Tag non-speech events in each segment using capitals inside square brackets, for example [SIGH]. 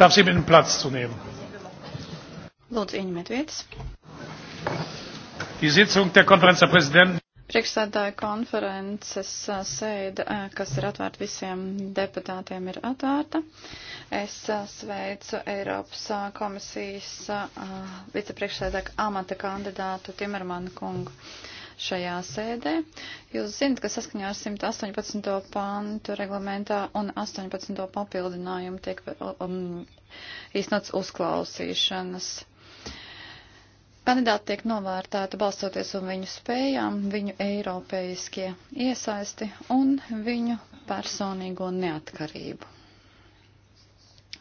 darf Sie bitten, Platz zu nehmen. Lūdzu, ieņemiet vietas. Die Sitzung der Konferenz der Präsidenten. Priekšsēdāja konferences sēde, kas ir atvērta visiem deputātiem, ir atvērta. Es sveicu Eiropas komisijas vicepriekšsēdāja amata kandidātu Timermanu kungu šajā sēdē. Jūs zinat, ka saskaņā ar 118. pantu reglamentā un 18. papildinājumu tiek um, īstenots uzklausīšanas. Kandidāti tiek novērtēti balstoties uz viņu spējām, viņu eiropeiskie iesaisti un viņu personīgo neatkarību.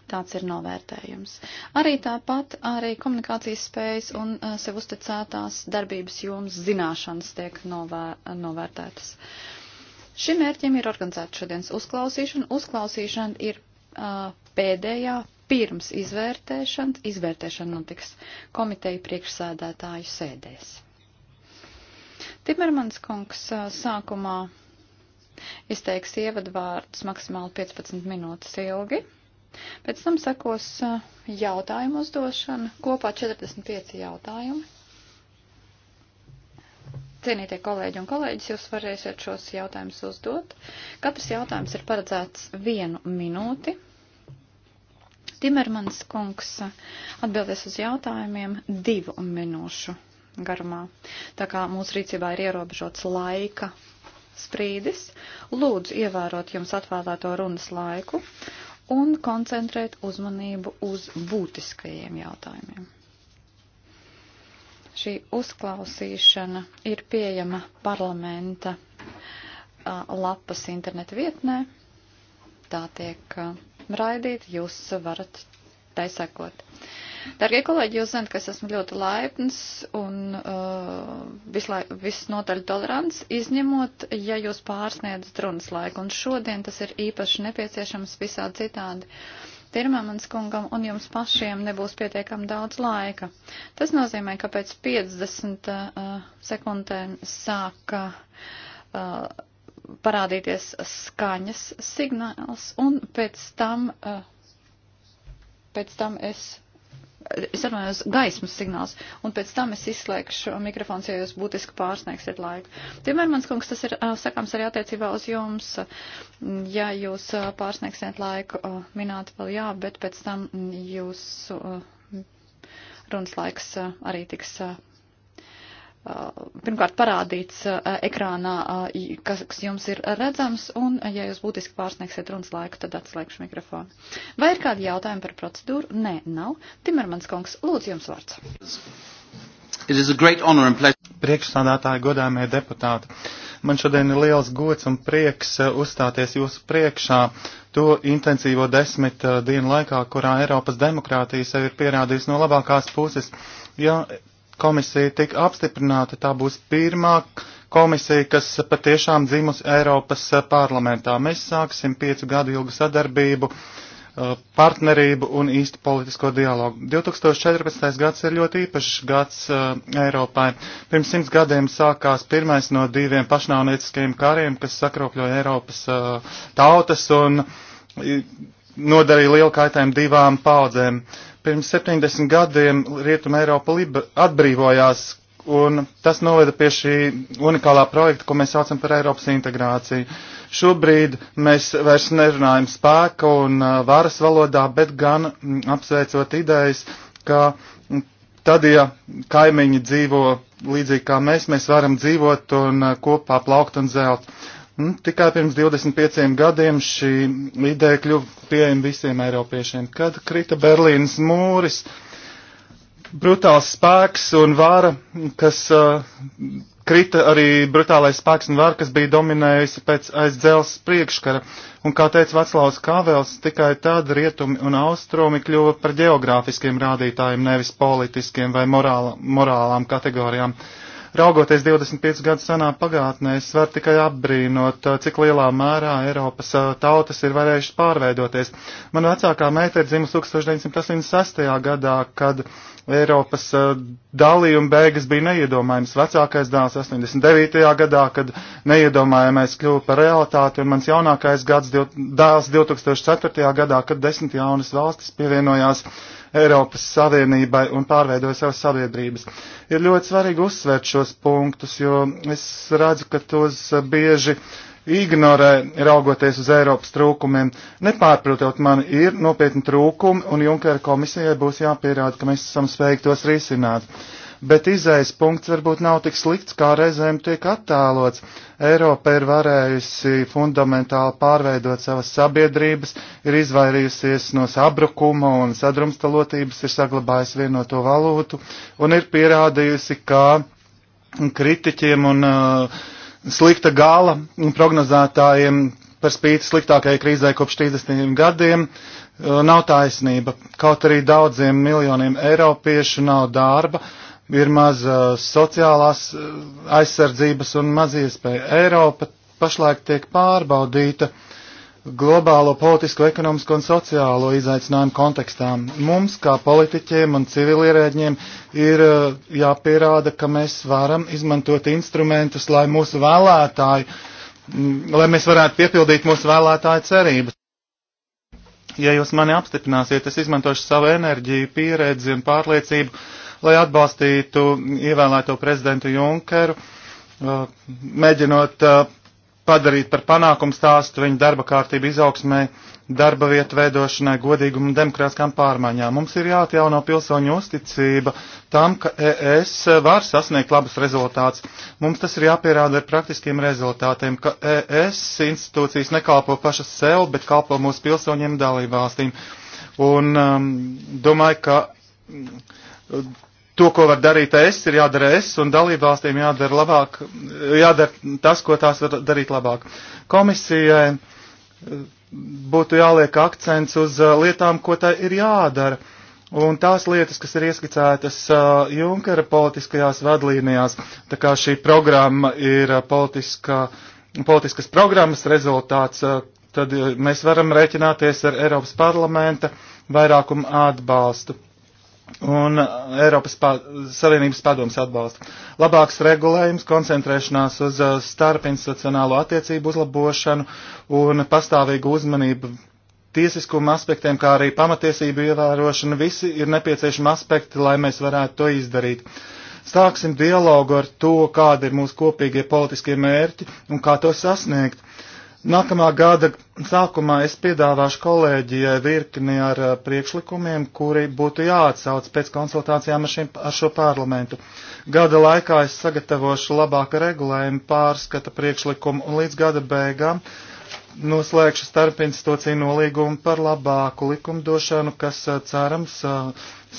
Tāds ir novērtējums. Arī tāpat arī komunikācijas spējas un uh, sev uzticētās darbības jomas zināšanas tiek novē, uh, novērtētas. Šim mērķim ir organizēta šodienas uzklausīšana. Uzklausīšana ir uh, pēdējā pirms izvērtēšanas. Izvērtēšana notiks komiteja priekšsēdētāju sēdēs. Timermans kungs uh, sākumā izteiks ievadvārdus maksimāli 15 minūtes ilgi. Pēc tam sekos eh, jautājumu uzdošana, kopā 45 jautājumi. Cienītie kolēģi un kolēģis, jūs varēsiet šos jautājumus uzdot. Katrs jautājums ir paredzēts vienu minūti. Timermans kungs atbildēs uz jautājumiem divu minūšu garumā. Tā kā mūsu rīcībā ir ierobežots laika sprīdis, lūdzu ievērot jums atvēlēto runas laiku un koncentrēt uzmanību uz būtiskajiem jautājumiem. Šī uzklausīšana ir pieejama parlamenta lapas interneta vietnē. Tā tiek raidīta, jūs varat tai sekot. Dargie kolēģi, jūs zinat, ka es esmu ļoti laipns un uh, vislai, visnotaļ tolerants, izņemot, ja jūs pārsniedzat runas laiku. Un šodien tas ir īpaši nepieciešams visā citādi. Tirmamans kungam un jums pašiem nebūs pietiekami daudz laika. Tas nozīmē, ka pēc 50 uh, sekundēm sāka. Uh, parādīties skaņas signāls, un pēc tam, uh, pēc tam es es runājos gaismas signāls, un pēc tam es izslēgšu mikrofons, ja jūs būtiski pārsniegsiet laiku. Timermans kungs, tas ir sakāms arī attiecībā uz jums, ja jūs pārsniegsiet laiku, minēt vēl jā, bet pēc tam jūs runas laiks arī tiks Uh, pirmkārt parādīts uh, ekrānā, uh, kas jums ir redzams, un, ja jūs būtiski pārsniegsiet runas laiku, tad atslēgšu mikrofonu. Vai ir kādi jautājumi par procedūru? Nē, nav. Timermans kungs, lūdzu jums vārds. Priekšstādātāji, godāmie deputāti, man šodien ir liels gods un prieks uzstāties jūsu priekšā to intensīvo desmit dienu laikā, kurā Eiropas demokrātija sev ir pierādījusi no labākās puses. Ja komisija tika apstiprināta, tā būs pirmā komisija, kas patiešām dzimus Eiropas eh, parlamentā. Mēs sāksim piecu gadu ilgu sadarbību, eh, partnerību un īstu politisko dialogu. 2014. gads ir ļoti īpašs gads eh, Eiropai. Pirms simts gadiem sākās pirmais no diviem pašnāvnieciskajiem kariem, kas sakropļoja Eiropas tautas un nodarīja lielu kaitējumu divām paudzēm. Pirms 70 gadiem Rietuma Eiropa atbrīvojās, un tas noveda pie šī unikālā projekta, ko mēs saucam par Eiropas integrāciju. Šobrīd mēs vairs nerunājam spēka un uh, varas valodā, bet gan mm, apsveicot idejas, ka mm, tad, ja kaimiņi dzīvo līdzīgi kā mēs, mēs varam dzīvot un uh, kopā plaukt un zelt. Nu, tikai pirms 25 gadiem šī ideja kļuva pieejama visiem eiropiešiem, kad krita Berlīnas mūris, brutāls spēks un vara, kas uh, krita arī brutālais spēks un vara, kas bija dominējusi pēc aizdzēles priekškara. Un, kā teica Vaclavs Kāvels, tikai tad rietumi un austrumi kļuva par geogrāfiskiem rādītājiem, nevis politiskiem vai morāla, morālām kategorijām. Uh, Raugoties 25 gadus senā pagātnē, es varu tikai apbrīnot, cik lielā mērā Eiropas tautas ir varējušas pārveidoties. Man vecākā meita ir dzimusi 1986. gadā, kad Eiropas eh, dalījuma beigas bija neiedomājams. Vecākais dēls 89. gadā, kad neiedomājamais kļuva par realitāti, un mans jaunākais gads, dēls 2004. gadā, kad desmit jaunas valstis pievienojās Eiropas Savienībai un pārveidoja savas sabiedrības. Ir ļoti svarīgi uzsvērt šos punktus, jo es redzu, ka tos eh, bieži uh, ignorē, raugoties uz Eiropas trūkumiem. Nepārprotot mani, ir nopietni trūkumi, un Junkera komisijai būs jāpierāda, ka mēs esam spējīgi tos risināt. Bet izējas punkts varbūt nav tik slikts, kā reizēm tiek attēlots. Eiropa ir varējusi fundamentāli pārveidot savas sabiedrības, ir izvairījusies no sabrukuma un sadrumstalotības, ir saglabājusi vienoto valūtu un ir pierādījusi, kā kritiķiem un uh, slikta gala prognozētājiem par spīti sliktākajai krīzē kopš 30 gadiem uh, nav taisnība. Kaut arī daudziem miljoniem eiropiešu nav darba, ir maz uh, sociālās uh, aizsardzības un maz iespēja. Eiropa pašlaik tiek pārbaudīta uh, globālo politisko, ekonomisko un sociālo izaicinājumu kontekstā. Mums, kā politiķiem un civilierēģiem, ir eh, jāpierāda, ka mēs varam izmantot instrumentus, lai mūsu vēlētāji, mm, lai mēs varētu piepildīt mūsu vēlētāju cerības. Ja jūs mani apstiprināsiet, es izmantošu savu enerģiju, pieredzi un pārliecību, lai atbalstītu ievēlēto prezidentu Junkeru, eh, mēģinot eh, padarīt par panākumu stāstu viņu darba kārtību izaugsmē, darba vietu veidošanai, godīgumu un demokrātiskām pārmaiņām. Mums ir jāatjauno pilsoņu uzticība tam, ka ES var sasniegt labus rezultātus. Mums tas ir jāpierāda ar praktiskiem rezultātiem, ka ES institūcijas nekalpo pašas sev, bet kalpo mūsu pilsoņiem dalībvalstīm. Un um, domāju, ka. Um, to, ko var darīt es, ir jādara es, un dalībvalstīm jādara labāk, jādara tas, ko tās var darīt labāk. Komisijai eh, būtu jāliek akcents uz eh, lietām, ko tai ir jādara. Un tās lietas, kas ir ieskicētas uh, Junkera politiskajās vadlīnijās, tā kā šī programma ir politiska, politiskas programmas rezultāts, uh, tad mēs varam rēķināties ar Eiropas parlamenta vairākumu atbalstu un uh, Eiropas pa, Savienības padomas atbalstu. Labāks regulējums, koncentrēšanās uz uh, starpinstitucionālo attiecību uzlabošanu un pastāvīgu uzmanību tiesiskuma aspektiem, kā arī pamatiesību ievērošana, visi ir nepieciešami aspekti, lai mēs varētu to izdarīt. Sāksim dialogu ar to, kādi ir mūsu kopīgie politiskie mērķi un kā to sasniegt Nākamā gada sākumā es piedāvāšu kolēģijai virkni ar priekšlikumiem, kuri būtu jāatsauc pēc konsultācijām ar, šim, ar šo parlamentu. Gada laikā es sagatavošu labāku regulējumu pārskata priekšlikumu un līdz gada beigām noslēgšu starpinstitūciju nolīgumu par labāku likumdošanu, kas cerams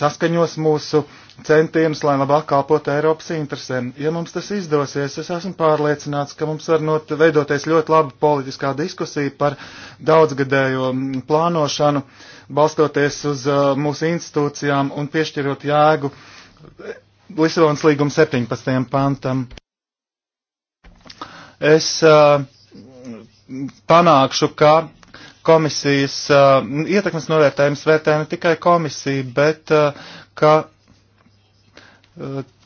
saskaņos mūsu centienus, lai labāk kalpotu Eiropas interesēm. Ja mums tas izdosies, es esmu pārliecināts, ka mums var not, veidoties ļoti laba politiskā diskusija par daudzgadējo mm, plānošanu, balstoties uz uh, mūsu institūcijām un piešķirot jēgu Lisabonas līguma 17. pantam. Es uh, panākšu, ka komisijas uh, ietekmes novērtējums vērtē ne tikai komisija, bet uh, ka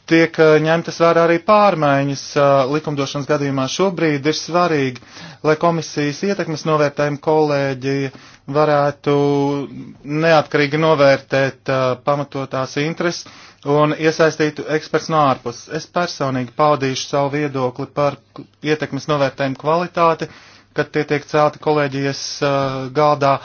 tiek eh, ņemtas vērā arī pārmaiņas eh, likumdošanas gadījumā. Šobrīd ir svarīgi, lai komisijas ietekmes novērtējuma kolēģi varētu neatkarīgi novērtēt eh, pamatotās intereses un iesaistītu eksperts no ārpuses. Es personīgi paudīšu savu viedokli par ietekmes novērtējumu kvalitāti, kad tie tiek celti kolēģijas galdā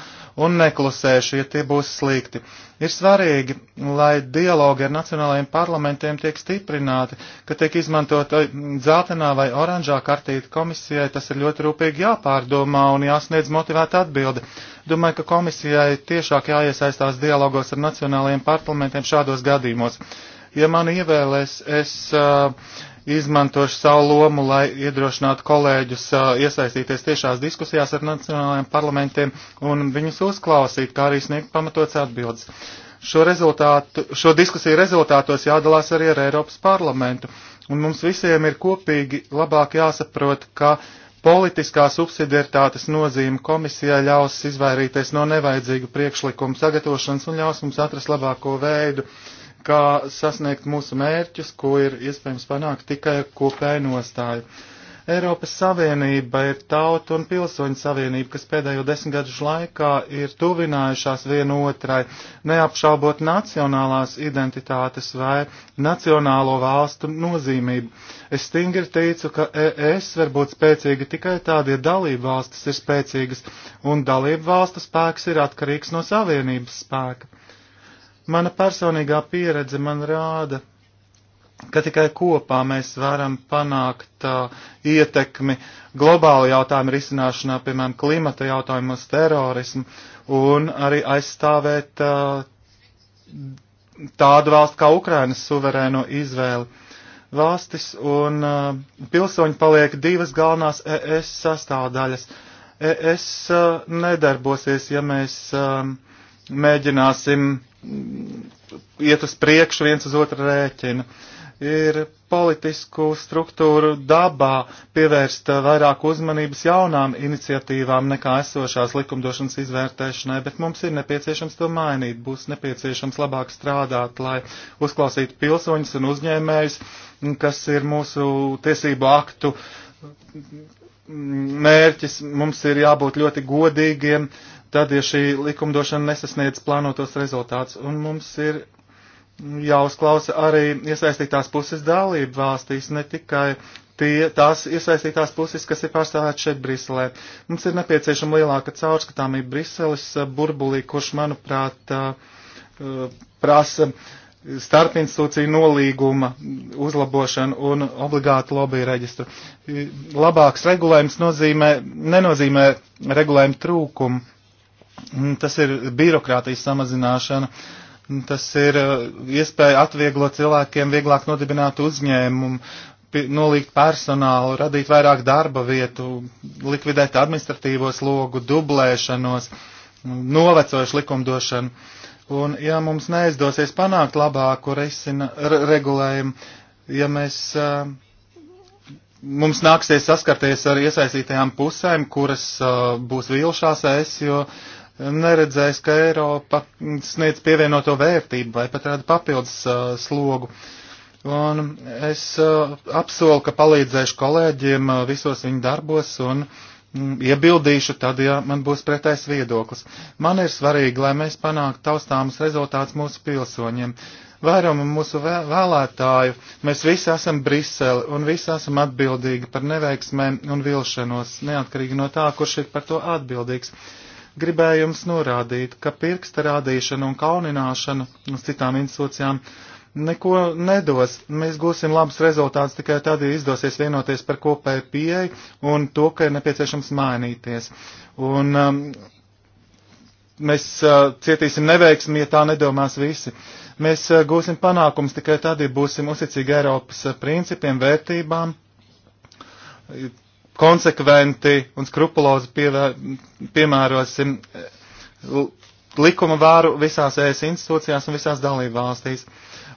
un neklusēšu, ja tie būs slikti. Ir svarīgi, lai dialogi ar nacionālajiem parlamentiem tiek stiprināti, ka tiek izmantota dzeltenā vai oranžā kartīta komisijai, tas ir ļoti rūpīgi jāpārdomā un jāsniedz motivēta atbildi. Domāju, ka komisijai tiešāk jāiesaistās dialogos ar nacionālajiem parlamentiem šādos gadījumos. Ja mani ievēlēs, es uh, izmantošu savu lomu, lai iedrošinātu kolēģus iesaistīties tiešās diskusijās ar nacionālajiem parlamentiem un viņus uzklausīt, kā arī sniegt pamatots atbildes. Šo, šo diskusiju rezultātos jādalās arī ar Eiropas parlamentu, un mums visiem ir kopīgi labāk jāsaprot, ka politiskā subsidiaritātes nozīme komisijai ļaus izvairīties no nevajadzīgu priekšlikumu sagatavošanas un ļaus mums atrast labāko veidu, uh, kā sasniegt mūsu mērķus, ko ir iespējams panākt tikai ar kopēju nostāju. Eiropas Savienība ir tauta un pilsoņu savienība, kas pēdējo desmitgažu laikā ir tuvinājušās vienotrai, neapšaubot nacionālās identitātes vai nacionālo valstu nozīmību. Es stingri ticu, ka ES var būt spēcīga tikai tad, ja dalību valstis ir spēcīgas, un dalību valstu spēks ir atkarīgs no savienības spēka. Mana personīgā pieredze man rāda, ka tikai kopā mēs varam panākt uh, ietekmi globālu jautājumu risināšanā, piemēram, klimata jautājumos, terorismu, un arī aizstāvēt uh, tādu valstu kā Ukrainas suverēno izvēli. Valstis un uh, pilsoņi paliek divas galvenās ES sastāvdaļas. ES uh, nedarbosies, ja mēs uh, mēģināsim iet uz priekšu viens uz otru rēķina. Ir politisku struktūru dabā pievērst vairāk uzmanības jaunām iniciatīvām nekā esošās likumdošanas izvērtēšanai, bet mums ir nepieciešams to mainīt. Būs nepieciešams labāk strādāt, lai uzklausītu pilsoņus un uzņēmējus, kas ir mūsu tiesību aktu mērķis. Mums ir jābūt ļoti godīgiem. Uh, tad, ja šī likumdošana nesasniedz plānotos rezultātus, un mums ir jāuzklausa arī iesaistītās puses dalību valstīs, ne tikai tie, tās iesaistītās puses, kas ir pārstāvētas šeit Briselē. Mums ir nepieciešama lielāka caurskatāmība Briseles burbulī, kurš, manuprāt, prasa starpinstitūciju nolīguma uzlabošanu un obligātu lobby reģistru. Labāks regulējums nozīmē, nenozīmē regulējumu trūkumu Mm, tas ir birokrātijas samazināšana. Tas ir uh, iespēja atvieglot cilvēkiem, vieglāk nodibināt uzņēmumu, nolikt personālu, radīt vairāk darba vietu, likvidēt administratīvo slogu, dublēšanos, novecojušu likumdošanu. Un, ja mums neizdosies panākt labāku resina, re, regulējumu, ja mēs, uh, mums nāksies saskarties ar iesaistītajām pusēm, kuras uh, būs vilšās es, jo uh, neredzēs, ka Eiropa sniedz pievienoto vērtību vai pat rada papildus uh, slogu. Un es uh, apsolu, ka palīdzēšu kolēģiem uh, visos viņu darbos un mm, iebildīšu tad, ja man būs pretais viedoklis. Man ir svarīgi, lai mēs panāktu taustāmus rezultātus mūsu pilsoņiem. Vairuma mūsu vē vēlētāju mēs visi esam Briseli un visi esam atbildīgi par neveiksmēm un vilšanos, neatkarīgi no tā, kurš ir par to atbildīgs. Uh, gribēju jums norādīt, ka pirksta rādīšana un kaunināšana uz citām institūcijām neko nedos. Mēs gūsim labus rezultātus tikai tad, ja izdosies vienoties par kopēju pieeju un to, ka ir nepieciešams mainīties. Un, um, mēs uh, cietīsim neveiksmi, ja tā nedomās visi. Mēs uh, gūsim panākums tikai tad, ja būsim uzticīgi Eiropas uh, principiem, vērtībām, konsekventi un skrupulozi piemērosim eh, likuma vāru visās ES institūcijās un visās dalību valstīs.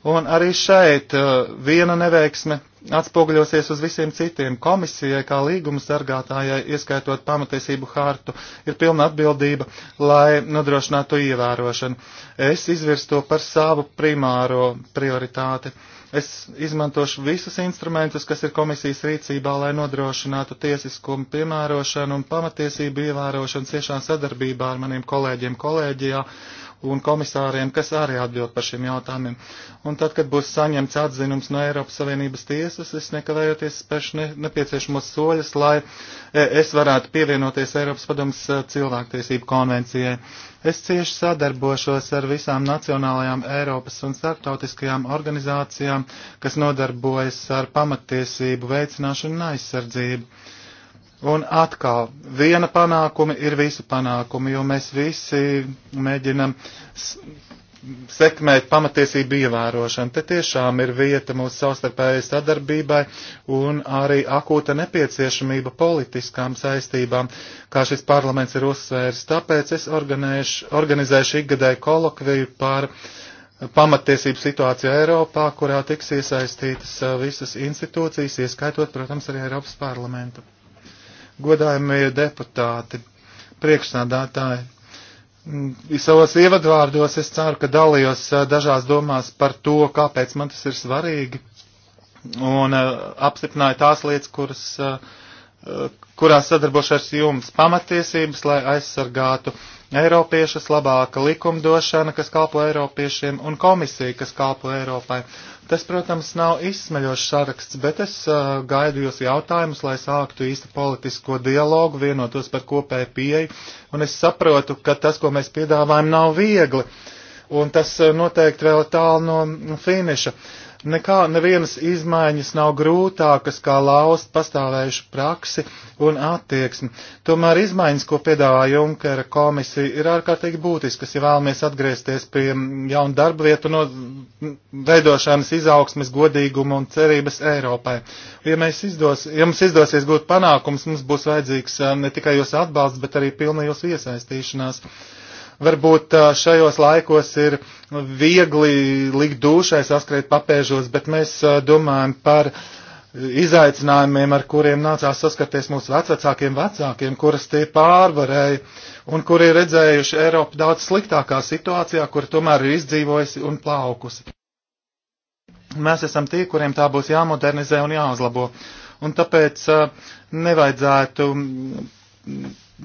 Un arī šeit eh, viena neveiksme atspoguļosies uz visiem citiem. Komisijai, kā līguma sargātājai, ieskaitot pamatiesību hārtu, ir pilna atbildība, lai nodrošinātu ievērošanu. Es izvirstu to par savu primāro prioritāti. Uh, Es izmantošu visus instrumentus, kas ir komisijas rīcībā, lai nodrošinātu tiesiskumu piemērošanu un pamatiesību ievērošanu ciešā sadarbībā ar maniem kolēģiem kolēģijā un komisāriem, kas arī atbild par šiem jautājumiem. Un tad, kad būs saņemts atzinums no Eiropas Savienības tiesas, es nekavējoties spēšu ne, nepieciešamos soļus, lai e, es varētu pievienoties Eiropas padomas e, cilvēktiesību konvencijai. Es cieši sadarbošos ar visām nacionālajām Eiropas un starptautiskajām organizācijām, kas nodarbojas ar pamatiesību veicināšanu un aizsardzību Un atkal, viena panākuma ir visu panākumu, jo mēs visi mēģinam sekmēt pamatiesību ievērošanu. Te tiešām ir vieta mūsu savstarpējai sadarbībai un arī akūta nepieciešamība politiskām saistībām, kā šis parlaments ir uzsvērs. Tāpēc es organizēšu ikgadēju kolokviju par pamatiesību situāciju Eiropā, kurā tiks iesaistītas uh, visas institūcijas, ieskaitot, protams, arī Eiropas parlamentu godājumie deputāti, priekšnādātāji. Mm, savos ievadvārdos es ceru, ka dalījos dažās domās par to, kāpēc man tas ir svarīgi, un apstiprināju tās lietas, kuras, kurās sadarbošos jums pamatiesības, lai aizsargātu Eiropiešus, labāka likumdošana, kas kalpo Eiropiešiem, un komisija, kas kalpo Eiropai. Tas, protams, nav izsmeļošs saraksts, bet es uh, gaidu jūs jautājumus, lai sāktu īstu politisko dialogu, vienotos par kopēju pieeju, un es saprotu, ka tas, ko mēs piedāvājam, nav viegli, un tas uh, noteikti vēl tālu no finiša. Uh, Nekā nevienas izmaiņas nav grūtākas, kā laust pastāvējušu praksi un attieksmi. Tomēr izmaiņas, ko piedāvā Junkera komisija, ir ārkārtīgi būtiskas, ja vēlamies atgriezties pie jaunu darba vietu no veidošanas izaugsmes, godīguma un cerības Eiropai. Ja, izdos, ja mums izdosies gūt panākums, mums būs vajadzīgs eh, ne tikai jūsu atbalsts, bet arī pilna jūsu iesaistīšanās. Varbūt šajos laikos ir viegli likt dūšai saskriet papēžos, bet mēs domājam par izaicinājumiem, ar kuriem nācās saskarties mūsu vecvecākiem vecākiem, kuras tie pārvarēja un kuri ir redzējuši Eiropu daudz sliktākā situācijā, kur tomēr ir izdzīvojusi un plaukusi. Mēs esam tie, kuriem tā būs jāmodernizē un jāuzlabo. Un tāpēc nevajadzētu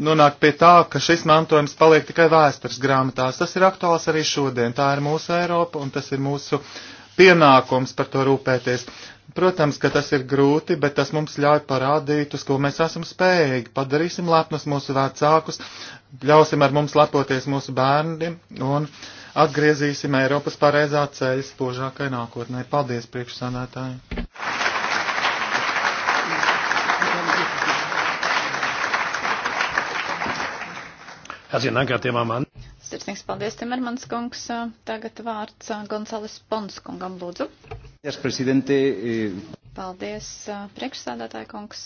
nonāk pie tā, ka šis mantojums paliek tikai vēstures grāmatās. Tas ir aktuāls arī šodien. Tā ir mūsu Eiropa un tas ir mūsu pienākums par to rūpēties. Protams, ka tas ir grūti, bet tas mums ļauj parādīt, uz ko mēs esam spējīgi. Padarīsim lepnus mūsu vecākus, ļausim ar mums lepoties mūsu bērniem un atgriezīsim Eiropas pareizā ceļa spožākai nākotnē. Paldies, priekšsādātāji! Sirsnīgs paldies, Timermans kungs. Tagad vārds uh, Gonzales Pons kungam lūdzu. Yes, eh. paldies, uh, priekšsādātāja kungs.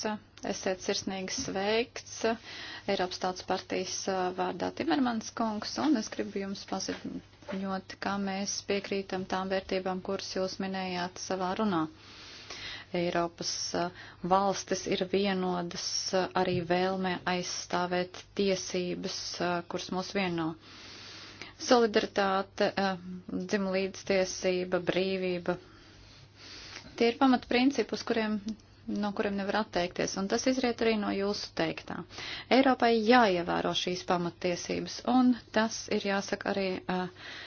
Esiet sirsnīgi sveikts uh, Eiropas tautas partijas vārdā Timermans kungs, un es gribu jums paziņot, kā mēs piekrītam tām vērtībām, kuras jūs minējāt savā runā. Eiropas uh, valstis ir vienodas uh, arī vēlmē aizstāvēt tiesības, uh, kuras mūs vieno. Solidaritāte, dzimlīdztiesība, brīvība. Tie ir pamatprincipi, uz kuriem no kuriem nevar atteikties, un tas izriet arī no jūsu teiktā. Eiropai jāievēro šīs pamattiesības, un tas ir jāsaka arī uh,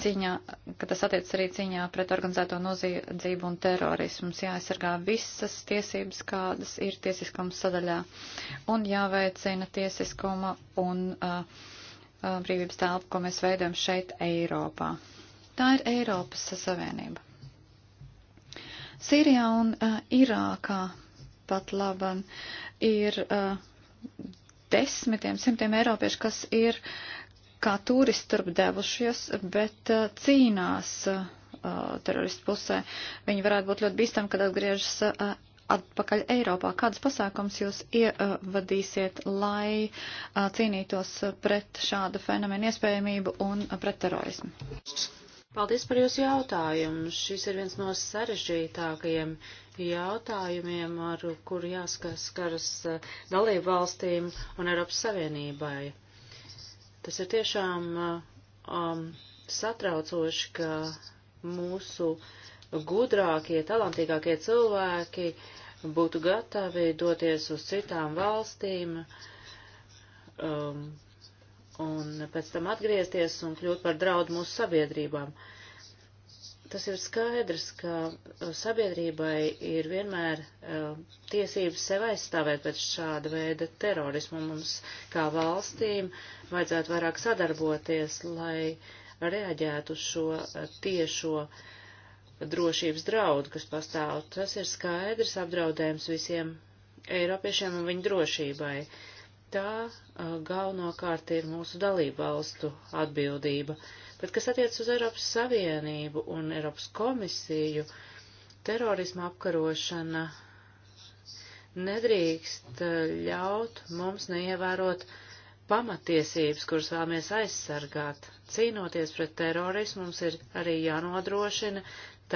ciņā, ka tas attiec arī ciņā pret organizēto noziedzību un terorismu. Jāaizsargā visas tiesības, kādas ir tiesiskuma sadaļā, un jāveicina tiesiskuma un uh, uh, brīvības telpa, ko mēs veidojam šeit Eiropā. Tā ir Eiropas Savienība. Sīrijā un uh, Irākā pat laban ir uh, desmitiem, simtiem eiropiešu, kas ir uh, kā turisti turp devušies, bet eh, cīnās eh, teroristu pusē. Viņi varētu būt ļoti bīstami, kad atgriežas eh, atpakaļ Eiropā. Kādas pasākums jūs ievadīsiet, lai cīnītos pret šādu fenomenu iespējamību un pret terorismu? Paldies par jūsu jautājumu. Šis ir viens no sarežģītākajiem jautājumiem, ar kuru jāskaras dalību valstīm un Eiropas Savienībai. Tas ir tiešām uh, um, satraucoši, ka mūsu gudrākie, talantīgākie cilvēki būtu gatavi doties uz citām valstīm um, un pēc tam atgriezties un kļūt par draudu mūsu sabiedrībām. Uh, Tas ir skaidrs, ka uh, sabiedrībai ir vienmēr uh, tiesības sev aizstāvēt pēc šāda veida terorismu. Mums kā valstīm vajadzētu vairāk sadarboties, lai reaģētu uz šo uh, tiešo drošības draudu, kas pastāv. Tas ir skaidrs apdraudējums visiem Eiropiešiem un viņu drošībai. Tā uh, galvenokārt ir mūsu dalību valstu atbildība. Uh, Bet kas attiec uz Eiropas Savienību un Eiropas komisiju, terorisma apkarošana nedrīkst eh, ļaut mums neievērot pamatiesības, kuras vēlamies aizsargāt. Cīnoties pret terorismu, mums ir arī jānodrošina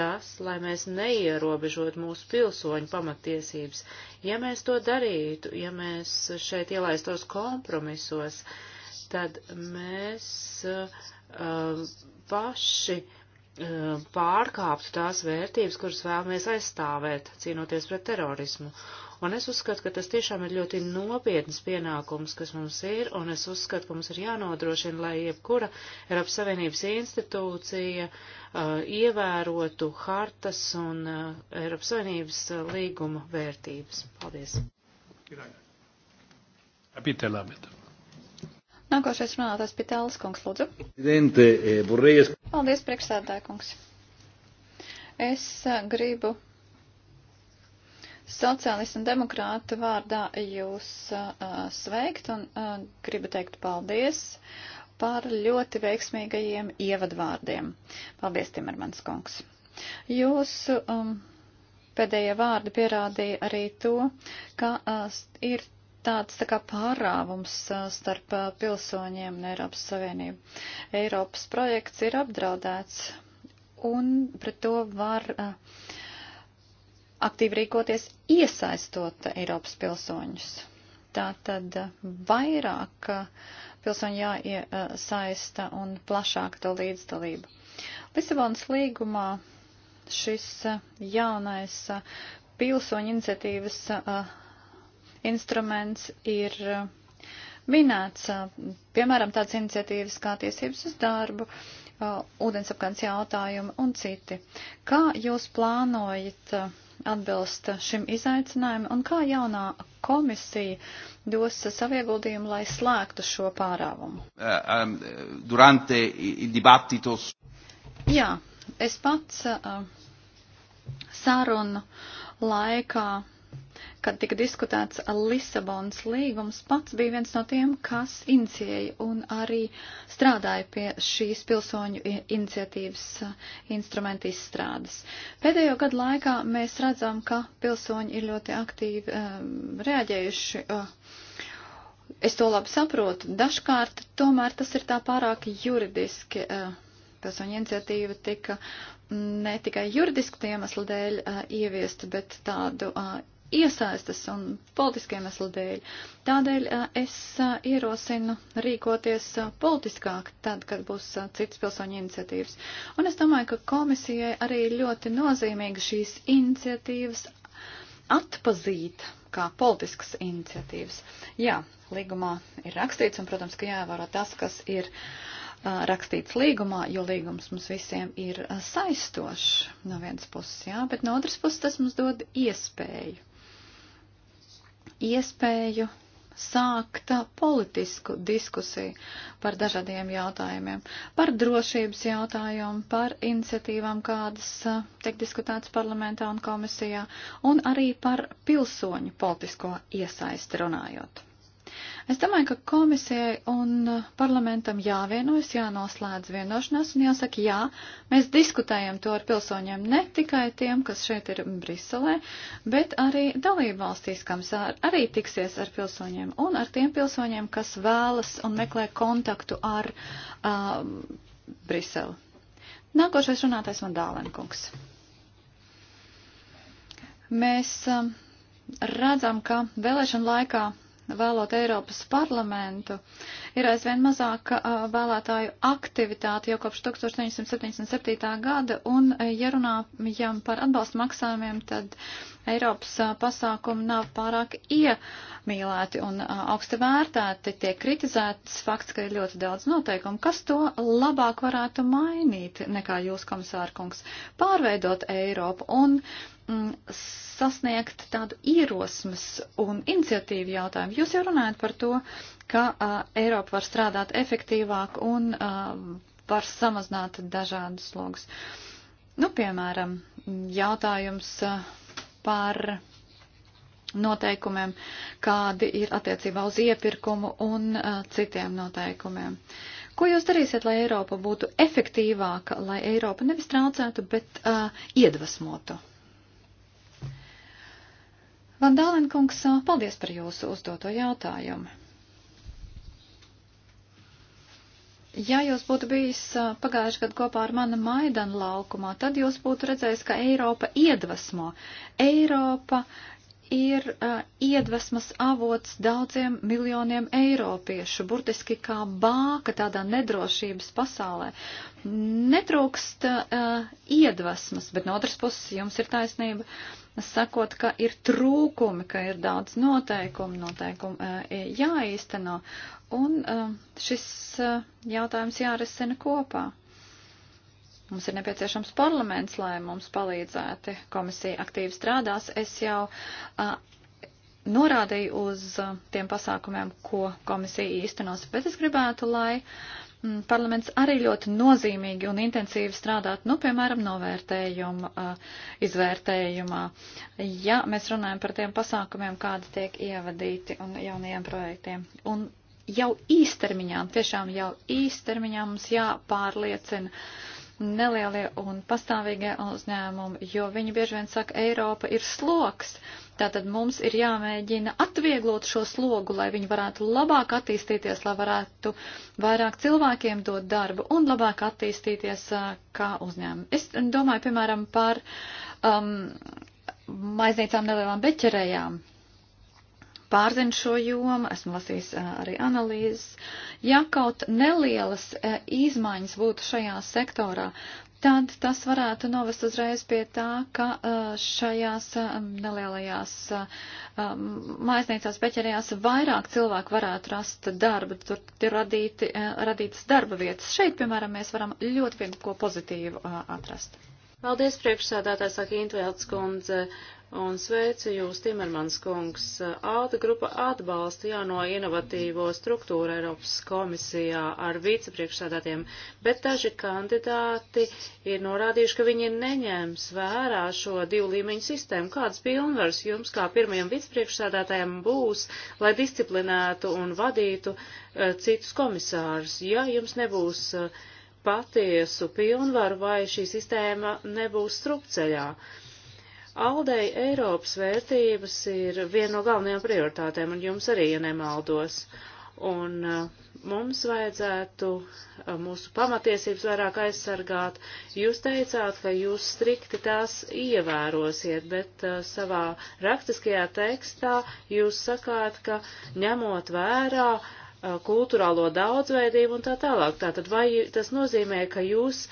tas, lai mēs neierobežot mūsu pilsoņu pamatiesības. Ja mēs to darītu, ja mēs šeit ielaistos kompromisos, uh, tad mēs uh, paši uh, pārkāptu tās vērtības, kuras vēlamies aizstāvēt, cīnoties pret terorismu. Un es uzskatu, ka tas tiešām ir ļoti nopietnas pienākums, kas mums ir, un es uzskatu, ka mums ir jānodrošina, lai jebkura Eiropas Savienības institūcija uh, ievērotu hartas un uh, Eiropas Savienības uh, līguma vērtības. Paldies. Apitelāmita. Nākošais runātājs Pitēlis kungs, lūdzu. Eh, paldies, priekšsēdētāja kungs. Es eh, gribu sociālistu un demokrātu vārdā jūs uh, sveikt un uh, gribu teikt paldies par ļoti veiksmīgajiem ievadvārdiem. Paldies, Timermans kungs. Jūsu um, pēdējie vārdi pierādīja arī to, ka uh, ir tāds tā kā pārāvums starp pilsoņiem un Eiropas Savienību. Eiropas projekts ir apdraudēts un pret to var aktīvi rīkoties iesaistot Eiropas pilsoņus. Tātad vairāk pilsoņu jāiesaista un plašāk to līdzdalību. Lisabonas līgumā šis jaunais pilsoņu iniciatīvas uh, instruments ir eh, minēts, eh, piemēram, tāds iniciatīvas kā tiesības uz darbu, eh, ūdensapkans jautājumi un citi. Kā jūs plānojat atbilst šim izaicinājumam un kā jaunā komisija dos savu ieguldījumu, lai slēgtu šo pārāvumu? Ehm, durante dibattitos. Jā, es pats sarunu laikā kad tika diskutēts Lisabonas līgums, pats bija viens no tiem, kas inicijēja un arī strādāja pie šīs pilsoņu iniciatīvas instrumenta izstrādes. Pēdējo gadu laikā mēs redzam, ka pilsoņi ir ļoti aktīvi um, reaģējuši. Uh, es to labi saprotu. Dažkārt tomēr tas ir tā pārāk juridiski. Uh, pilsoņu iniciatīva tika ne tikai juridisku iemeslu dēļ uh, ieviesta, bet tādu uh, iesaistas un politiskiem eslu dēļ. Tādēļ es ierosinu rīkoties politiskāk tad, kad būs citas pilsoņu iniciatīvas. Un es domāju, ka komisijai arī ļoti nozīmīga šīs iniciatīvas atpazīt kā politiskas iniciatīvas. Jā, līgumā ir rakstīts, un, protams, ka jāievēro tas, kas ir uh, rakstīts līgumā, jo līgums mums visiem ir uh, saistošs no vienas puses, jā, bet no otras puses tas mums dod iespēju iespēju sākt politisku diskusiju par dažādiem jautājumiem, par drošības jautājumu, par iniciatīvām, kādas tiek diskutētas parlamentā un komisijā, un arī par pilsoņu politisko iesaisti runājot. Es domāju, ka komisijai un uh, parlamentam jāvienojas, jānoslēdz vienošanās un jāsaka, jā, mēs diskutējam to ar pilsoņiem ne tikai tiem, kas šeit ir Briselē, bet arī dalību valstīs, kam ar, arī tiksies ar pilsoņiem un ar tiem pilsoņiem, kas vēlas un meklē kontaktu ar uh, Briseli. Nākošais runātais man Dālenkungs. Mēs uh, redzam, ka vēlēšana laikā vēlot Eiropas parlamentu, ir aizvien mazāk vēlētāju aktivitāte jau kopš 1977. gada, un ja runājam par atbalstu maksājumiem, tad Eiropas pasākumi nav pārāk iemīlēti un augsti vērtēti, tiek kritizēts fakts, ka ir ļoti daudz noteikumu. Kas to labāk varētu mainīt nekā jūs, komisārkungs, pārveidot Eiropu un uh, Mm, sasniegt tādu ierosmes un iniciatīvu jautājumu. Jūs jau runājat par to, ka uh, Eiropa var strādāt efektīvāk un uh, var samazināt dažādas slogas. Nu, piemēram, jautājums uh, par noteikumiem, kādi ir attiecībā uz iepirkumu un uh, citiem noteikumiem. Ko jūs darīsiet, lai Eiropa būtu efektīvāka, lai Eiropa nevis traucētu, bet uh, iedvesmotu? Vandālenkungs, paldies par jūsu uzdoto jautājumu. Ja jūs būtu bijis pagājuši gadu kopā ar mani Maidana laukumā, tad jūs būtu redzējis, ka Eiropa iedvesmo. Eiropa ir uh, iedvesmas avots daudziem miljoniem eiropiešu, burtiski kā bāka tādā nedrošības pasaulē. Netrūkst uh, iedvesmas, bet no otras puses jums ir taisnība. Uh, sakot, ka ir trūkumi, ka ir daudz noteikumu, noteikumu eh, jāīsteno, un eh, šis eh, jautājums jārisina kopā. Mums ir nepieciešams parlaments, lai mums palīdzētu. Komisija aktīvi strādās. Es jau norādīju uz tiem pasākumiem, ko komisija īstenos, bet es gribētu, lai uh, Mm, parlaments arī ļoti nozīmīgi un intensīvi strādāt, nu, piemēram, novērtējuma, uh, izvērtējumā. Ja mēs runājam par tiem pasākumiem, kādi tiek ievadīti un jaunajiem projektiem. Un jau īstermiņā, tiešām jau īstermiņā mums jāpārliecina nelielie un pastāvīgie uzņēmumi, jo viņi bieži vien saka, Eiropa ir sloks. Tātad mums ir jāmēģina atvieglot šo slogu, lai viņi varētu labāk attīstīties, lai varētu vairāk cilvēkiem dot darbu un labāk attīstīties kā uzņēmumi. Es domāju, piemēram, par um, maiznīcām nelielām beķerējām pārzinu šo jomu, esmu lasījis arī analīzes. Ja kaut nelielas izmaiņas būtu šajā sektorā, tad tas varētu novest uzreiz pie tā, ka šajās nelielajās maisnīcās peķerijās vairāk cilvēku varētu rast darbu, tur ir radīti, radītas darba vietas. Šeit, piemēram, mēs varam ļoti vienu ko pozitīvu atrast. Paldies, priekšsādātājs Akīntvēlts kundze un sveicu jūs, Timermans kungs. Alta grupa atbalsta jauno inovatīvo struktūru Eiropas komisijā ar vicepriekšsādātiem, bet daži kandidāti ir norādījuši, ka viņi neņems vērā šo divu līmeņu sistēmu. Kādas pilnvaras jums kā pirmajam vicepriekšsādātājiem būs, lai disciplinētu un vadītu uh, citus komisārus, ja jums nebūs uh, patiesu pilnvaru vai šī sistēma nebūs strupceļā? Uh, Aldei Eiropas vērtības ir viena no galvenajām prioritātēm, un jums arī, ja nemaldos. Un uh, mums vajadzētu uh, mūsu pamatiesības vairāk aizsargāt. Jūs teicāt, ka jūs strikti tās ievērosiet, bet uh, savā raktiskajā tekstā jūs sakāt, ka ņemot vērā kultūrālo daudzveidību un tā tālāk. Tātad vai tas nozīmē, ka jūs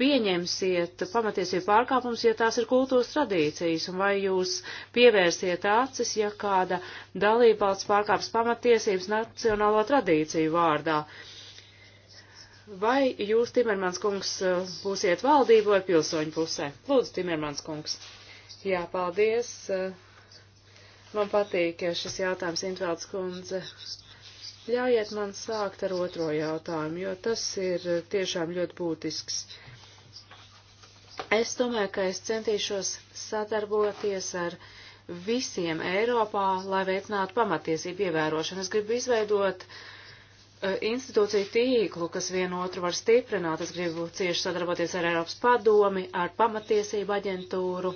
pieņemsiet pamatiesību pārkāpumus, ja tās ir kultūras tradīcijas, un vai jūs pievērsiet acis, ja kāda dalībvalsts pārkāps pamatiesības nacionālo tradīciju vārdā. Vai jūs, Timermans kungs, būsiet valdību vai pilsoņu pusē? Lūdzu, Timermans kungs. Jā, paldies. Man patīk šis jautājums, Intvēlts kundze. Ļaujiet man sākt ar otro jautājumu, jo tas ir tiešām ļoti būtisks. Uh, Es domāju, ka es centīšos sadarboties ar visiem Eiropā, lai veicinātu pamatiesību ievērošanu. Es gribu izveidot uh, institūciju tīklu, kas vienotru var stiprināt. Es gribu cieši sadarboties ar Eiropas padomi, ar pamatiesību aģentūru,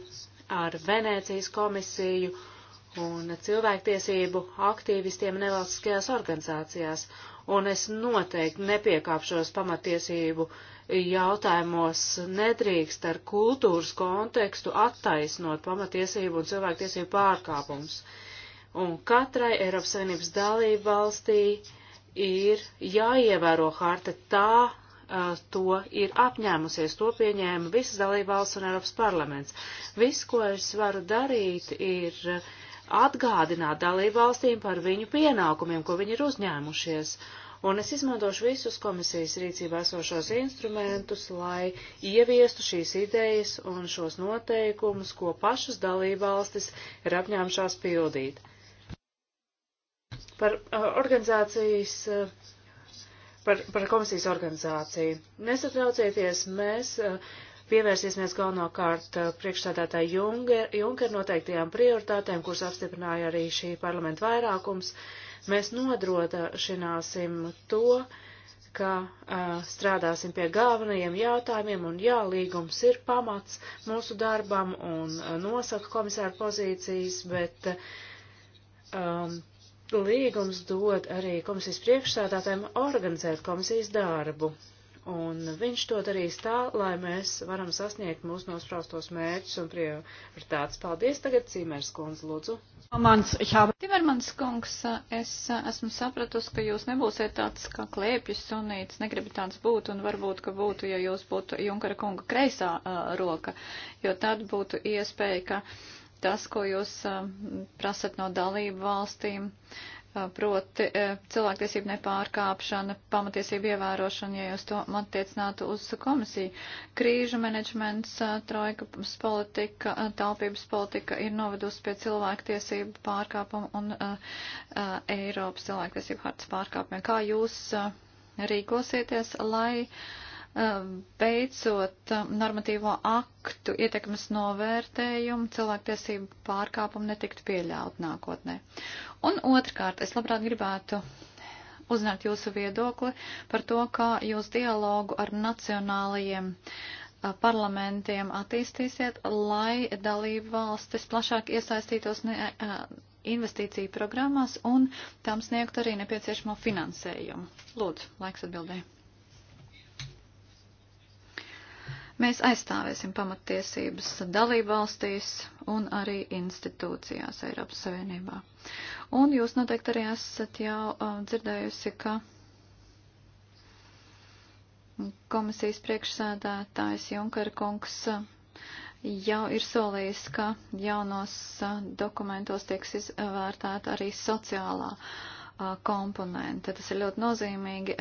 ar Venēcijas komisiju un cilvēktiesību aktīvistiem nevalstiskajās organizācijās un es noteikti nepiekāpšos pamatiesību jautājumos nedrīkst ar kultūras kontekstu attaisnot pamatiesību un cilvēktiesību pārkāpums. Un katrai Eiropas Savienības dalību valstī ir jāievēro harta tā, to ir apņēmusies, to pieņēma visas dalību valsts un Eiropas parlaments. Viss, ko es varu darīt, ir uh, atgādināt dalībvalstīm par viņu pienākumiem, ko viņi ir uzņēmušies. Un es izmantošu visus komisijas rīcībā esošos instrumentus, lai ieviestu šīs idejas un šos noteikumus, ko pašas dalībvalstis ir apņēmušās pildīt. Par uh, organizācijas uh, par, par komisijas organizāciju. Nesatraucieties, mēs uh, pievērsīsimies galvenokārt eh, priekšstādātāja Junker, Junker noteiktajām prioritātēm, kuras apstiprināja arī šī parlamenta vairākums. Mēs nodrošināsim to, ka uh, strādāsim pie galvenajiem jautājumiem, un jā, līgums ir pamats mūsu darbam un uh, nosaka komisāru pozīcijas, bet um, līgums dod arī komisijas priekšstādātājiem organizēt komisijas darbu. Un viņš to darīs tā, lai mēs varam sasniegt mūsu nospraustos mērķus un prioritātes. Paldies tagad, Cīmērs kundze, lūdzu. Mans, jā, Timermans kungs, es eh, esmu sapratusi, ka jūs nebūsiet tāds kā klēpjas sunīts, negribat tāds būt un varbūt, ka būtu, ja jūs būtu Junkara kunga kreisā uh, roka, jo tad būtu iespēja, ka tas, ko jūs uh, prasat no dalību valstīm, uh, Uh, proti uh, cilvēktiesību nepārkāpšana, pamatiesību ievērošana, ja jūs to attiecinātu uz komisiju. Krīžu menedžments, uh, trojkas politika, taupības politika ir novedusi pie cilvēktiesību pārkāpuma un uh, uh, Eiropas cilvēktiesību hartas pārkāpumiem. Kā jūs uh, rīkosieties, lai uh, veicot ehm, ehm, normatīvo aktu ietekmes novērtējumu, cilvēktiesību pārkāpumu netiktu pieļaut nākotnē. Un otrkārt, es labprāt gribētu uzzināt jūsu viedokli par to, kā jūs dialogu ar nacionālajiem eh, parlamentiem attīstīsiet, lai dalību valstis plašāk iesaistītos ne, eh, investīciju programmās un tam sniegt arī nepieciešamo finansējumu. Lūdzu, laiks atbildēji. Mēs aizstāvēsim pamatiesības dalību valstīs un arī institūcijās Eiropas Savienībā. Un jūs noteikti arī esat jau dzirdējusi, ka komisijas priekšsēdētājs Junkara kungs jau ir solījis, ka jaunos dokumentos tieks izvērtēta arī sociālā komponente. Tas ir ļoti nozīmīgi,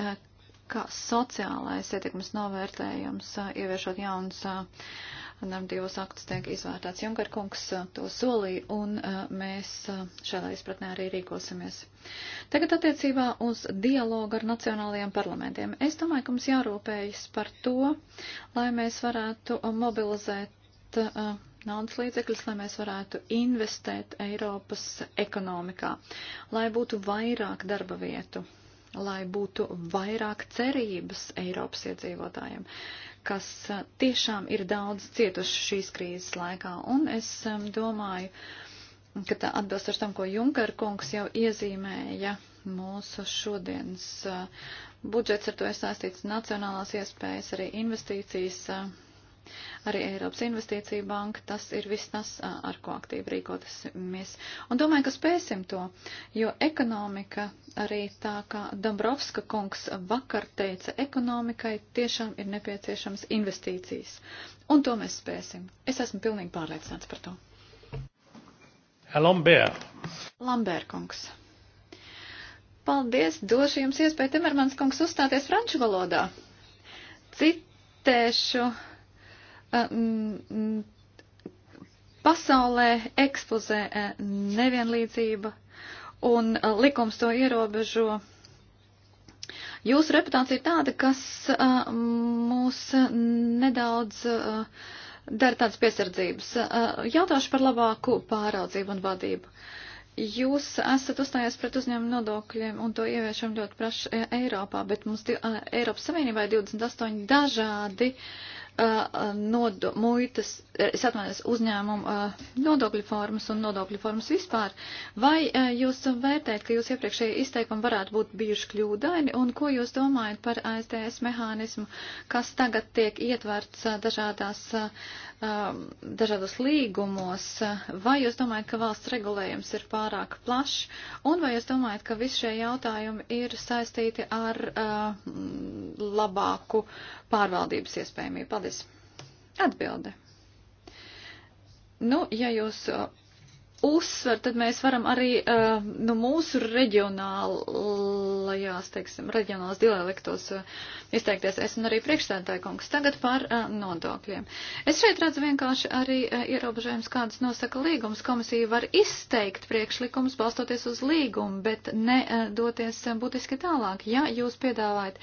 ka sociālais ietekmes novērtējums, ieviešot jaunas normatīvos aktus, tiek izvērtāts. Junker kungs to solīja, un mēs šādā izpratnē arī rīkosimies. Tagad attiecībā uz dialogu ar nacionālajiem parlamentiem. Es domāju, ka mums jārūpējas par to, lai mēs varētu mobilizēt naudas līdzekļus, lai mēs varētu investēt Eiropas ekonomikā, lai būtu vairāk darba vietu lai būtu vairāk cerības Eiropas iedzīvotājiem, kas eh, tiešām ir daudz cietuši šīs krīzes laikā. Un es eh, domāju, ka tā atbilst ar tam, ko Junker kungs jau iezīmēja mūsu šodienas eh, budžets, ar to ir saistīts nacionālās iespējas, arī investīcijas Arī Eiropas investīcija banka, tas ir viss tas, ar ko aktīvi rīkoties. Un domāju, ka spēsim to, jo ekonomika arī tā, kā Dombrovska kungs vakar teica, ekonomikai tiešām ir nepieciešams investīcijas. Un to mēs spēsim. Es esmu pilnīgi pārliecināts par to. Lambert. Lambert kungs. Paldies, došu jums iespēju, Timermans kungs, uzstāties franču valodā. Citēšu Mm, pasaulē eksplozē e, nevienlīdzība un likums to ierobežo. Jūsu reputācija ir tāda, kas mūs nedaudz dara tādas piesardzības. Jautāšu par labāku pāraudzību un vadību. Jūs esat uzstājies pret uzņēmumu nodokļiem un to ieviešam ļoti praši e, Eiropā, bet mums Eiropas Savienībā ir 28 dažādi uh, Uh, uh, nodo, muitas es atvainojos, uzņēmumu eh, nodokļu formas un nodokļu formas vispār. Vai eh, jūs vērtējat, ka jūs iepriekšēji izteikumi varētu būt bijuši kļūdaini, un ko jūs domājat par ASDS mehānismu, kas tagad tiek ietverts eh, dažādās, um, dažādos līgumos? Vai jūs domājat, ka valsts regulējums ir pārāk plašs, un vai jūs domājat, ka visi šie jautājumi ir saistīti ar labāku pārvaldības iespējamību? Paldies! Atbilde. Nu, ja jūs uh, uzsver, tad mēs varam arī uh, nu, mūsu reģionālajās, teiksim, reģionālās dialektos uh, izteikties. Es un arī priekšstādāju kungs tagad par uh, nodokļiem. Es šeit redzu vienkārši arī uh, ierobežojums, kādas nosaka līgums. Komisija var izteikt priekšlikumus balstoties uz līgumu, bet ne uh, doties uh, būtiski tālāk. Ja jūs piedāvājat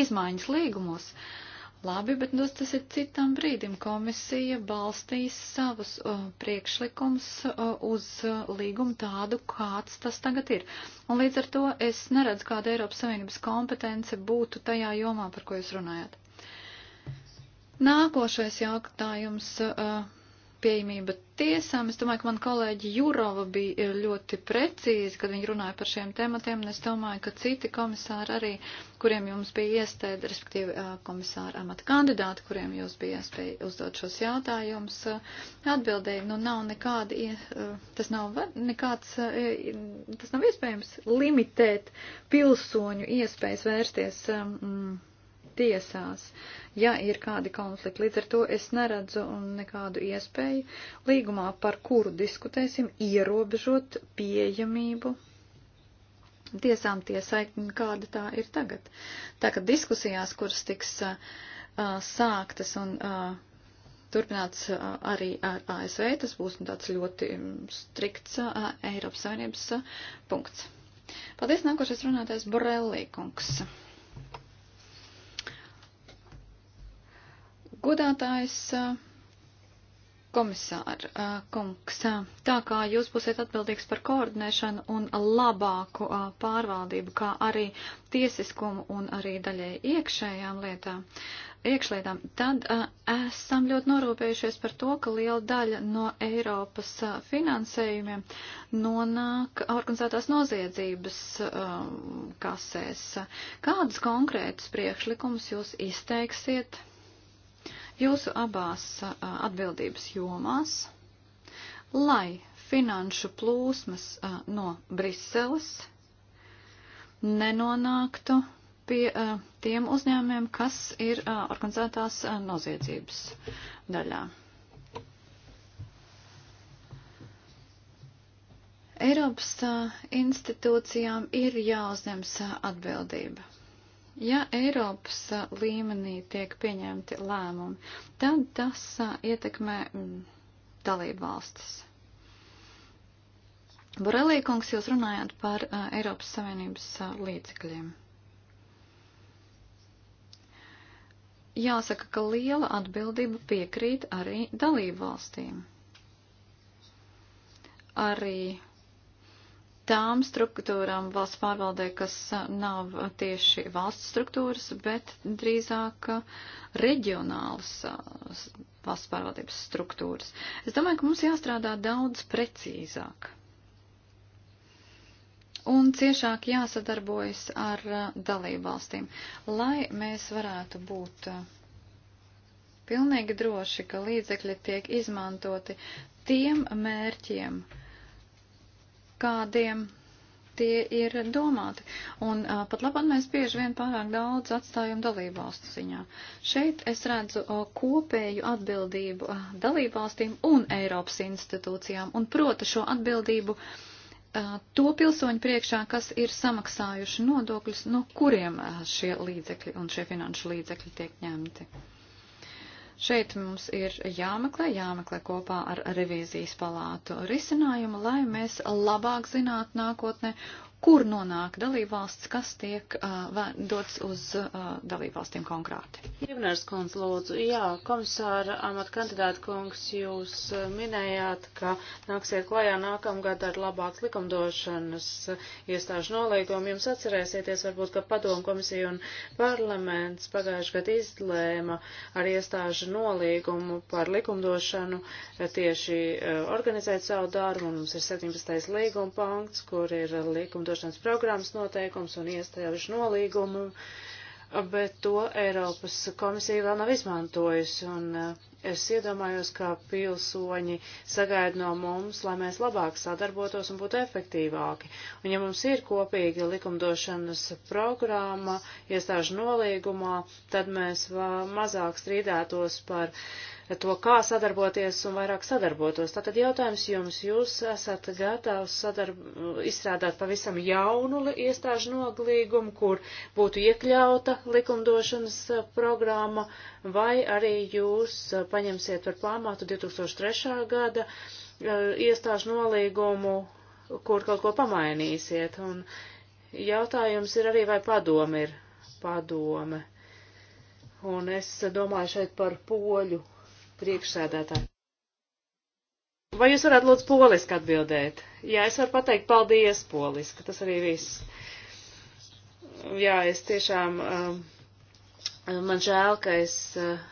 izmaiņas līgumus, uh, Labi, bet nu, tas ir citam brīdim. Komisija balstīs savus uh, priekšlikums uh, uz uh, līgumu tādu, kāds tas tagad ir. Un līdz ar to es neredzu, kāda Eiropas Savienības kompetence būtu tajā jomā, par ko jūs runājat. Nākošais jautājums. Uh, pieejamība tiesām. Es domāju, ka man kolēģi Jurova bija ļoti precīzi, kad viņi runāja par šiem tematiem, un es domāju, ka citi komisāri arī, kuriem jums bija iestēda, respektīvi komisāra amata kandidāti, kuriem jūs bija iespēja uzdot šos jautājumus, atbildēja, nu nav nekādi, tas nav nekāds, tas nav iespējams limitēt pilsoņu iespējas vērsties. Mm, tiesās, ja ir kādi konflikti. Līdz ar to es neredzu nekādu iespēju līgumā, par kuru diskutēsim, ierobežot pieejamību tiesām tiesai, kāda tā ir tagad. Tā ka diskusijās, kuras tiks uh, sāktas un uh, turpināts uh, arī ar ASV, tas būs nu, tāds ļoti strikts uh, Eiropas Savienības uh, punkts. Paldies, nākošais runātais Borelī kungs. Godātājs komisār, kungs, tā kā jūs būsiet atbildīgs par koordinēšanu un labāku pārvaldību, kā arī tiesiskumu un arī daļai iekšējām lietām, iekšlietām, tad esam ļoti norūpējušies par to, ka liela daļa no Eiropas finansējumiem nonāk organizētās noziedzības kasēs. Kādus konkrētus priekšlikumus jūs izteiksiet? jūsu abās atbildības jomās, lai finanšu plūsmas no Briseles nenonāktu pie tiem uzņēmiem, kas ir organizētās noziedzības daļā. Eiropas institūcijām ir jāuzņems atbildība Ja Eiropas līmenī tiek pieņemti lēmumi, tad tas ietekmē dalību valstis. Borelī kungs, jūs runājāt par Eiropas Savienības līdzekļiem. Jāsaka, ka liela atbildība piekrīt arī dalību valstīm. Arī tām struktūrām valsts pārvaldē, kas nav tieši valsts struktūras, bet drīzāk reģionālas valsts pārvaldības struktūras. Es domāju, ka mums jāstrādā daudz precīzāk. Un ciešāk jāsadarbojas ar dalību valstīm, lai mēs varētu būt pilnīgi droši, ka līdzekļi tiek izmantoti tiem mērķiem, uh, kādiem tie ir domāti. Un uh, pat labāk mēs bieži vien pārāk daudz atstājam dalībvalstu ziņā. Šeit es redzu uh, kopēju atbildību uh, dalībvalstīm un Eiropas institūcijām un prota šo atbildību uh, to pilsoņu priekšā, kas ir samaksājuši nodokļus, no kuriem uh, šie līdzekļi un šie finanšu līdzekļi tiek ņemti. Šeit mums ir jāmeklē, jāmeklē kopā ar revīzijas palātu risinājumu, lai mēs labāk zinātu nākotnē kur nonāk dalībvalsts, kas tiek uh, dots uz uh, dalībvalstīm konkrēti. Jevners kundz, lūdzu, jā, komisāra amat kandidāta kungs, jūs minējāt, ka nāksiet klajā nākamgad ar labāks likumdošanas iestāžu nolīgumu. Jums atcerēsieties, varbūt, ka padomu komisija un parlaments pagājuši gadu izlēma ar iestāžu nolīgumu par likumdošanu tieši organizēt savu darbu, un mums ir 17. līguma punkts, kur ir likumdošana likumdošanas programmas noteikums un iestāžu nolīgumu, bet to Eiropas komisija vēl nav izmantojusi. Un eh, es iedomājos, ka pilsoņi sagaida no mums, lai mēs labāk sadarbotos un būtu efektīvāki. Un ja mums ir kopīga likumdošanas programma iestāžu nolīgumā, tad mēs mazāk strīdētos par uh, to, kā sadarboties un vairāk sadarbotos. Tātad jautājums jums, jūs esat gatavs sadarb... izstrādāt pavisam jaunu iestāžu noglīgumu, kur būtu iekļauta likumdošanas eh, programma, vai arī jūs eh, paņemsiet par pamatu 2003. gada eh, iestāžu nolīgumu, kur kaut ko pamainīsiet. Un jautājums ir arī, vai padome ir padome. Un es domāju šeit par poļu Priekšsēdētāji. Vai jūs varētu lūdzu poliski atbildēt? Jā, es varu pateikt paldies poliski, tas arī viss. Jā, es tiešām, um, man žēl, ka es uh,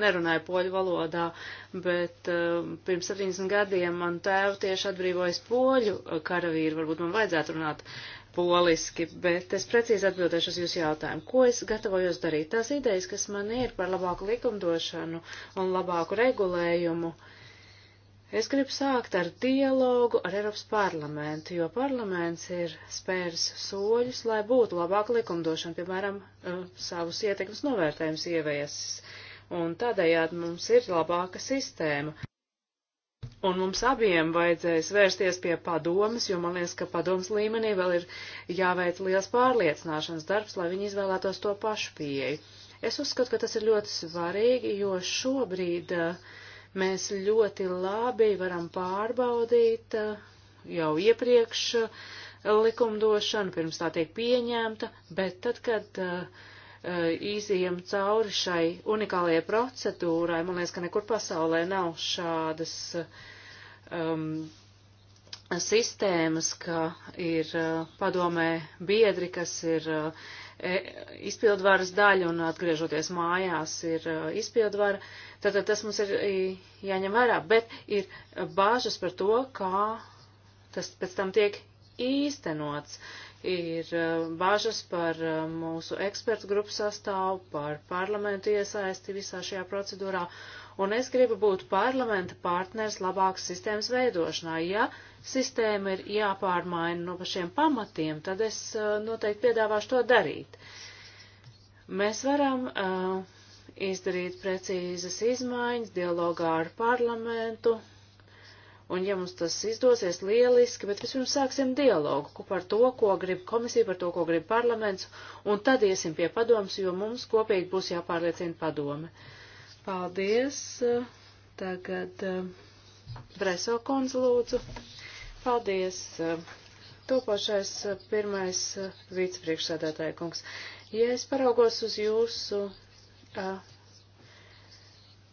nerunāju poļu valodā, bet um, pirms 70 gadiem man tēvu tieši atbrīvojas poļu karavīru, varbūt man vajadzētu runāt poliski, bet es precīzi atbildēšu uz jūsu jautājumu. Ko es gatavojos darīt? Tās idejas, kas man ir par labāku likumdošanu un labāku regulējumu, es gribu sākt ar dialogu ar Eiropas parlamentu, jo parlaments ir spērs soļus, lai būtu labāka likumdošana, piemēram, uh, savus ietekmes novērtējums ieviesis. Un tādējādi mums ir labāka sistēma. Un mums abiem vajadzēs vērsties pie padomas, jo man liekas, ka padomas līmenī vēl ir jāveic liels pārliecināšanas darbs, lai viņi izvēlētos to pašu pieeju. Es uzskatu, ka tas ir ļoti svarīgi, jo šobrīd eh, mēs ļoti labi varam pārbaudīt eh, jau iepriekš eh, likumdošanu, pirms tā tiek pieņemta, bet tad, kad uh, Eh, īzījam cauri šai unikālajai procedūrai. Man liekas, ka nekur pasaulē nav šādas um, sistēmas, ka ir uh, padomē biedri, kas ir uh, izpildvaras daļa un atgriežoties mājās ir izpildvara. Tātad tas mums ir jāņem vērā, bet ir bāžas par to, kā tas pēc tam tiek īstenots ir e, bažas par e, mūsu ekspertu grupu sastāvu, par parlamentu iesaisti visā šajā procedūrā, un es gribu būt parlamenta partners labākas sistēmas veidošanā. Ja sistēma ir jāpārmaina no pašiem pamatiem, tad es e, noteikti piedāvāšu to darīt. Mēs varam uh, izdarīt precīzas izmaiņas dialogā ar parlamentu, Un ja mums tas izdosies, lieliski, bet vispirms sāksim dialogu par to, ko grib komisija, par to, ko grib parlaments, un tad iesim pie padomas, jo mums kopīgi būs jāpārliecina padome. Paldies. Tagad eh, Breso kundze lūdzu. Paldies. Topošais eh, pirmais eh, vicepriekšsēdētāja kungs. Ja es paraugos uz jūsu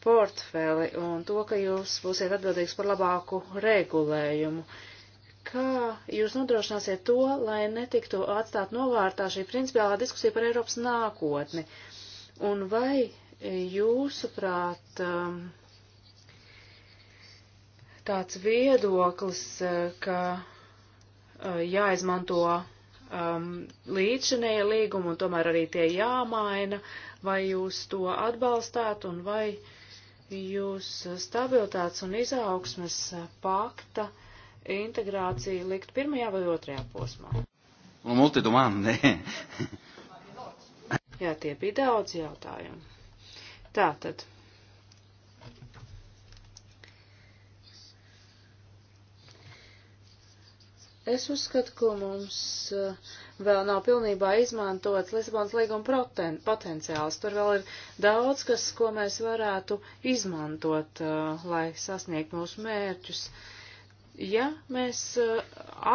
portfeli un to, ka jūs būsiet atbildīgs par labāku regulējumu. Kā jūs nodrošināsiet to, lai netiktu atstāt novārtā šī principiālā diskusija par Eiropas nākotni? Un vai jūsuprāt um, tāds viedoklis, uh, ka uh, jāizmanto um, līdšanēja līguma un tomēr arī tie jāmaina, vai jūs to atbalstāt un vai jūs stabilitātes un izaugsmes pakta integrāciju likt pirmajā vai otrajā posmā? Multi domande. Jā, tie bija daudz jautājumu. Tātad. Es uzskatu, ka mums eh, vēl nav pilnībā izmantots Lisabonas līguma potenciāls. Tur vēl ir daudz, kas, ko mēs varētu izmantot, eh, lai sasniegtu mūsu mērķus. Ja mēs eh,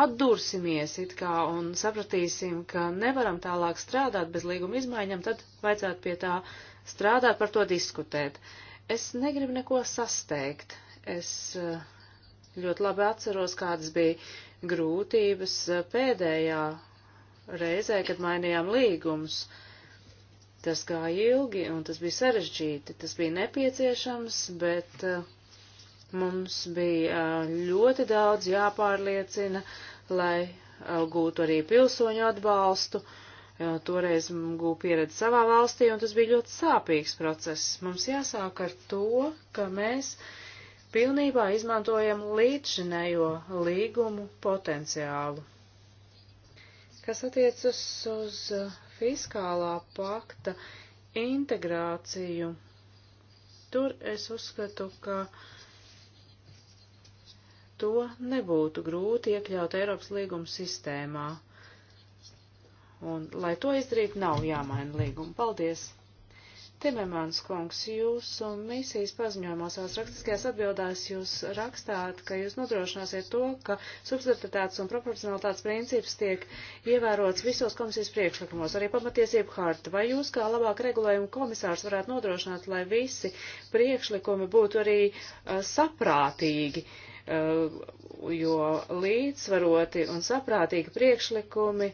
atdursimies it kā un sapratīsim, ka nevaram tālāk strādāt bez līguma izmaiņām, tad vajadzētu pie tā strādāt, par to diskutēt. Es negribu neko sasteigt. Es ļoti labi atceros, kādas bija grūtības eh, pēdējā reizē, kad mainījām līgumus. Tas gāja ilgi un tas bija sarežģīti. Tas bija nepieciešams, bet eh, mums bija eh, ļoti daudz jāpārliecina, lai gūtu arī pilsoņu atbalstu. Toreiz gūju pieredzi savā valstī, un tas bija ļoti sāpīgs process. Mums jāsāk ar to, ka mēs uh, pilnībā izmantojam līdzšinējo līgumu potenciālu. Kas attiecas uz uh, fiskālā pakta integrāciju, tur es uzskatu, ka to nebūtu grūti iekļaut Eiropas līguma sistēmā. Un, lai to izdarītu, nav jāmaina līguma. Paldies! Timermans kungs, jūsu misijas paziņojumos, tās rakstiskajās atbildēs jūs rakstāt, ka jūs nodrošināsiet to, ka subsidiaritātes un proporcionalitātes princips tiek ievērots visos komisijas priekšlikumos, arī pamatiesību harta. Vai jūs kā labāk regulējuma komisārs varētu nodrošināt, lai visi priekšlikumi būtu arī uh, saprātīgi? Uh, Uh, jo līdzsvaroti un saprātīgi priekšlikumi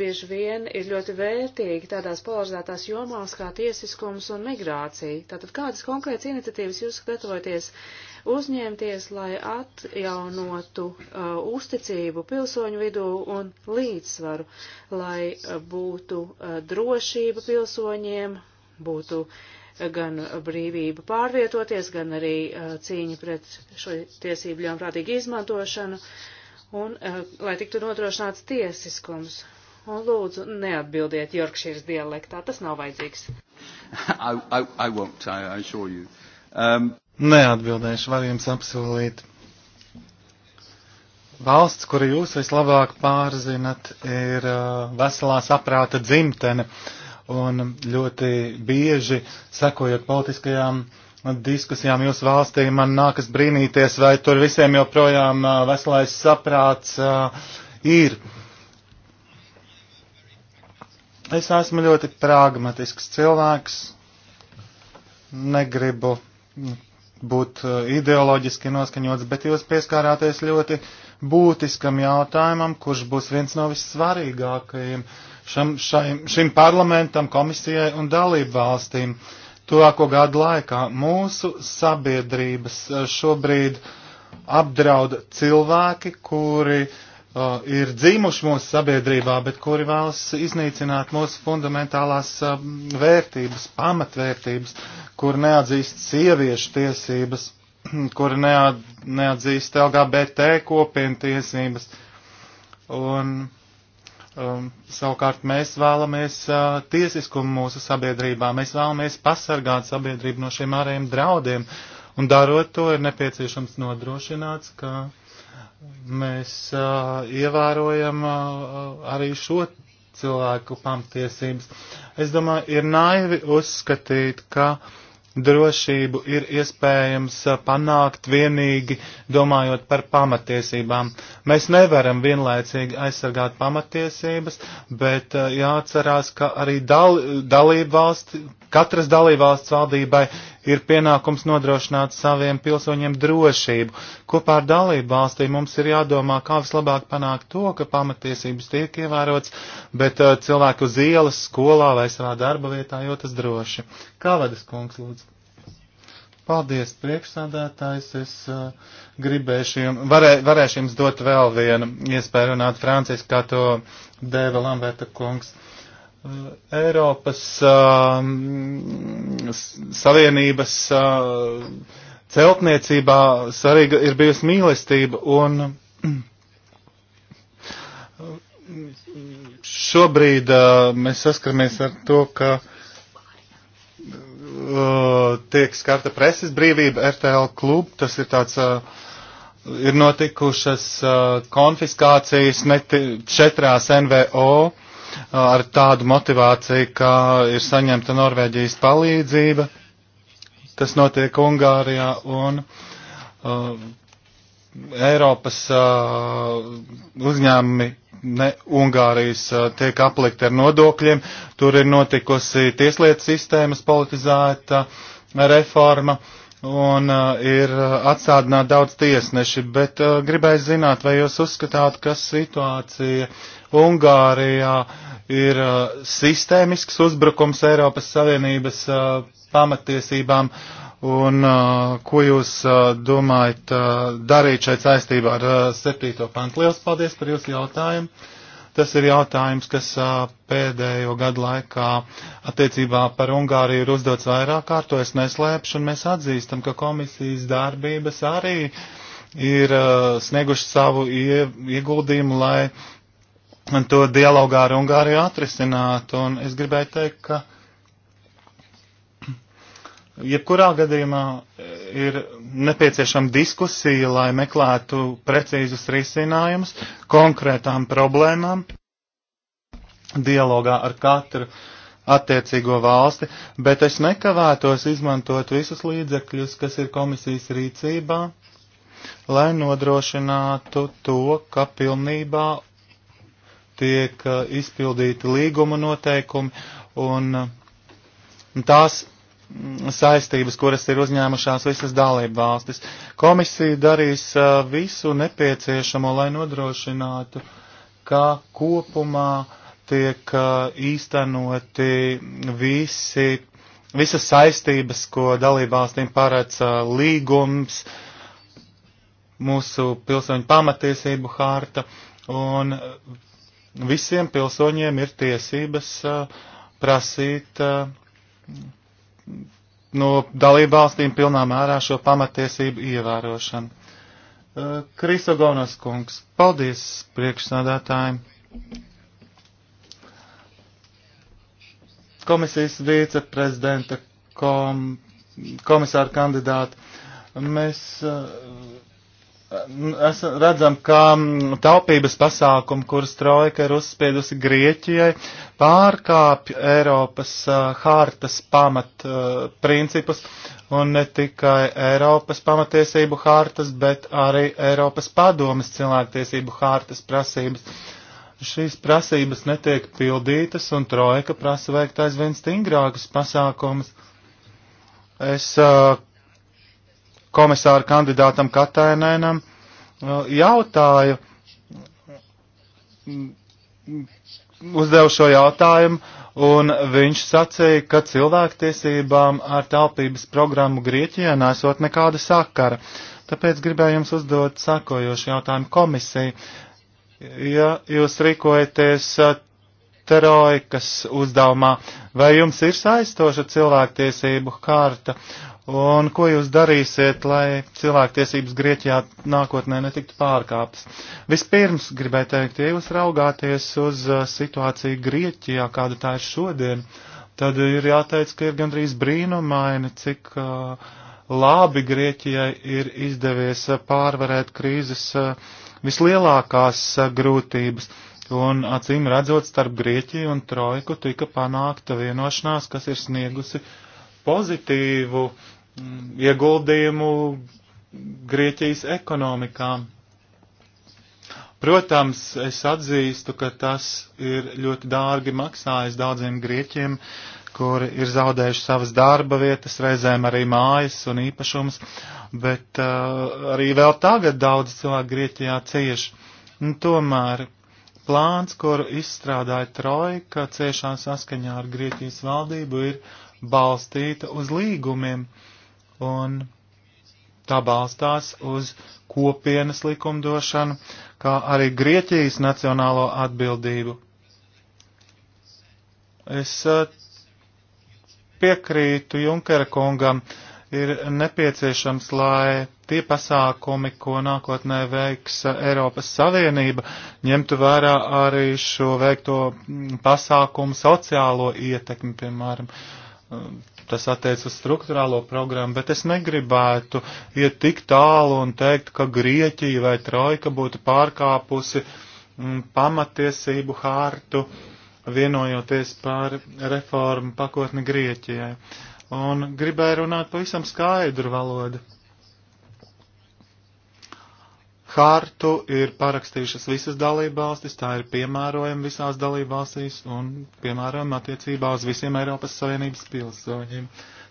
bieži vien ir ļoti vērtīgi tādās polarizētās jomās kā tiesiskums un migrācija. Tātad kādas konkrētas iniciatīvas jūs gatavoties uzņemties, lai atjaunotu uh, uzticību pilsoņu vidū un līdzsvaru, lai uh, būtu uh, drošība pilsoņiem, būtu uh, gan brīvība pārvietoties, gan arī uh, cīņa pret šo tiesību ļaunprātīgu izmantošanu, un uh, lai tiktu nodrošināts tiesiskums. Un lūdzu, neatbildiet Jorkšīras dialektā, tas nav vajadzīgs. [LAUGHS] I, I, I won't, I, I assure you. Um... Neatbildēšu, varu jums apsolīt. Valsts, kuru jūs vislabāk pārzinat, ir uh, veselā saprāta dzimtene. Uh, un ļoti bieži sakojot politiskajām diskusijām jūsu valstī, man nākas brīnīties, vai tur visiem joprojām veselais saprāts ir. Es esmu ļoti pragmatisks cilvēks, negribu būt ideoloģiski noskaņots, bet jūs pieskārāties ļoti uh, būtiskam jautājumam, kurš būs viens no vissvarīgākajiem šam, šai, šim parlamentam, komisijai un dalību valstīm tuvāko gadu laikā. Mūsu sabiedrības eh, šobrīd apdraud cilvēki, kuri uh, ir dzīvuši mūsu sabiedrībā, bet kuri vēlas iznīcināt mūsu fundamentālās uh, vērtības, pamatvērtības, kur neatzīst sieviešu tiesības [CLEARS THROAT] kuri neat, neatzīst LGBT kopienu tiesības. Un um, savukārt mēs vēlamies uh, tiesiskumu mūsu sabiedrībā, mēs vēlamies pasargāt sabiedrību no šiem ārējiem draudiem. Un darot to, ir nepieciešams nodrošināts, ka mēs uh, ievērojam uh, uh arī šo cilvēku pamtiesības. Es domāju, ir naivi uzskatīt, ka uh, drošību ir iespējams eh, panākt vienīgi domājot par pamatiesībām. Mēs nevaram vienlaicīgi aizsargāt pamatiesības, bet eh, jāatcerās, ka arī dal, dalībvalsts, katras dalībvalsts valdībai ir pienākums nodrošināt saviem pilsoņiem drošību. Kopā ar dalību valstīm mums ir jādomā, kā vislabāk panākt to, ka pamatiesības tiek ievērots, bet uh, cilvēku uz ielas, skolā vai savā darba vietā jūtas droši. Kā vadas kungs lūdzu? Paldies, priekšsādātājs. Es uh, gribēšu jums, varē, varēšu jums dot vēl vienu iespēju runāt franciski, kā to dēva Lamberta kungs. Uh, Eh, Eiropas um, Savienības uh, celtniecībā svarīga ir bijusi mīlestība un [CLEARS THROAT] šobrīd uh, mēs saskaramies ar to, ka uh, tiek skarta preses brīvība RTL klub, tas ir tāds uh, ir notikušas uh, konfiskācijas četrās NVO ar tādu motivāciju, ka ir saņemta Norvēģijas palīdzība. Tas notiek Ungārijā un uh, Eiropas uh, uzņēmumi ne Ungārijas uh, tiek aplikti ar nodokļiem. Tur ir notikusi tieslietu sistēmas politizēta reforma. Uh, un uh, ir atsādināti daudz tiesneši, bet uh, gribēju zināt, vai jūs uzskatāt, ka situācija Ungārijā ir uh, sistēmisks uzbrukums Eiropas Savienības uh, pamatiesībām. Un uh, ko jūs uh, domājat uh, darīt šeit saistībā ar uh, 7. pantu? Lielas paldies par jūsu jautājumu. Tas ir jautājums, kas uh, pēdējo gadu laikā attiecībā par Ungāriju ir uzdots vairāk kārto. Es neslēpšu un mēs atzīstam, ka komisijas darbības arī ir uh, snieguši savu ie, ieguldījumu, lai uh, to dialogā ar Ungāriju atrisināt. Un es gribēju teikt, ka jebkurā gadījumā ir nepieciešama diskusija, lai meklētu precīzus risinājumus konkrētām problēmām dialogā ar katru attiecīgo valsti, bet es nekavētos izmantot visus līdzekļus, kas ir komisijas rīcībā, lai nodrošinātu to, ka pilnībā tiek eh, izpildīti līguma noteikumi un eh, tās mm, saistības, kuras ir uzņēmušās visas dalība valstis. Komisija darīs eh, visu nepieciešamo, lai nodrošinātu, ka kopumā tiek īstenoti visi, visas saistības, ko dalība valstīm paredz līgums, mūsu pilsoņu pamatiesību harta un visiem pilsoņiem ir tiesības prasīt no dalībvalstīm pilnā mērā šo pamatiesību ievērošanu. Krisogonas kungs, paldies priekšsādātājiem. Komisijas viceprezidenta kom, komisāra kandidāti, mēs es redzam, ka taupības pasākumi, kuras trojka ir uzspiedusi Grieķijai, pārkāpj Eiropas uh, hārtas pamat uh, principus, un ne tikai Eiropas pamatiesību hārtas, bet arī Eiropas padomas cilvēktiesību hārtas prasības. Šīs prasības netiek pildītas, un trojka prasa veikt aizvien stingrākus pasākumus. Es uh, komisāra kandidātam Katainēnam uh, jautāju, uzdevu šo jautājumu, un viņš sacīja, ka cilvēktiesībām ar taupības programmu Grieķijā nesot nekāda sakara. Tāpēc gribēju jums uzdot sakojošu jautājumu komisiju. Ja jūs rīkojaties uh, trojkas uzdevumā. Vai jums ir saistoša cilvēktiesību kārta? Un ko jūs darīsiet, lai cilvēktiesības Grieķijā nākotnē netiktu pārkāptas? Vispirms gribēju teikt, ja jūs raugāties uz uh, situāciju Grieķijā, kāda tā ir šodien, tad ir jāteic, ka ir gandrīz brīnumaini, cik uh, labi Grieķijai ir izdevies uh, pārvarēt krīzes uh, vislielākās uh, grūtības. Un acīm redzot, starp Grieķiju un Trojku tika panākta vienošanās, kas ir sniegusi pozitīvu mm, ieguldījumu Grieķijas ekonomikā. Protams, es atzīstu, ka tas ir ļoti dārgi maksājis daudziem grieķiem, kuri ir zaudējuši savas darba vietas, reizēm arī mājas un īpašums, bet uh, arī vēl tagad daudz cilvēku Grieķijā cieš. Un tomēr Plāns, kur izstrādāja Trojka ciešā saskaņā ar Grieķijas valdību, ir balstīta uz līgumiem, un tā balstās uz kopienas likumdošanu, kā arī Grieķijas nacionālo atbildību. Es eh, piekrītu Junkera kungam, uh, ir nepieciešams, lai tie pasākumi, ko nākotnē veiks Eiropas Savienība, ņemtu vērā arī šo veikto pasākumu sociālo ietekmi, piemēram. Tas attiec uz struktūrālo programmu, bet es negribētu iet tik tālu un teikt, ka Grieķija vai Trojka būtu pārkāpusi mm, pamatiesību hārtu, vienojoties par reformu pakotni Grieķijai. Uh, un gribēju runāt pavisam skaidru valodu. Hartu ir parakstījušas visas dalībvalstis, tā ir piemērojama visās dalībvalstīs un piemērojama attiecībā uz visiem Eiropas Savienības pilsoņiem.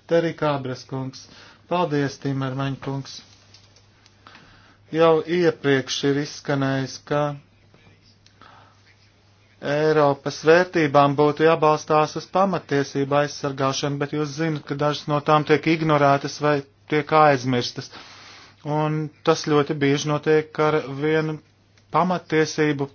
Te arī Kābras kungs. Paldies, Timermaņa kungs. Jau iepriekš ir izskanējis, ka Eiropas vērtībām būtu jābalstās uz pamatiesību aizsargāšanu, bet jūs zinat, ka dažas no tām tiek ignorētas vai tiek aizmirstas. Un tas ļoti bieži notiek ar vienu pamatiesību,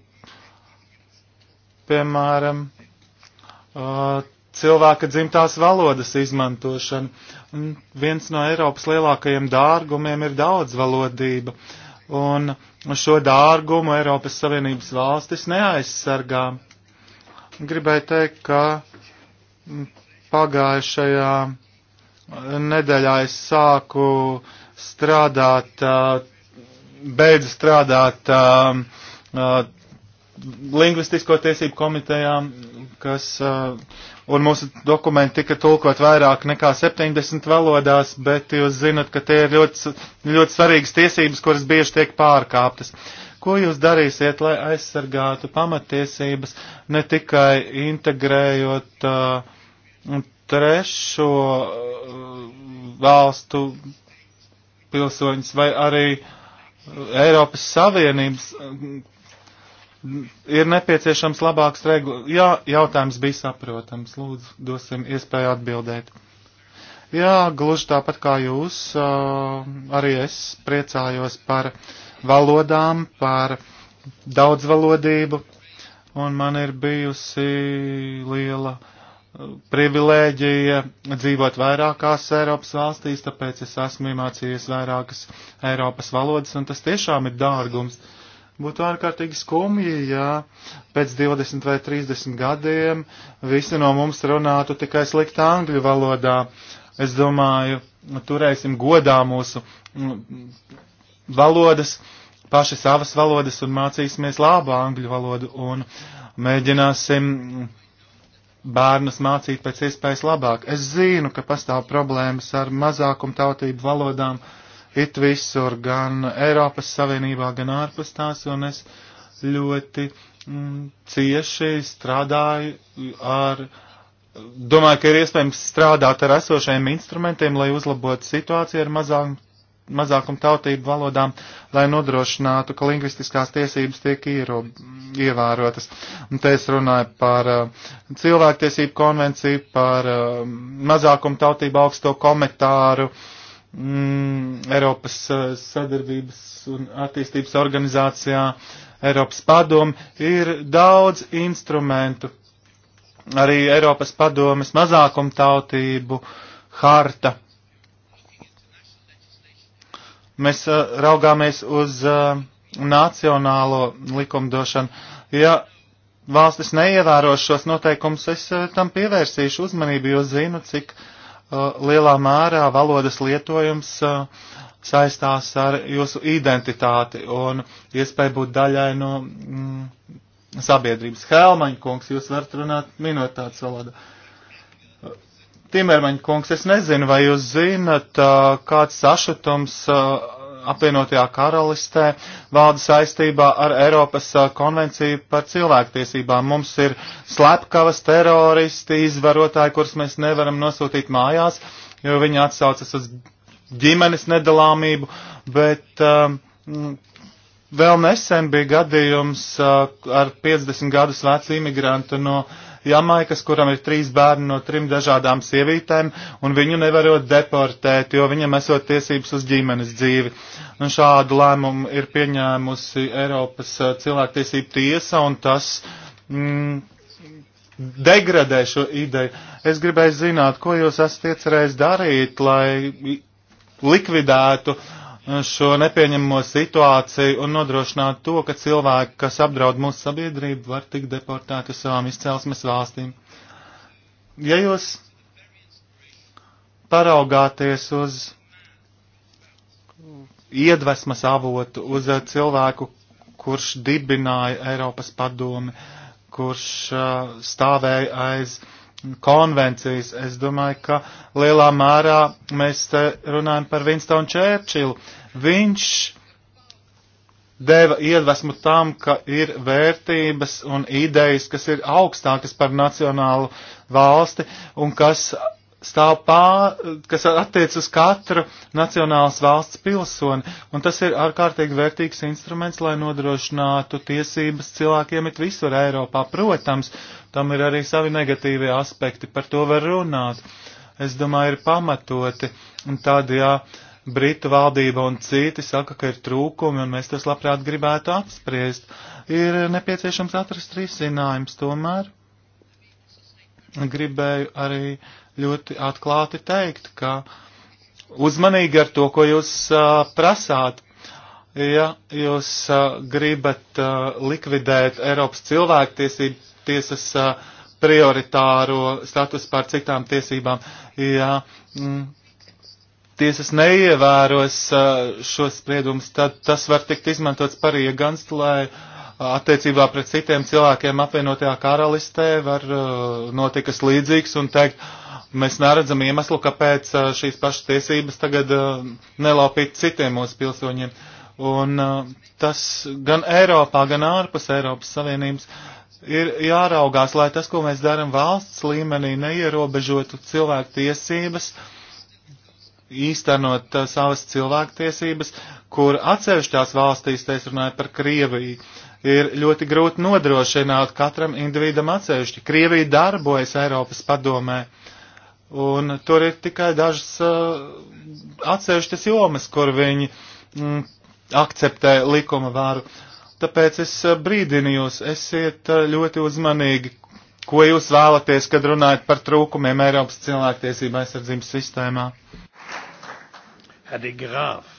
piemēram, uh, cilvēka dzimtās valodas izmantošanu. Un viens no Eiropas lielākajiem dārgumiem ir daudzvalodība. Un šo dārgumu Eiropas Savienības valstis neaizsargā. Gribēju teikt, ka pagājušajā nedēļā es sāku strādāt, beidzu strādāt lingvistisko tiesību komitejām, kas, uh, un mūsu dokumenti tika tulkot vairāk nekā 70 valodās, bet jūs zinat, ka tie ir ļoti, ļoti svarīgas tiesības, kuras bieži tiek pārkāptas. Ko jūs darīsiet, lai aizsargātu pamatiesības, ne tikai integrējot uh, trešo uh, valstu pilsoņus vai arī Eiropas Savienības ir nepieciešams labāks regu... Jā, jautājums bija saprotams. Lūdzu, dosim iespēju atbildēt. Jā, gluži tāpat kā jūs, arī es priecājos par valodām, par daudzvalodību, un man ir bijusi liela privilēģija dzīvot vairākās Eiropas valstīs, tāpēc es esmu iemācījies vairākas Eiropas valodas, un tas tiešām ir dārgums. Uh, Būtu ārkārtīgi skumji, ja pēc 20 vai 30 gadiem visi no mums runātu tikai slikti angļu valodā. Es domāju, turēsim godā mūsu mm, valodas, paši savas valodas un mācīsimies labu angļu valodu un mēģināsim bērnus mācīt pēc iespējas labāk. Es zinu, ka pastāv problēmas ar mazākumtautību valodām. Uh, it visur, gan Eiropas Savienībā, gan ārpus tās, un es ļoti mm, cieši strādāju ar, domāju, ka ir iespējams strādāt ar esošajiem instrumentiem, lai uzlabotu situāciju ar mazām mazākumu tautību valodām, lai nodrošinātu, ka lingvistiskās tiesības tiek iero, ievērotas. Un te es runāju par uh, cilvēktiesību konvenciju, par uh, mazākumu tautību augsto komitāru, uh, mm, Eiropas eh, sadarbības un attīstības organizācijā, Eiropas padomu, ir daudz instrumentu. Arī Eiropas padomes mazākumtautību harta. Mēs uh, raugāmies uz uh, nacionālo likumdošanu. Ja valstis neievēros šos noteikumus, es tam pievērsīšu uzmanību, jo zinu, cik uh, Eh, lielā mērā valodas lietojums eh, saistās ar jūsu identitāti un iespēju būt daļai no mm, sabiedrības. Helmaņa kungs, jūs varat runāt minoritātes valodā. Eh, Timermaņa kungs, es nezinu, vai jūs zinat, kāds sašutums apvienotajā karalistē valda saistībā ar Eiropas konvenciju par cilvēktiesībām. Mums ir slepkavas teroristi, izvarotāji, kurus mēs nevaram nosūtīt mājās, jo viņi atsaucas uz ģimenes nedalāmību, bet um, vēl nesen bija gadījums uh, ar 50 gadus vecu imigrantu no uh, Jamaikas, kuram ir trīs bērni no trim dažādām sievietēm, un viņu nevarot deportēt, jo viņam esot tiesības uz ģimenes dzīvi. Un nu, šādu lēmumu ir pieņēmusi Eiropas eh, cilvēktiesība tiesa, un tas. Mm, degradē šo ideju. Es gribēju zināt, ko jūs esat iecerējis darīt, lai likvidētu uh, šo nepieņemamo situāciju un nodrošināt to, ka cilvēki, kas apdraud mūsu sabiedrību, var tikt deportēti uz savām izcelsmes valstīm. Ja jūs paraugāties uz iedvesmas avotu, uz cilvēku, kurš dibināja Eiropas padomi, kurš uh, stāvēja aiz uh, konvencijas. Es domāju, ka lielā mērā mēs te runājam par Winstonu Čērčilu. Viņš deva iedvesmu tam, ka ir vērtības un idejas, kas ir augstākas par nacionālu valsti un kas stāv pā, kas attiec uz katru nacionālas valsts pilsoni, un tas ir ārkārtīgi vērtīgs instruments, lai nodrošinātu tiesības cilvēkiem it visur Eiropā. Protams, tam ir arī savi negatīvie aspekti, par to var runāt. Es domāju, ir pamatoti, un tādējā ja, Britu valdība un citi saka, ka ir trūkumi, un mēs tas labprāt gribētu apspriest. Ir nepieciešams atrast risinājums tomēr. Gribēju arī uh, ļoti atklāti teikt, ka uzmanīgi ar to, ko jūs uh, prasāt. Ja jūs uh, gribat uh, likvidēt Eiropas cilvēktiesību tiesas uh, prioritāro status pār citām tiesībām, ja mm, tiesas neievēros uh, šos spriedumus, tad tas var tikt izmantots par ieganstu, lai uh, attiecībā pret citiem cilvēkiem apvienotajā karalistē var uh, notikas līdzīgs un teikt, uh, mēs neredzam iemeslu, kāpēc uh, šīs pašas tiesības tagad uh, nelaupīt citiem mūsu pilsoņiem. Un uh, tas gan Eiropā, gan ārpus Eiropas Savienības ir jāraugās, lai tas, ko mēs darām valsts līmenī, neierobežotu cilvēku tiesības, īstenot savas cilvēktiesības, kur atsevišķās valstīs, te es runāju par Krieviju, ir ļoti grūti nodrošināt katram individam atsevišķi. Krievija darbojas Eiropas padomē Un tur ir tikai dažas uh, atsevišķas jomas, kur viņi mm, akceptē likuma vāru. Tāpēc es uh, brīdinu jūs, esiet uh, ļoti uzmanīgi, ko jūs vēlaties, kad runājat par trūkumiem Eiropas cilvēktiesība aizsardzības sistēmā. De Grāf.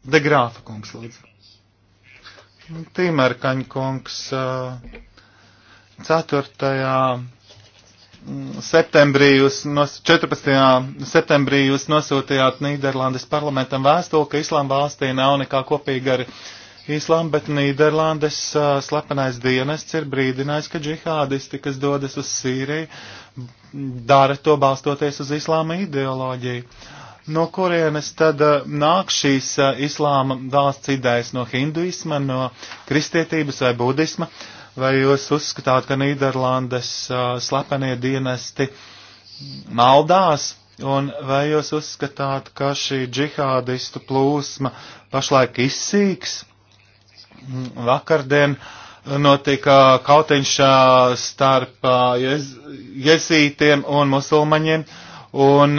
De Grāfa kungs, lūdzu. Timerkaņa kungs, uh, ceturtajā septembrī jūs, nos, 14. septembrī jūs nosūtījāt Nīderlandes parlamentam vēstuli, ka Islāma valstī nav nekā kopīga ar Islāmu, bet Nīderlandes uh, slepenais dienests ir brīdinājis, ka džihādisti, kas dodas uz Sīriju, dara to balstoties uz Islāma ideoloģiju. No kurienes tad uh, nāk šīs uh, Islāma valsts idejas no hinduisma, no kristietības vai budisma? Uh, Vai jūs uzskatāt, ka Nīderlandes uh, slepenie dienesti maldās? Un vai jūs uzskatāt, ka šī džihādistu plūsma pašlaik izsīks? Vakardien notika kautiņš starp jez, jezītiem un musulmaņiem, un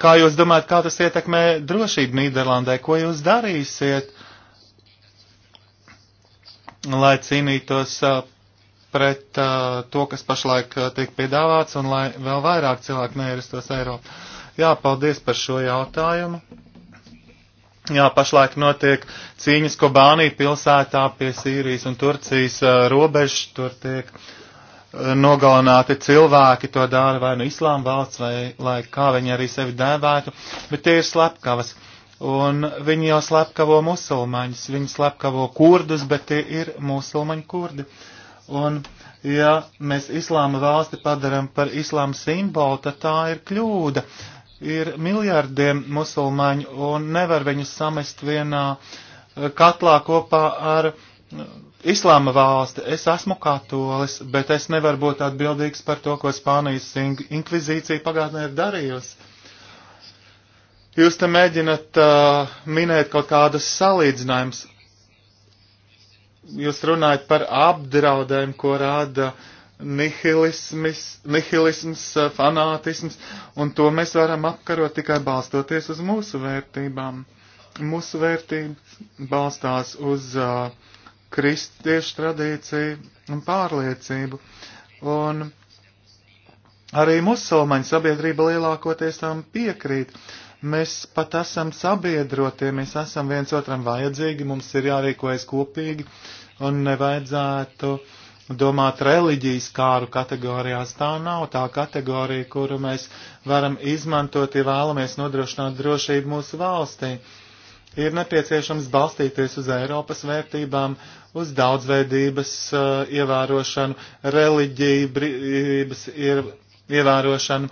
kā jūs domājat, kā tas ietekmē drošību Nīderlandē? Ko jūs darīsiet? lai cīnītos pret to, kas pašlaik tiek piedāvāts, un lai vēl vairāk cilvēku neierastos Eiropā. Jā, paldies par šo jautājumu. Jā, pašlaik notiek cīņas Kobānī pilsētā pie Sīrijas un Turcijas robežas. Tur tiek nogalināti cilvēki, to dara vai nu no Islāma valsts, vai lai kā viņi arī sevi dēvētu, bet tie ir slepkavas. Un viņi jau slepkavo musulmaņus, viņi slepkavo kurdus, bet tie ir musulmaņu kurdi. Un ja mēs islāma valsti padaram par islāma simbolu, tad tā ir kļūda. Ir miljardiem musulmaņu un nevar viņus samest vienā eh, katlā kopā ar eh, islāma valsti. Es esmu katolis, bet es nevaru būt atbildīgs par to, ko Spānijas inkvizīcija pagātnē ir darījusi Jūs te mēģinat uh, minēt kaut kādas salīdzinājumus. Jūs runājat par apdraudēm, ko rāda nihilisms, uh, fanātisms, un to mēs varam apkarot tikai balstoties uz mūsu vērtībām. Mūsu vērtības balstās uz uh, kristiešu tradīciju un pārliecību. Un arī musulmaņu sabiedrība lielākoties tam piekrīt. Uh, Mēs pat esam sabiedrotie, mēs esam viens otram vajadzīgi, mums ir jārīkojas kopīgi un nevajadzētu domāt reliģijas kāru kategorijās. Tā nav tā kategorija, kuru mēs varam izmantot, ja vēlamies nodrošināt drošību mūsu valstī. Ir nepieciešams balstīties uz Eiropas vērtībām, uz daudzveidības uh, ievērošanu, reliģiju brīvības ievērošanu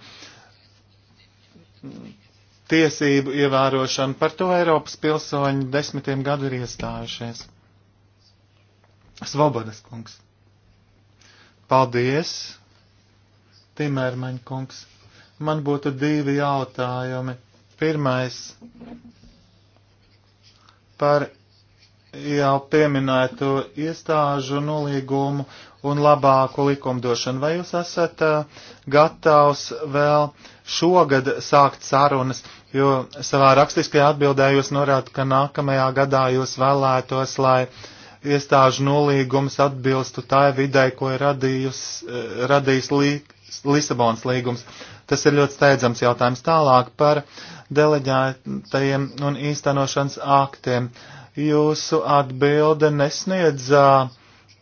tiesību ievērošanu. Par to Eiropas pilsoņi desmitiem gadu ir iestājušies. Svobodas kungs. Paldies, Timermaņa kungs. Man būtu divi jautājumi. Pirmais par jau pieminēto iestāžu nolīgumu un labāku likumdošanu. Vai jūs esat gatavs vēl uh, šogad sākt sarunas, jo savā rakstiskajā atbildē jūs norādat, ka nākamajā gadā jūs vēlētos, lai iestāžu nolīgums atbilstu tai videi, ko ir radījus, eh, radījis lī, Lisabons līgums. Tas ir ļoti steidzams jautājums tālāk par deleģētajiem un īstenošanas aktiem. Jūsu atbilde nesniedz uh,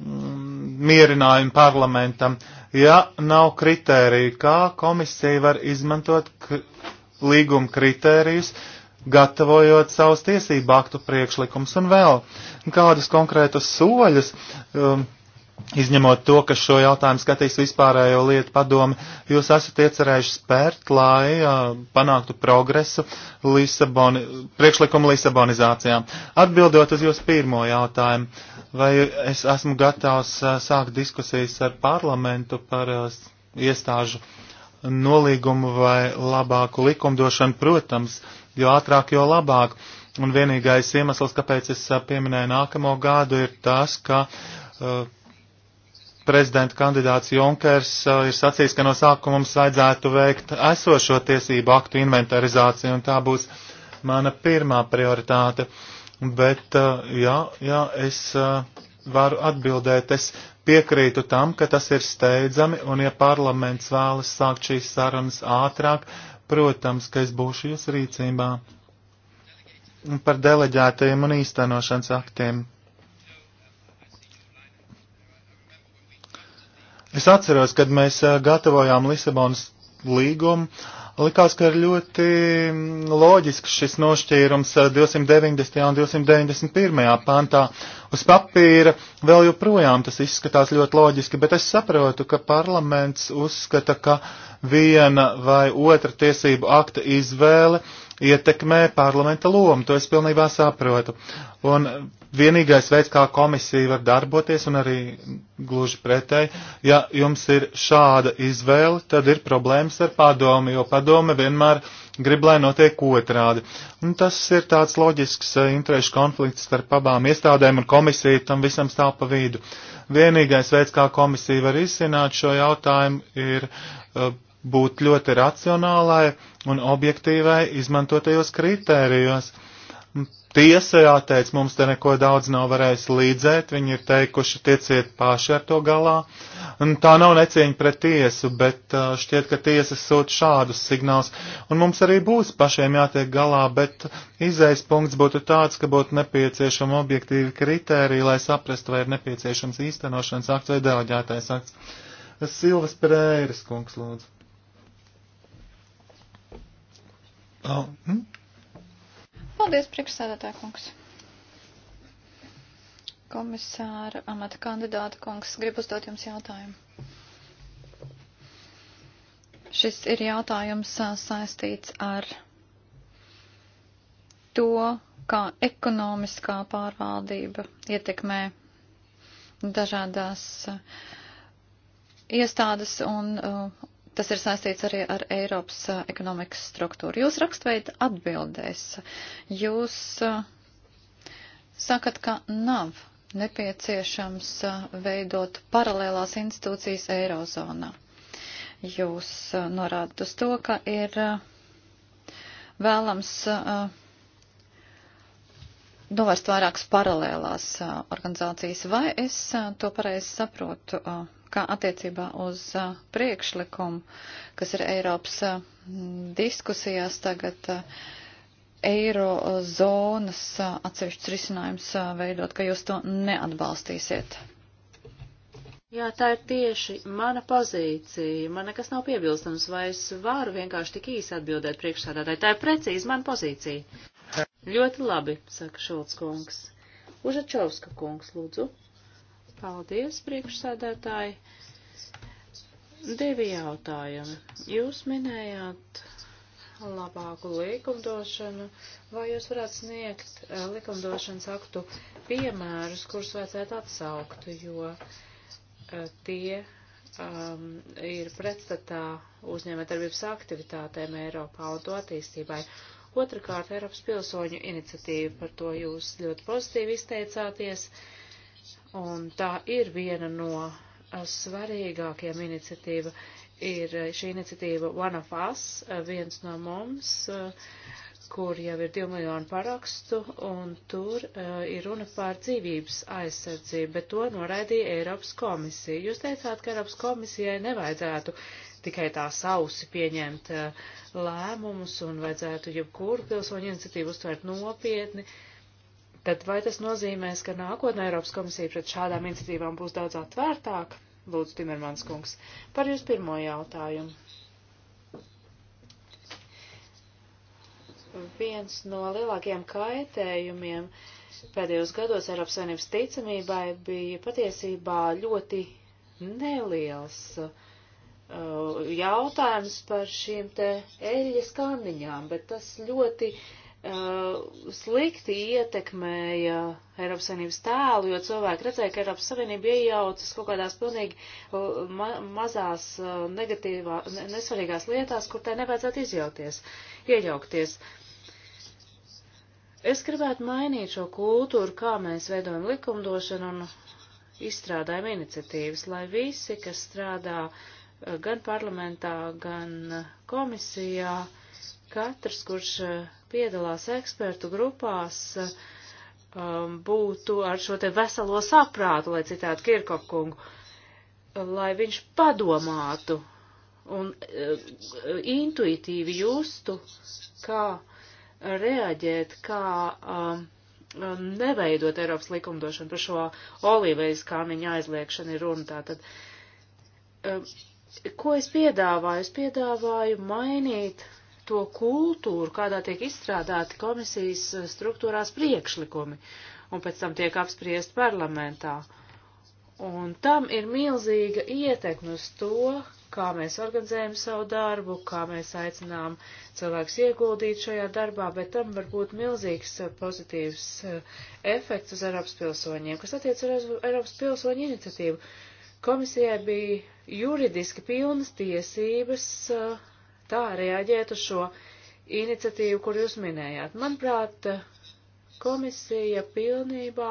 mierinājumu parlamentam. Uh, Ja nav kritēriju, kā komisija var izmantot līguma kritērijus, gatavojot savus tiesību aktu priekšlikums un vēl kādus konkrētus soļus um, izņemot to, ka šo jautājumu skatīs vispārējo lietu padomi, jūs esat iecerējuši spērt, lai uh, panāktu progresu Lisaboni, priekšlikumu Lisabonizācijām. Atbildot uz jūsu pirmo jautājumu, vai es esmu gatavs uh, sākt diskusijas ar parlamentu par uh, iestāžu nolīgumu vai labāku likumdošanu, protams, jo ātrāk, jo labāk. Un vienīgais iemesls, kāpēc es pieminēju nākamo gadu, ir tas, ka uh, prezidenta kandidāts Junkers uh, ir sacījis, ka no sākuma mums vajadzētu veikt esošo tiesību aktu inventarizāciju, un tā būs mana pirmā prioritāte. Bet, uh, jā, jā, es uh, varu atbildēt, es piekrītu tam, ka tas ir steidzami, un ja parlaments vēlas sākt šīs sarunas ātrāk, protams, ka es būšu jūs rīcībā par deleģētajiem un īstenošanas aktiem. Es atceros, kad mēs eh, gatavojām Lisabonas līgumu, likās, ka ir ļoti mm, loģisks šis nošķīrums 290. Eh, un 291. pantā. Uz papīra vēl joprojām tas izskatās ļoti loģiski, bet es saprotu, ka parlaments uzskata, ka viena vai otra tiesību akta izvēle ietekmē parlamenta lomu. To es pilnībā saprotu. Un vienīgais veids, kā komisija var darboties, un arī gluži pretēji, ja jums ir šāda izvēle, tad ir problēmas ar padomi, jo padome vienmēr grib, lai notiek otrādi. Un tas ir tāds loģisks eh, interešu konflikts starp abām iestādēm, un komisija tam visam stāv pa vidu. Vienīgais veids, kā komisija var izsināt šo jautājumu, ir uh, būt ļoti racionālai un objektīvai izmantotajos kritērijos. Uh, Nu, tiesa jāteic, mums te neko daudz nav varējis līdzēt, viņi ir teikuši, tieciet paši ar to galā. Un tā nav necieņa pret tiesu, bet šķiet, ka tiesa sūta šādus signālus. Un mums arī būs pašiem jātiek galā, bet izējas punkts būtu tāds, ka būtu nepieciešama objektīva kritērija, lai saprastu, vai ir nepieciešams īstenošanas akts vai deleģētais akts. Silvas Pereiras kungs lūdzu. Oh. Hm? Paldies, priekšsēdētāja kungs. Komisāra amata kandidāta kungs, gribu uzdot jums jautājumu. Šis ir jautājums saistīts ar to, kā ekonomiskā pārvaldība ietekmē dažādās iestādes un uh, Tas ir saistīts arī ar Eiropas uh, ekonomikas struktūru. Jūs rakstveida atbildēs. Jūs uh, sakat, ka nav nepieciešams uh, veidot paralēlās institūcijas Eirozonā. Jūs norādat uz to, ka ir vēlams novērst vairākas paralēlās organizācijas. Vai es to pareizi saprotu? ka attiecībā uz priekšlikumu, kas ir Eiropas diskusijās tagad, eiro zonas atsevišķs risinājums veidot, ka jūs to neatbalstīsiet? Jā, tā ir tieši mana pozīcija. Man nekas nav piebilstams, vai es varu vienkārši tik īsi atbildēt priekšsādātāji. Tā ir precīzi mana pozīcija. Ļoti labi, saka Šulc kungs. Užačovska kungs, lūdzu. Paldies, priekšsēdētāji. Divi jautājumi. Jūs minējāt labāku likumdošanu, vai jūs varētu sniegt eh, likumdošanas aktu piemērus, kurus vajadzētu atsaukt, jo eh, tie um, ir pretstatā uzņēmētarbības aktivitātēm Eiropā un to attīstībai. Otrakārt, Eiropas pilsoņu iniciatīva, par to jūs ļoti pozitīvi izteicāties. Uh, Un tā ir viena no uh, svarīgākajām iniciatīva. Ir uh, šī iniciatīva One of Us, uh, viens no mums, kur jau ir divi miljoni parakstu, un tur ir runa par dzīvības aizsardzību, bet to noraidīja Eiropas komisija. Jūs teicāt, ka Eiropas komisijai nevajadzētu tikai tā sausi pieņemt lēmumus un vajadzētu jebkuru pilsoņu iniciatīvu uztvērt nopietni. Uh, tad vai tas nozīmēs, ka nākotnē Eiropas komisija pret šādām iniciatīvām būs daudz atvērtāka? Lūdzu, Timermans kungs, par jūs pirmo jautājumu. Viens no lielākajiem kaitējumiem pēdējos gados Eiropas Savienības ticamībai bija patiesībā ļoti neliels uh, jautājums par šīm te eļļas kandiņām, bet tas ļoti uh, Uh, slikti ietekmēja Eiropas Savienības tēlu, jo cilvēki redzēja, ka Eiropas Savienība iejaucas kaut kādās pilnīgi uh, ma mazās uh, negatīvā, nesvarīgās lietās, kur tai nevajadzētu izjauties, iejaukties. Es gribētu mainīt šo kultūru, kā mēs veidojam likumdošanu un izstrādājam iniciatīvas, lai visi, kas strādā gan parlamentā, gan komisijā, uh, katrs, kurš eh, piedalās ekspertu grupās, eh, um, būtu ar šo te veselo saprātu, lai citātu Kirkokungu, lai viņš padomātu un eh, intuitīvi justu, kā reaģēt, kā um, um, neveidot Eiropas likumdošanu par šo olīvejas kāmiņu aizliekšanu ir runa. Tātad, ko es piedāvāju? Es piedāvāju mainīt to kultūru, kādā tiek izstrādāti komisijas eh, struktūrās priekšlikumi, un pēc tam tiek apspriest parlamentā. Un tam ir milzīga ietekme uz to, kā mēs organizējam savu darbu, kā mēs aicinām cilvēkus ieguldīt šajā darbā, bet tam var būt milzīgs eh, pozitīvs eh, efekts uz Eiropas pilsoņiem, kas attiec uz Eiropas pilsoņu iniciatīvu. Komisijai bija juridiski pilnas tiesības uh, tā reaģēt uz šo iniciatīvu, kur jūs minējāt. Manuprāt, komisija pilnībā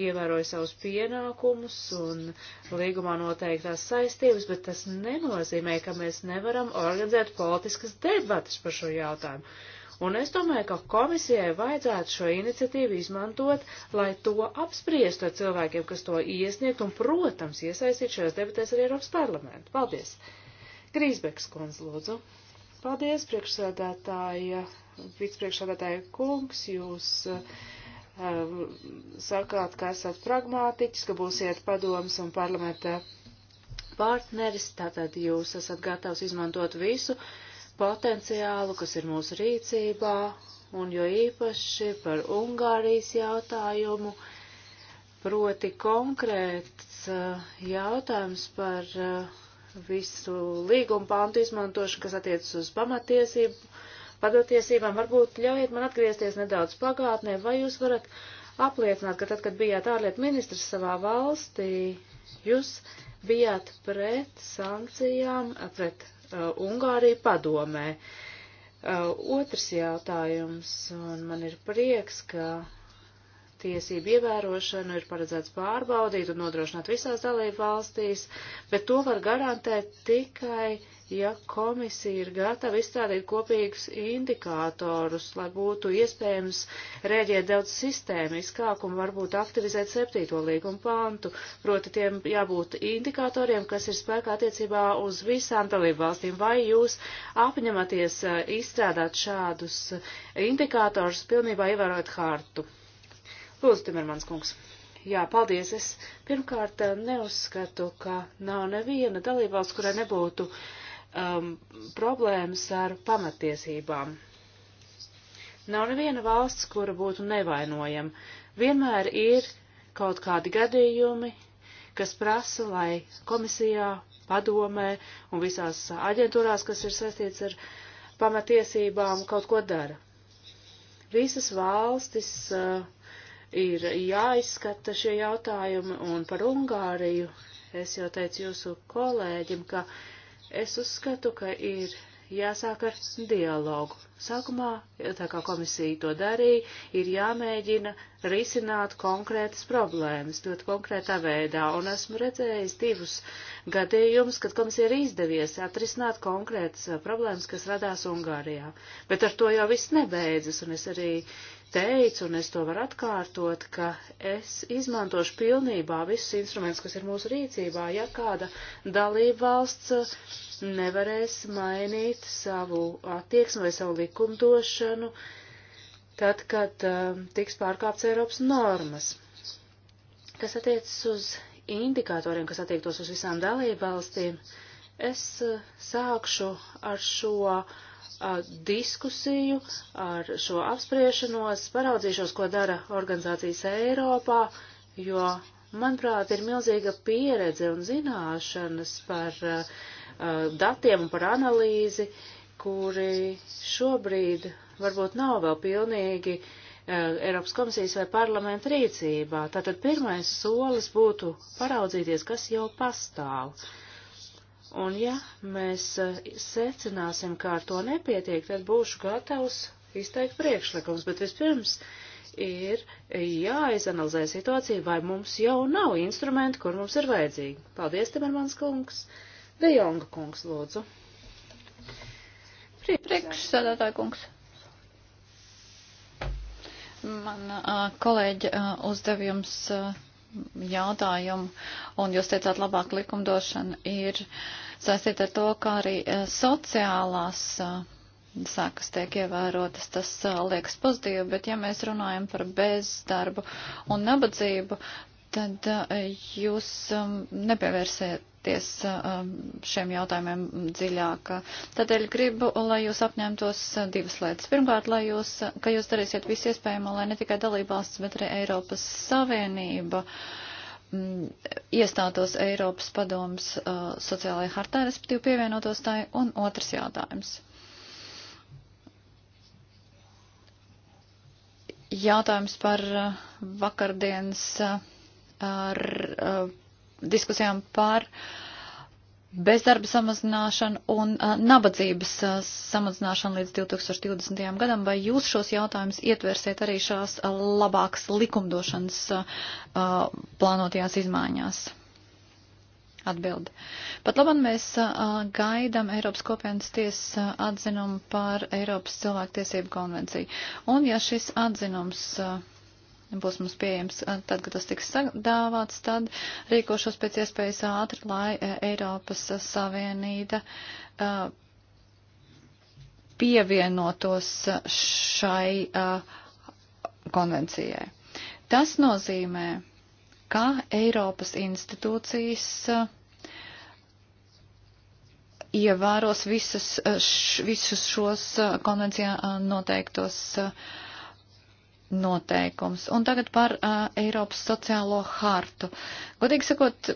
ievēroja savus pienākumus un līgumā noteiktās saistības, bet tas nenozīmē, ka mēs nevaram organizēt politiskas debatas par šo jautājumu. Un es domāju, ka komisijai vajadzētu šo iniciatīvu izmantot, lai to apspriestu ar cilvēkiem, kas to iesniegt, un, protams, iesaistīt šajās debatēs arī Eiropas parlamentu. Paldies! Grīsbeks kundze, lūdzu. Paldies, priekšsēdētāja, vicepriekšsēdētāja kungs, jūs eh, sakāt, ka esat pragmātiķis, ka būsiet padomas un parlamenta partneris, tātad jūs esat gatavs izmantot visu potenciālu, kas ir mūsu rīcībā, un jo īpaši par Ungārijas jautājumu, proti konkrēts eh, jautājums par uh, visu līgumu pāntu izmantošanu, kas attiecas uz pamatiesību, padotiesībām. Varbūt ļaujiet man atgriezties nedaudz pagātnē, vai jūs varat apliecināt, ka tad, kad bijāt ārlietu ministrs savā valstī, jūs bijāt pret sankcijām, pret uh, Ungāriju padomē. Uh, otrs jautājums, un man ir prieks, ka tiesību ievērošanu ir paredzēts pārbaudīt un nodrošināt visās dalību valstīs, bet to var garantēt tikai, ja komisija ir gatava izstrādīt kopīgus indikātorus, lai būtu iespējams rēģēt daudz sistēmiskāk un varbūt aktivizēt septīto līgumu pantu, proti tiem jābūt indikatoriem, kas ir spēkā attiecībā uz visām dalību valstīm, vai jūs apņematies eh, izstrādāt šādus indikātorus pilnībā ievērojot hartu. Lūdzu, Timermans kungs. Jā, paldies. Es pirmkārt eh, neuzskatu, ka nav neviena dalībvalsts, kurai nebūtu um, problēmas ar pamatiesībām. Nav neviena valsts, kura būtu nevainojama. Vienmēr ir kaut kādi gadījumi, kas prasa, lai komisijā, padomē un visās aģentūrās, kas ir saistīts ar pamatiesībām, kaut ko dara. Visas valstis uh, ir jāizskata šie jautājumi, un par Ungāriju es jau teicu jūsu kolēģim, ka es uzskatu, ka ir jāsāk ar dialogu. Sākumā, tā kā komisija to darīja, ir jāmēģina risināt konkrētas problēmas ļoti konkrētā veidā, un esmu redzējis divus gadījumus, kad komisija ir izdevies atrisināt konkrētas problēmas, kas radās Ungārijā. Bet ar to jau viss nebeidzas, un es arī teicu, un es to varu atkārtot, ka es izmantošu pilnībā visus instrumentus, kas ir mūsu rīcībā, ja kāda dalība valsts uh, nevarēs mainīt savu attieksmi vai savu likumdošanu, tad, kad uh, tiks pārkāpts Eiropas normas. Kas attiecas uz indikatoriem, kas attiektos uz visām dalību valstīm, es uh, sākšu ar šo uh, diskusiju, ar šo apspriešanos, paraudzīšos, ko dara organizācijas Eiropā, jo, manuprāt, ir milzīga pieredze un zināšanas par uh, datiem un par analīzi, kuri šobrīd varbūt nav vēl pilnīgi uh, Eiropas komisijas vai parlamenta rīcībā. Tātad pirmais solis būtu paraudzīties, kas jau pastāv. Uh, Un ja mēs eh, secināsim, ka ar to nepietiek, tad būšu gatavs izteikt priekšlikums, bet vispirms ir jāizanalizē situācija, vai mums jau nav instrumenti, kur mums ir vajadzīgi. Paldies, Timermans kungs. De Jonga kungs, lūdzu. Priekšsēdētāja kungs. Man eh, kolēģi eh, uzdev jums. A, jautājumu, un jūs teicāt, labāk likumdošana ir saistīta ar to, kā arī e, sociālās e, sākas tiek ievērotas, tas e, liekas pozitīvi, bet ja mēs runājam par bezdarbu un nabadzību, tad jūs nepievērsiet iedziļināties šiem jautājumiem dziļāk. Tādēļ gribu, lai jūs apņemtos divas lietas. Pirmkārt, lai jūs, ka jūs darīsiet visu iespējamo, lai ne tikai dalībvalsts, bet arī Eiropas Savienība iestātos Eiropas padomas sociālajai hartā, respektīvi pievienotos tai, un otrs jautājums. Jautājums par vakardienas ar diskusijām par bezdarba samazināšanu un uh, nabadzības uh, samazināšanu līdz 2020. gadam, vai jūs šos jautājumus ietversiet arī šās uh, labākas likumdošanas uh, plānotajās izmaiņās? Atbildi. Pat labam mēs uh, gaidam Eiropas kopienas tiesas atzinumu par Eiropas cilvēktiesību konvenciju. Un ja šis atzinums uh, būs mums pieejams tad, kad tas tiks sadāvāts, tad rīkošos pēc iespējas ātri, lai e, Eiropas Savienība pievienotos šai konvencijai. Tas nozīmē, ka Eiropas institūcijas ievēros visus, visus šos konvencijā noteiktos uh, noteikums. Un tagad par uh, Eiropas sociālo hartu. Godīgi sakot,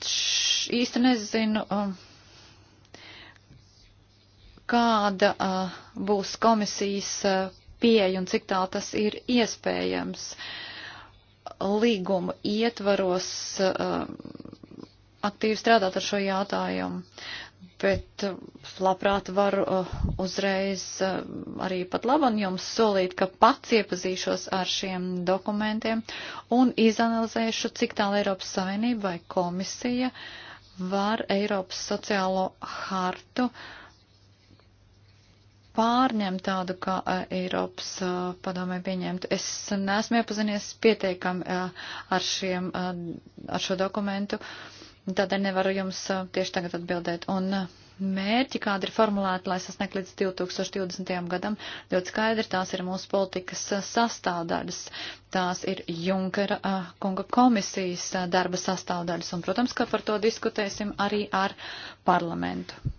š, īsti nezinu, uh, kāda uh, būs komisijas uh, pieeja un cik tālu tas ir iespējams. Līguma ietvaros. Uh, aktīvi strādāt ar šo jautājumu bet uh, labprāt varu uh, uzreiz uh, arī pat labam jums solīt, ka pats iepazīšos ar šiem dokumentiem un izanalizēšu, cik tālu Eiropas Savienība vai komisija var Eiropas sociālo hartu pārņemt tādu, kā Eiropas padomē pieņemtu. Es neesmu iepazinies pietiekami ar, šiem, ar šo dokumentu. Uh, Tādēļ nevaru jums tieši tagad atbildēt. Un mērķi, kādi ir formulēti, lai sasniegtu līdz 2020. gadam, ļoti skaidri tās ir mūsu politikas sastāvdaļas. Tās ir Junkera kunga komisijas darba sastāvdaļas. Un, protams, ka par to diskutēsim arī ar parlamentu.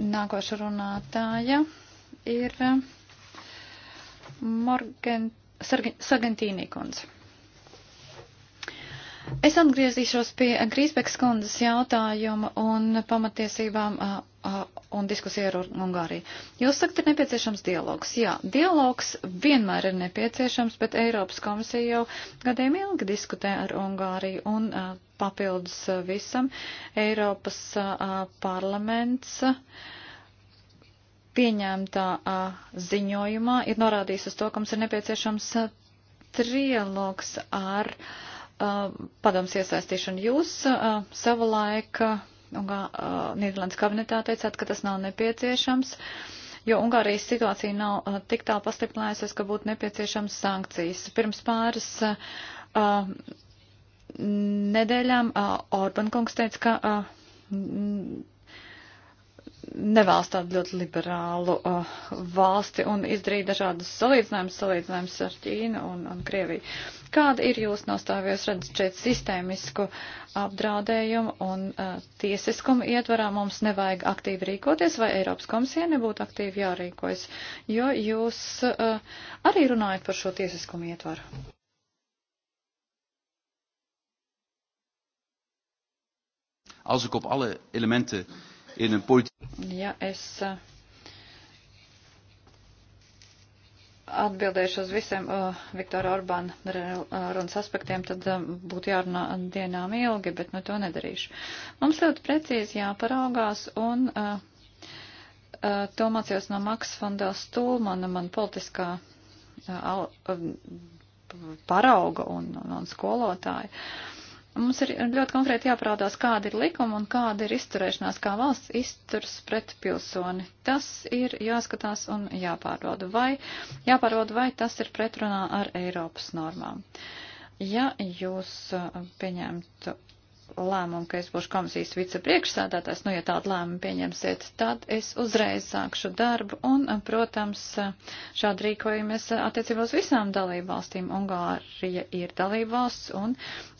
Nākoša runātāja ir Morgan Sargentīnī kundze. Es atgriezīšos pie Grīsbekas kundzes jautājuma un pamatiesībām un diskusiju ar Ungāriju. Jūs sakat, ir nepieciešams dialogs. Jā, dialogs vienmēr ir nepieciešams, bet Eiropas komisija jau gadiem ilgi diskutē ar Ungāriju un papildus visam Eiropas parlaments pieņēmtā ziņojumā ir norādījis uz to, ka mums ir nepieciešams trialogs ar uh, Uh, padoms iesaistīšanu. Jūs uh, sava laika uh, Nīderlandes kabinetā teicāt, ka tas nav nepieciešams, jo Ungārijas situācija nav tik tā pastiprinājusies, ka būtu nepieciešams sankcijas. Pirms pāris nedēļām Orban kungs teica, ka nevēlas tādu ļoti liberālu uh, valsti un izdarīja dažādas salīdzinājumus, salīdzinājumus ar Ķīnu un, un Krieviju. Kāda ir jūsu nostāja? Jūs redzat šeit sistēmisku apdraudējumu un uh, tiesiskumu ietvarā mums nevajag aktīvi rīkoties, vai Eiropas komisija nebūtu aktīvi jārīkojas, jo jūs uh, arī runājat par šo tiesiskumu ietvaru. Als ik op alle elementen in een politiek. Ja, es, uh, atbildēšu uz visiem uh, Viktora Orbāna runas aspektiem, tad uh, būtu jārunā dienām ilgi, bet nu to nedarīšu. Mums ļoti precīzi jāparaugās un uh, uh, to mācījos no Maks Fandela Stulmana, man politiskā uh, uh, parauga un, un, un skolotāja. Uh, Mums ir ļoti konkrēti jāparādās, kāda ir likuma un kāda ir izturēšanās, kā valsts izturs pret pilsoni. Tas ir jāskatās un jāpārbauda, vai, jāpārbauda, vai tas ir pretrunā ar Eiropas normām. Ja jūs uh, pieņemtu lēmumu, ka es būšu komisijas vicepriekšsādātājs, nu, ja tādu lēmumu pieņemsiet, tad es uzreiz sākšu darbu un, protams, šādi rīkojamies attiecībā uz visām dalību valstīm. Ungārija ir dalību valsts un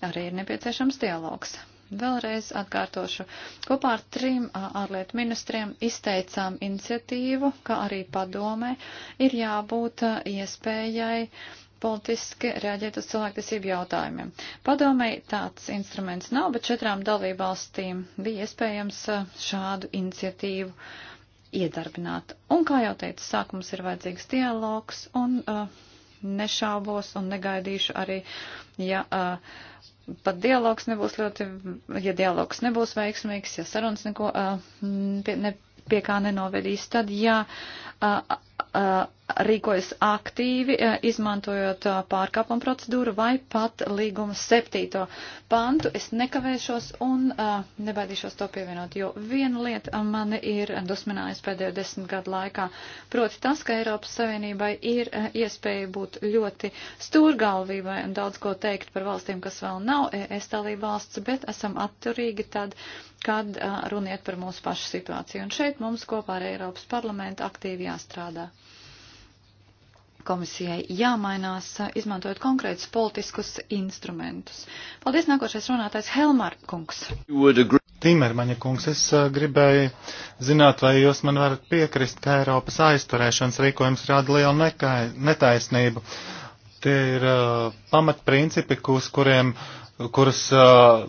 arī ir nepieciešams dialogs. Vēlreiz atkārtošu, kopā ar trim ārlietu ministriem izteicām iniciatīvu, kā arī padomē, ir jābūt iespējai politiski reaģēt uz cilvēktiesību jautājumiem. Padomēji tāds instruments nav, bet četrām dalībvalstīm bija iespējams e, šādu iniciatīvu iedarbināt. Un, kā jau teicu, sākums ir vajadzīgs dialogs un uh, nešaubos un negaidīšu arī, ja. Uh, pat dialogs nebūs ļoti, ja dialogs nebūs veiksmīgs, ja sarunas neko uh, pie, ne, pie kā nenovedīs, tad jā, uh, uh, rīkojas aktīvi, eh, izmantojot eh, pārkāpuma procedūru vai pat līguma septīto pantu. Es nekavēšos un eh, nebaidīšos to pievienot, jo viena lieta mani ir dusminājusi pēdējo desmit gadu laikā, proti tas, ka Eiropas Savienībai ir iespēja būt ļoti stūrgalvībai un daudz ko teikt par valstīm, kas vēl nav ES dalība valsts, bet esam atturīgi tad, kad runiet par mūsu pašu situāciju. Un šeit mums kopā ar Eiropas parlamentu aktīvi jāstrādā komisijai jāmainās, izmantojot konkrētus politiskus instrumentus. Paldies, nākošais runātājs Helmar Kungs. Timermaņa kungs, es uh, gribēju zināt, vai jūs man varat piekrist, ka Eiropas aizturēšanas rīkojums rada lielu nekai, netaisnību. Tie ir uh, pamatprincipi, kurus, kuriem, kurus uh,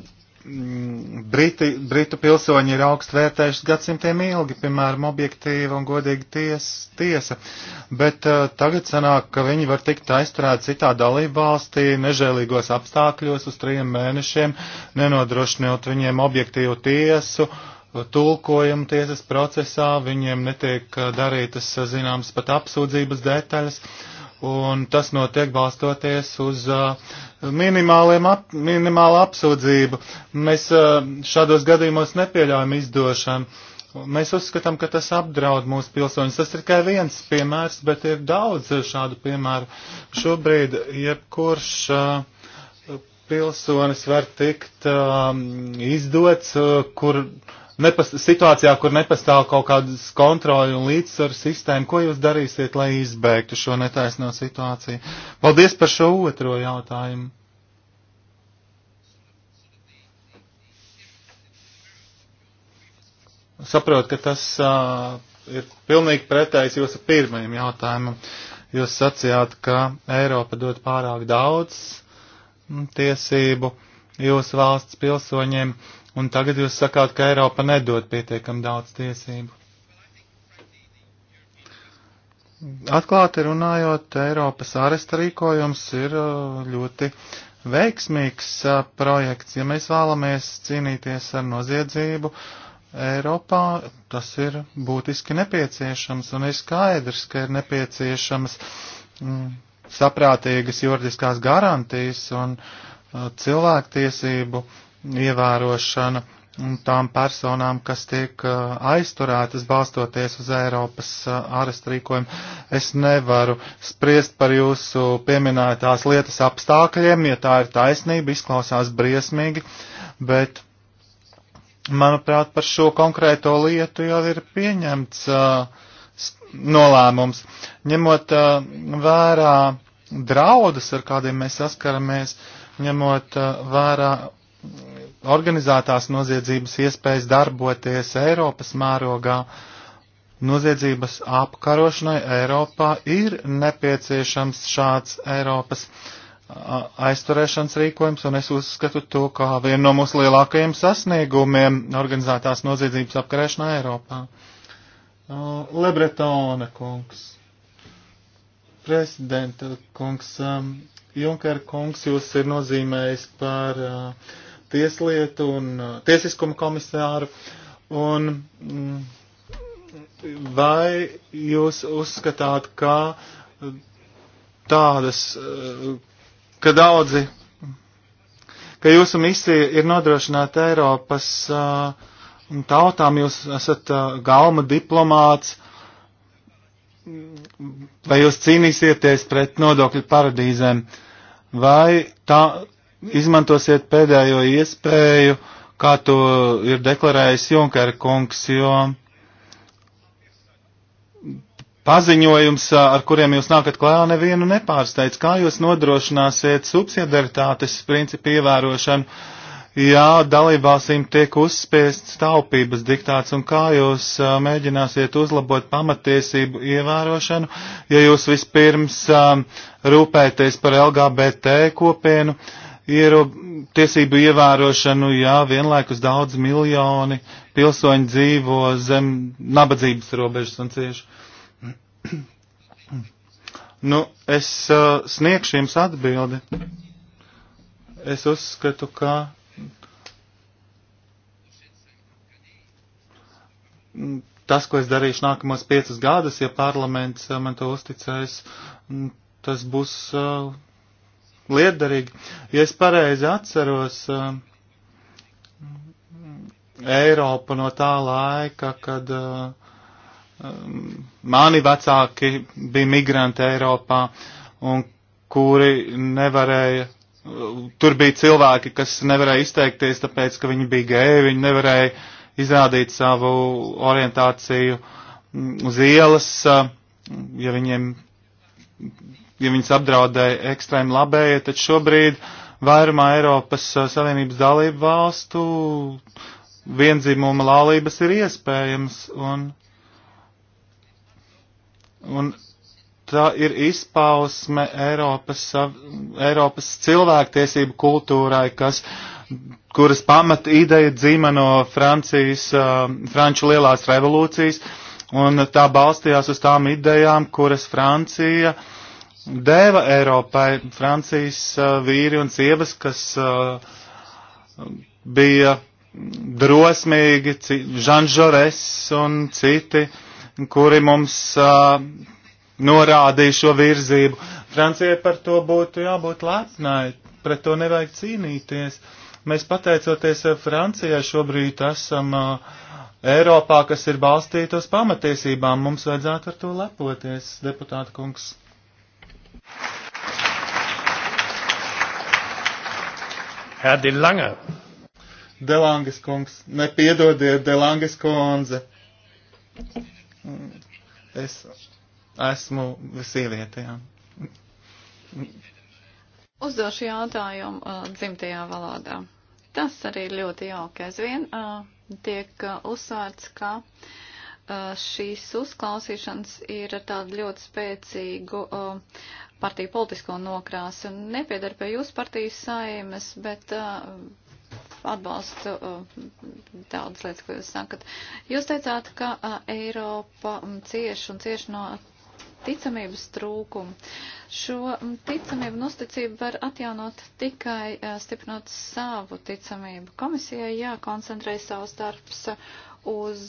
Mm, Briti, Britu pilsoņi ir augst vērtējuši gadsimtiem ilgi, piemēram, objektīva un godīga ties, tiesa, bet uh, tagad sanāk, ka viņi var tikt aizturēti citā dalībvalstī nežēlīgos apstākļos uz trim mēnešiem, nenodrošinot viņiem objektīvu tiesu, tulkojumu tiesas procesā, viņiem netiek uh, darītas uh, zināmas pat apsūdzības detaļas. Uh, un tas notiek balstoties uz uh, ap, minimālu apsūdzību. Mēs uh, šādos gadījumos nepieļaujam izdošanu. Mēs uzskatām, ka tas apdraud mūsu pilsoņus. Tas ir tikai viens piemērs, bet ir daudz šādu piemēru. Šobrīd jebkurš uh, pilsonis var tikt um, izdots, uh, kur nepas, situācijā, kur nepastāv kaut kādas kontroļu un līdzsvaru sistēma, ko jūs darīsiet, lai izbēgtu šo netaisno situāciju? Paldies par šo otro jautājumu. Saprotu, ka tas uh, ir pilnīgi pretējs jūsu pirmajam jautājumam. Jūs sacījāt, ka Eiropa dod pārāk daudz tiesību jūsu valsts pilsoņiem. Uh, Un tagad jūs sakāt, ka Eiropa nedod pietiekam daudz tiesību. Atklāti runājot, Eiropas āresta rīkojums ir uh, ļoti veiksmīgs uh, projekts. Ja mēs vēlamies cīnīties ar noziedzību Eiropā, tas ir būtiski nepieciešams un ir skaidrs, ka ir nepieciešamas mm, saprātīgas juridiskās garantijas un uh, cilvēktiesību ievērošana tām personām, kas tiek uh, aizturētas balstoties uz Eiropas uh, arestu rīkojumu. Es nevaru spriest par jūsu pieminētās lietas apstākļiem, ja tā ir taisnība, izklausās briesmīgi, bet, manuprāt, par šo konkrēto lietu jau ir pieņemts uh, nolēmums. Ņemot vērā draudus, ar kādiem mēs saskaramies, ņemot vērā organizētās noziedzības iespējas darboties Eiropas mērogā. Noziedzības apkarošanai Eiropā ir nepieciešams šāds Eiropas aizturēšanas rīkojums, un es uzskatu to kā vienu no mūsu lielākajiem sasniegumiem organizētās noziedzības apkarēšanā Eiropā. Lebretona kungs, prezidenta kungs, um, Junker kungs jūs ir nozīmējis par uh, tieslietu un uh, tiesiskuma komisāru. Un mm, vai jūs uzskatāt, ka tādas, uh, ka daudzi, ka jūsu misija ir nodrošināt Eiropas uh, tautām, jūs esat galma diplomāts, vai jūs cīnīsieties pret nodokļu paradīzēm, vai tā, izmantosiet pēdējo iespēju, kā to ir deklarējis Junkera kungs, jo paziņojums, ar kuriem jūs nākat klājā, nevienu nepārsteidz. Kā jūs nodrošināsiet subsidiaritātes principu ievērošanu, ja dalībvalstīm tiek uzspiests taupības diktāts, un kā jūs mēģināsiet uzlabot pamatiesību ievērošanu, ja jūs vispirms rūpēties par LGBT kopienu? Uh, iero, tiesību ievērošanu, jā, vienlaikus daudz miljoni pilsoņi dzīvo zem nabadzības robežas un cieši. [CLEARS THROAT] Nu, es uh, sniegšu jums atbildi. Es uzskatu, ka tas, ko es darīšu nākamos piecus gadus, ja parlaments uh, man to uzticēs, mm, tas būs uh, liederīgi. Ja es pareizi atceros, eh, Eiropa no tā laika, kad eh, mani vecāki bija migranti Eiropā un kuri nevarēja tur bija cilvēki, kas nevarēja izteikties, tāpēc, ka viņi bija gēji, viņi nevarēja izrādīt savu orientāciju mm, uz ielas, eh, ja viņiem ja viņas apdraudēja ekstrēma labēja, tad šobrīd vairumā Eiropas uh, Savienības dalību valstu viendzimuma laulības ir iespējams, un, un tā ir izpausme Eiropas, uh, Eiropas cilvēktiesību kultūrai, kas kuras pamata ideja dzima no Francijas, uh, Franču lielās revolūcijas, un tā balstījās uz tām idejām, kuras Francija uh, dēva Eiropai Francijas vīri un sievas, kas bija drosmīgi, Žan Žores un citi, kuri mums norādīja šo virzību. Francijai par to būtu jābūt lepnai, pret to nevajag cīnīties. Mēs pateicoties Francijai šobrīd esam uh, Eiropā, kas ir balstīta uz pamatiesībām, mums vajadzētu ar to lepoties, deputāta kungs. Herr De Lange. Delangas kungs, nepiedodiet, Delangas konze. Es esmu sieviete, jā. Uzdošu jautājumu uh, dzimtajā valodā. Tas arī ļoti jauki aizvien uh, tiek uh, uzsvērts, ka uh, šīs uzklausīšanas ir tāda ļoti spēcīgu partiju politisko nokrāsu. Nepiedar pie jūsu partijas saimes, bet atbalstu daudz lietas, ko jūs sakat. Jūs teicāt, ka Eiropa cieši un cieši no ticamības trūkumu. Šo ticamību un uzticību var atjaunot tikai stiprinot savu ticamību. Komisijai jākoncentrē savs darbs uz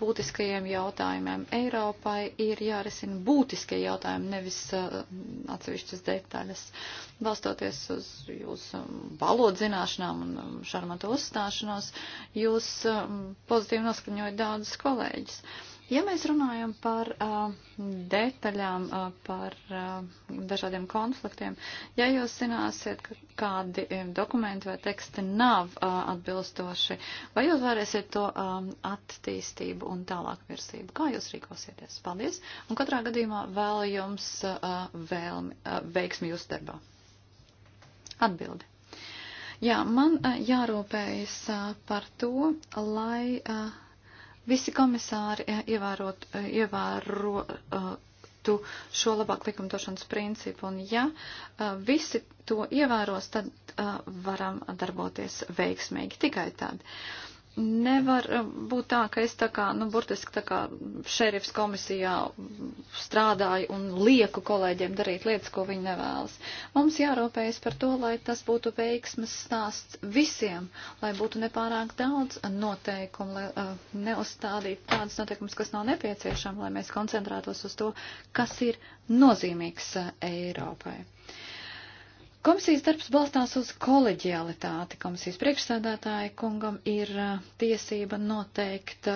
būtiskajiem jautājumiem. Eiropai ir jārisina būtiskie jautājumi, nevis atsevišķas detaļas. Balstoties uz jūsu valodas zināšanām un um, šarmantu uzstāšanos, jūs um, pozitīvi noskaņojat daudzas kolēģis. Uh, Ja mēs runājam par uh, detaļām, uh, par uh, dažādiem konfliktiem, ja jūs zināsiet, ka kādi dokumenti vai teksti nav uh, atbilstoši, vai jūs varēsiet to um, attīstību un tālāk virsību? Kā jūs rīkosieties? Paldies! Un katrā gadījumā vēl jums uh, vēlmi, uh, veiksmi jūsu darbā. Atbildi. Jā, man uh, jārūpējas uh, par to, lai. Uh, Visi komisāri ievērot, eh, ievērotu šo labāk likumdošanas principu, un ja eh, visi to ievēros, tad eh, varam darboties veiksmīgi tikai tad nevar eh, būt tā, ka es tā kā, nu, burtiski tā kā šerifs komisijā strādāju un lieku kolēģiem darīt lietas, ko viņi nevēlas. Mums jārūpējas par to, lai tas būtu veiksmes stāsts visiem, lai būtu nepārāk daudz noteikumu, lai uh, neuzstādītu tādas noteikumus, kas nav nepieciešama, lai mēs koncentrētos uz to, kas ir nozīmīgs eh, Eiropai. Komisijas darbs balstās uz koleģialitāti. Komisijas priekšsēdētāja kungam ir tiesība noteikt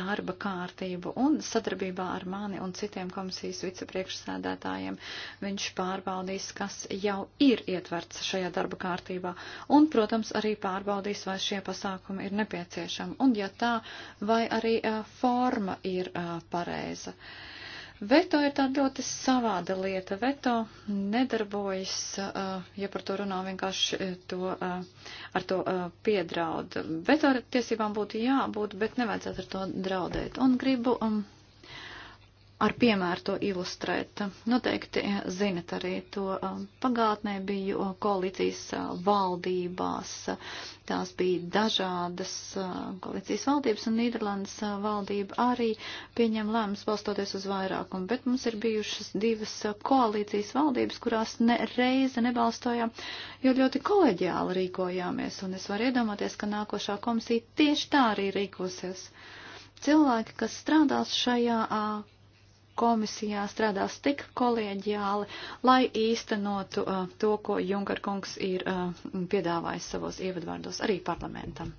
darba kārtību un sadarbībā ar mani un citiem komisijas vicepriekšsēdētājiem viņš pārbaudīs, kas jau ir ietverts šajā darba kārtībā un, protams, arī pārbaudīs, vai šie pasākumi ir nepieciešami un, ja tā, vai arī uh, forma ir uh, pareiza. Uh, Veto ir tāda ļoti savāda lieta. Veto nedarbojas, uh, ja par to runā vienkārši uh, to, uh, ar to piedraud. Veto tiesībām būtu jābūt, bet nevajadzētu ar to draudēt. Un gribu um, ar piemēru to ilustrēt. Noteikti zinat arī to pagātnē biju koalīcijas valdībās. Tās bija dažādas koalīcijas valdības un Nīderlandes valdība arī pieņem lēmums balstoties uz vairākumu. Bet mums ir bijušas divas koalīcijas valdības, kurās ne reize nebalstojām, jo ļoti koleģiāli rīkojāmies. Un es varu iedomāties, ka nākošā komisija tieši tā arī rīkosies. Cilvēki, kas strādās šajā komisijā strādās tik kolēģiāli, lai īstenotu uh, to, ko Junker kungs ir uh, piedāvājis savos ievadvārdos arī parlamentam.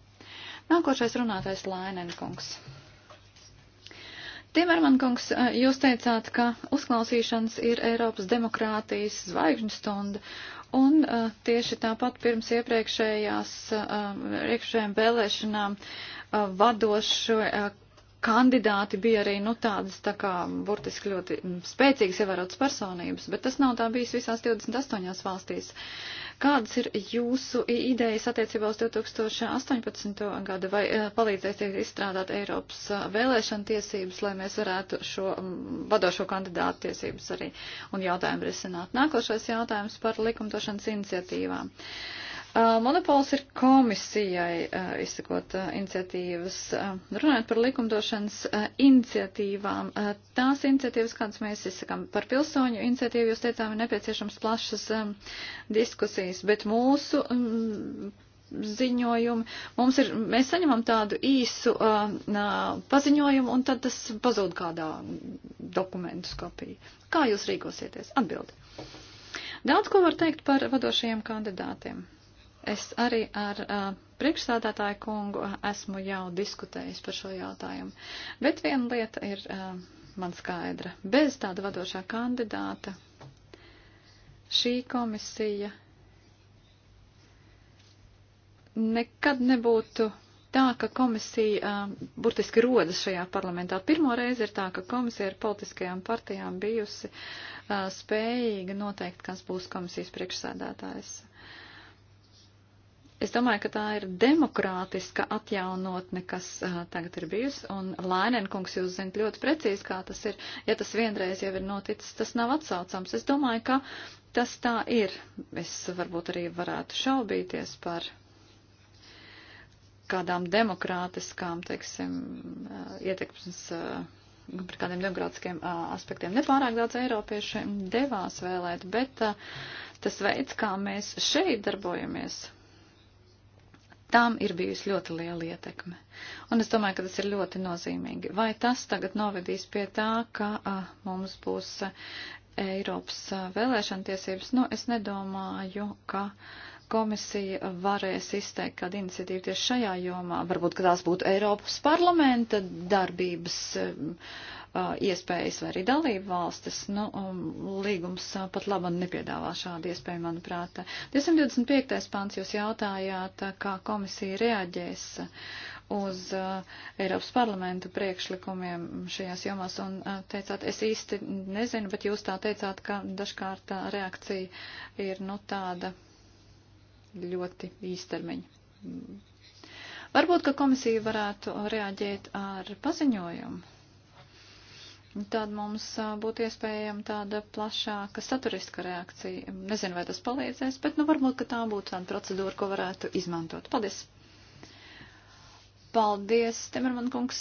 Nākošais runātais Lainen kungs. Timerman kungs, uh, jūs teicāt, ka uzklausīšanas ir Eiropas demokrātijas zvaigžņu stunda, un uh, tieši tāpat pirms iepriekšējās, uh, iepriekšējām vēlēšanām uh, vadošie. Uh, kandidāti bija arī, nu, tādas tā kā burtiski ļoti mm, spēcīgas ievērotas personības, bet tas nav tā bijis visās 28 valstīs. Kādas ir jūsu idejas attiecībā uz 2018. gadu vai eh, palīdzēsiet izstrādāt Eiropas eh, vēlēšana tiesības, lai mēs varētu šo mm, vadošo kandidātu tiesības arī un jautājumu risināt? Nākošais jautājums par likumdošanas iniciatīvām. Uh, Uh, monopols ir komisijai uh, izsakot uh, iniciatīvas. Runājot par likumdošanas iniciatīvām, tās iniciatīvas, kādas mēs izsakām par pilsoņu iniciatīvu, jūs teicām, ir nepieciešams plašas um, diskusijas, bet mūsu um, ziņojumi, mums ir, mēs saņemam tādu īsu paziņojumu un tad tas pazūd kādā dokumentu skopiju. Kā jūs rīkosieties? Atbildi. Daudz ko var teikt par vadošajiem kandidātiem. Es arī ar uh, priekšsādātāju kungu esmu jau diskutējis par šo jautājumu. Bet viena lieta ir uh, man skaidra. Bez tāda vadošā kandidāta šī komisija nekad nebūtu tā, ka komisija uh, burtiski rodas šajā parlamentā. Pirmo reizi ir tā, ka komisija ar politiskajām partijām bijusi uh, spējīga noteikt, kas būs komisijas priekšsēdētājs. Es domāju, ka tā ir demokrātiska atjaunotne, kas uh, tagad ir bijusi, un Lainenkungs jūs zinat ļoti precīzi, kā tas ir. Ja tas vienreiz jau ir noticis, tas nav atsaucams. Es domāju, ka tas tā ir. Es varbūt arī varētu šaubīties par kādām demokrātiskām, teiksim, ietekmes. Uh, par kādiem demokrātiskiem aspektiem. Nepārāk daudz eiropiešu devās vēlēt, bet a, tas veids, kā mēs šeit darbojamies, Tām ir bijusi ļoti liela ietekme. Un es domāju, ka tas ir ļoti nozīmīgi. Vai tas tagad novedīs pie tā, ka a, mums būs a, Eiropas a, vēlēšana tiesības? Nu, es nedomāju, ka komisija varēs izteikt kādu iniciatīvu tieši šajā jomā. Varbūt, ka tās būtu Eiropas parlamenta darbības. A, iespējas vai arī dalību valstis, nu, um, līgums pat labi nepiedāvā šādu iespēju, manuprāt. 225. pāns jūs jautājāt, kā komisija reaģēs uz Eiropas parlamentu priekšlikumiem šajās jomās un teicāt, es īsti nezinu, bet jūs tā teicāt, ka dažkārt reakcija ir, nu, tāda ļoti īstermiņa. Varbūt, ka komisija varētu reaģēt ar paziņojumu tad mums būtu iespējama tāda plašāka saturiska reakcija. Nezinu, vai tas palīdzēs, bet nu varbūt, ka tā būtu tāda procedūra, ko varētu izmantot. Paldies! Paldies, Timerman kungs,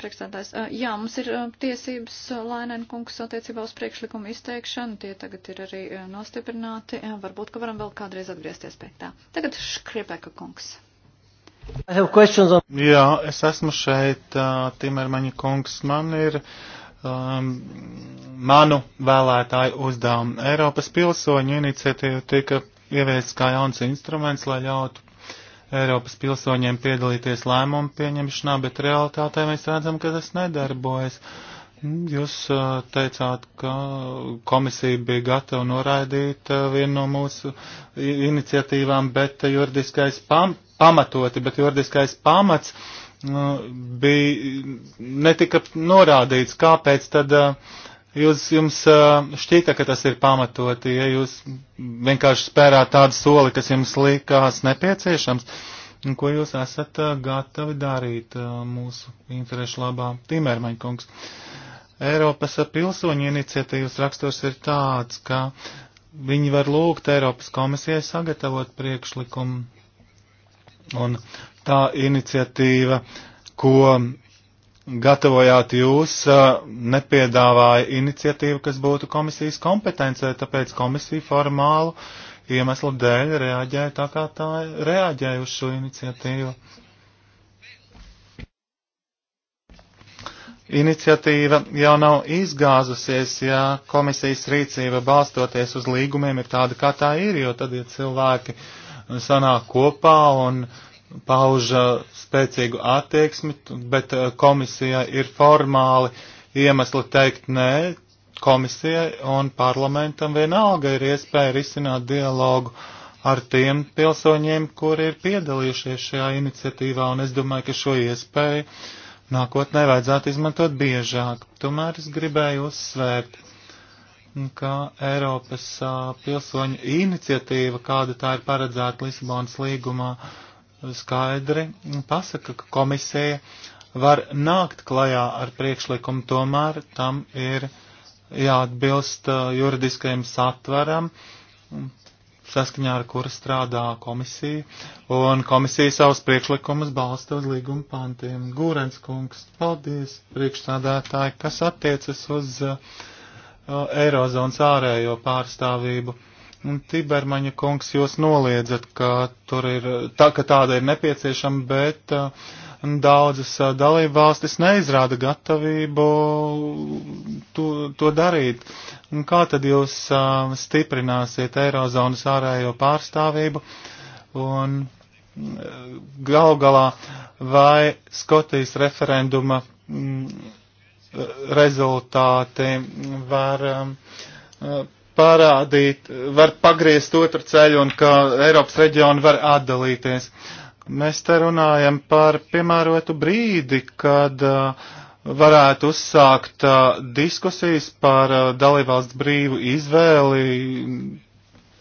priekšstādājs. Jā, mums ir tiesības Lainēn kungs attiecībā uz priekšlikumu izteikšanu. Tie tagad ir arī nostiprināti. Varbūt, ka varam vēl kādreiz atgriezties pie tā. Tagad Škripeka kungs. On... Jā, es esmu šeit, Timermaņa kungs. Man ir. Uh, um, manu vēlētāju uzdevumu. Eiropas pilsoņu iniciatīva tika ieviests kā jauns instruments, lai ļautu Eiropas pilsoņiem piedalīties lēmumu pieņemšanā, bet realitātē mēs redzam, ka tas nedarbojas. Jūs uh, teicāt, ka komisija bija gatava noraidīt uh, vienu no mūsu iniciatīvām, bet juridiskais pam pamatoti, bet juridiskais pamats Nu, bija, netika norādīts, kāpēc tad jūs, jums šķita, ka tas ir pamatoti, ja jūs vienkārši spērāt tādu soli, kas jums likās nepieciešams, un ko jūs esat gatavi darīt mūsu interešu labā, Timermaņkungs. Eiropas pilsoņu iniciatīvas raksturs ir tāds, ka viņi var lūgt Eiropas komisijai sagatavot priekšlikumu Un tā iniciatīva, ko gatavojāt jūs, nepiedāvāja iniciatīvu, kas būtu komisijas kompetencē, tāpēc komisija formālu iemeslu dēļ reaģēja tā, kā tā reaģēja uz šo iniciatīvu. Iniciatīva jau nav izgāzusies, ja komisijas rīcība balstoties uz līgumiem ir tāda, kā tā ir, jo tad, ja cilvēki uh, sanāk kopā un pauž uh, spēcīgu attieksmi, bet uh, komisijai ir formāli iemesli teikt nē, komisijai un parlamentam vienalga ir iespēja risināt dialogu ar tiem pilsoņiem, kuri ir piedalījušies šajā iniciatīvā, un es domāju, ka šo iespēju nākotnē vajadzētu izmantot biežāk. Tomēr es gribēju uzsvērt, kā Eiropas a, pilsoņu iniciatīva, kāda tā ir paredzēta Lisabonas līgumā, skaidri pasaka, ka komisija var nākt klajā ar priekšlikumu, tomēr tam ir jāatbilst a, juridiskajam satveram, saskaņā ar kuru strādā komisija, un komisija savus priekšlikumus balsta uz līguma pantiem. Gūrens kungs, paldies, priekšsādātāji, kas attiecas uz uh, Eirozonas ārējo pārstāvību. Un Tibermaņa kungs jūs noliedzat, ka, tur ir, tā, ka tāda ir nepieciešama, bet uh, daudzas uh, dalība valstis neizrāda gatavību to, to darīt. Un kā tad jūs uh, stiprināsiet Eirozonas ārējo pārstāvību? Un gal galā vai Skotijas referenduma mm, rezultāti var um, uh, parādīt, var pagriezt otru ceļu un ka Eiropas reģioni var atdalīties. Mēs te runājam par piemērotu brīdi, kad uh, varētu uzsākt uh, diskusijas par dalībvalsts brīvu izvēli,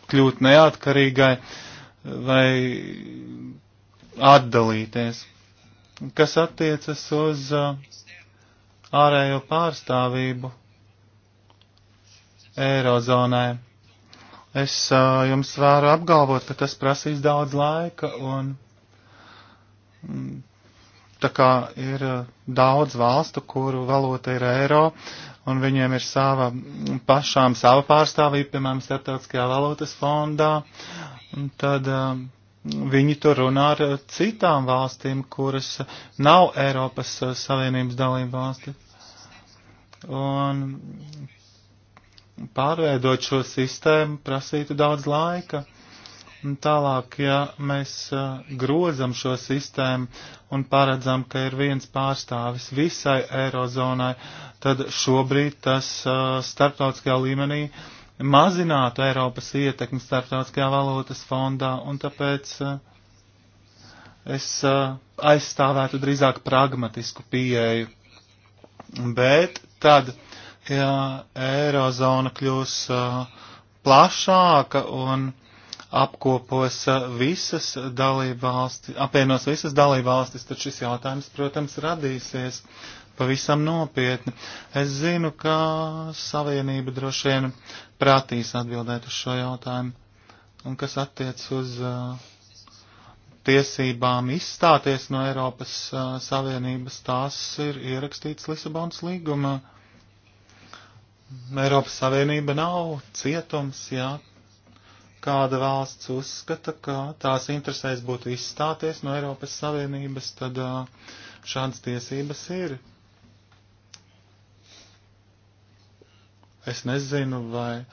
kļūt neatkarīgai vai atdalīties. Kas attiecas uz uh, ārējo pārstāvību Eirozonai. Es uh, jums varu apgalvot, ka tas prasīs daudz laika un mm, tā kā ir daudz valstu, kuru valota ir eiro un viņiem ir sava mm, pašām sava pārstāvība, piemēram, starptautiskajā valotas fondā, un tad uh, viņi tur runā ar eh, citām valstīm, kuras nav Eiropas eh, Savienības dalība valsti. Un pārveidot šo sistēmu prasītu daudz laika. Un tālāk, ja mēs eh, grozam šo sistēmu un paredzam, ka ir viens pārstāvis visai Eirozonai, tad šobrīd tas starptautiskajā līmenī uh, mazinātu Eiropas ietekmi starptautiskajā valūtas fondā, un tāpēc eh, es eh, aizstāvētu drīzāk pragmatisku pieeju. Bet tad, ja Eirozona kļūs eh, plašāka un apkopos visas dalībvalstis, apvienos visas dalībvalstis, tad šis jautājums, protams, radīsies. Uh, pavisam nopietni. Es zinu, ka Savienība droši vien prātīs atbildēt uz šo jautājumu. Un kas attiec uz uh, tiesībām izstāties no Eiropas uh, Savienības, tās ir ierakstīts Lisabonas līgumā. Eiropas Savienība nav cietums, jā. Kāda valsts uzskata, ka tās interesēs būtu izstāties no Eiropas Savienības, tad uh, šādas tiesības ir. Es nezinu, vai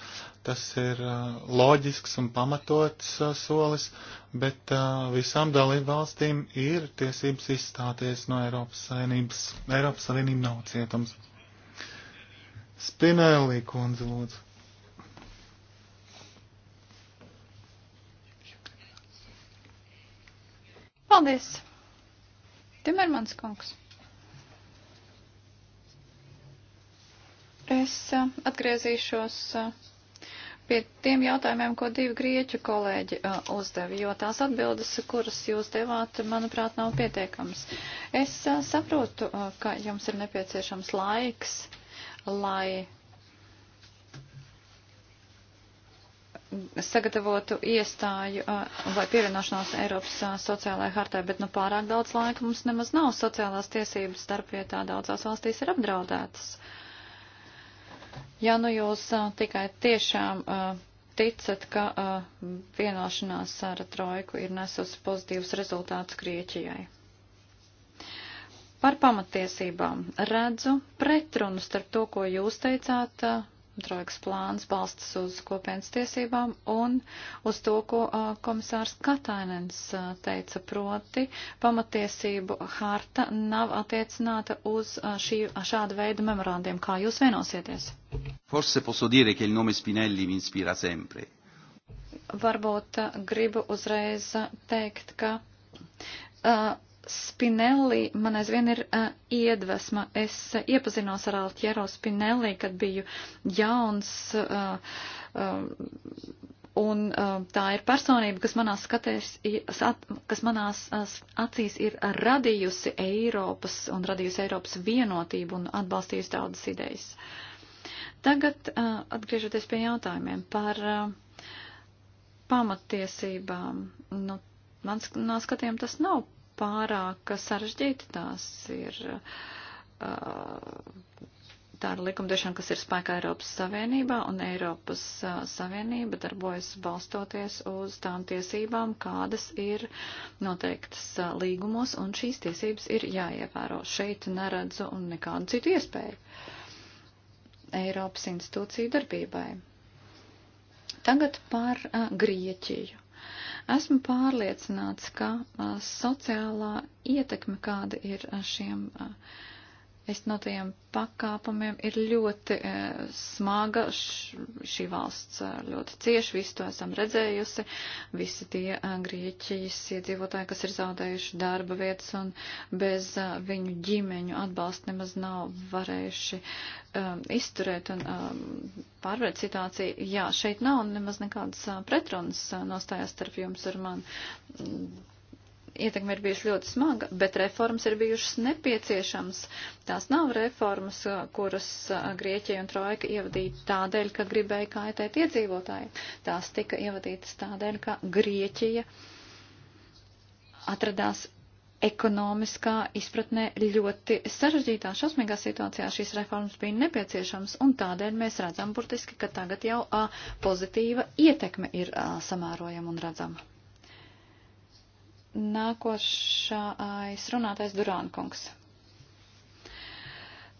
tas ir uh, loģisks un pamatots uh, solis, bet uh, visām dalībvalstīm ir tiesības izstāties no Eiropas Savienības. Eiropas Savienība nav cietums. Spinēlī kundze, lūdzu. Paldies! Timermans kungs. Es atgriezīšos pie tiem jautājumiem, ko divi grieķu kolēģi uzdeva, jo tās atbildes, kuras jūs devāt, manuprāt, nav pietiekamas. Es saprotu, ka jums ir nepieciešams laiks, lai sagatavotu iestāju vai pievienošanos Eiropas sociālajai hartai, bet nu pārāk daudz laika mums nemaz nav. Sociālās tiesības starpvietā daudzās valstīs ir apdraudētas. Uh, Ja nu jūs a, tikai tiešām a, ticat, ka a, vienošanās ar Trojku ir nesusi pozitīvs rezultāts Grieķijai. Par pamatiesībām redzu pretrunu starp to, ko jūs teicāt, a, Trojas plāns balstas uz kopienas tiesībām un uz to, ko komisārs Katainens teica, proti pamatiesību harta nav attiecināta uz šī, šāda veida memorandiem. Kā jūs vienosieties? Forse posso dire che il nome Spinelli mi inspira sempre. Varbūt gribu uzreiz teikt, ka. Uh, Spinelli man aizvien ir uh, iedvesma. Es uh, iepazinos ar Altiero Spinelli, kad biju jauns. Uh, uh, Un uh, tā ir personība, kas manās, skatēs, kas manās uh, acīs ir radījusi Eiropas un radījusi Eiropas vienotību un atbalstījusi daudzas idejas. Tagad uh, atgriežoties pie jautājumiem par uh, pamatiesībām. Nu, man skatījumā tas nav pārāk sarežģīti, tās ir tāda likumdošana, kas ir spēkā Eiropas Savienībā, un Eiropas Savienība darbojas balstoties uz tām tiesībām, kādas ir noteiktas līgumos, un šīs tiesības ir jāievēro. Šeit neredzu un nekādu citu iespēju Eiropas institūciju darbībai. Tagad par Grieķiju. Esmu pārliecināts, ka sociālā ietekme, kāda ir šiem uh, iznotajiem pakāpumiem ir ļoti e, smaga, š, šī valsts e, ļoti cieši, visu to esam redzējusi, visi tie e, Grieķijas iedzīvotāji, kas ir zaudējuši darba vietas un bez e, viņu ģimeņu atbalsta nemaz nav varējuši e, izturēt un e, pārvērt situāciju. Jā, šeit nav nemaz nekādas e, pretrunas nostājās starp jums ar mani ietekme ir bijusi ļoti smaga, bet reformas ir bijušas nepieciešams. Tās nav reformas, kuras Grieķija un Trojka ievadīja tādēļ, ka gribēja kaitēt iedzīvotāji. Tās tika ievadītas tādēļ, ka Grieķija atradās ekonomiskā izpratnē ļoti sarežģītā, šausmīgā situācijā šīs reformas bija nepieciešams, un tādēļ mēs redzam burtiski, ka tagad jau a, pozitīva ietekme ir a, samērojama un redzama. Nākošais runātais Durāna kungs.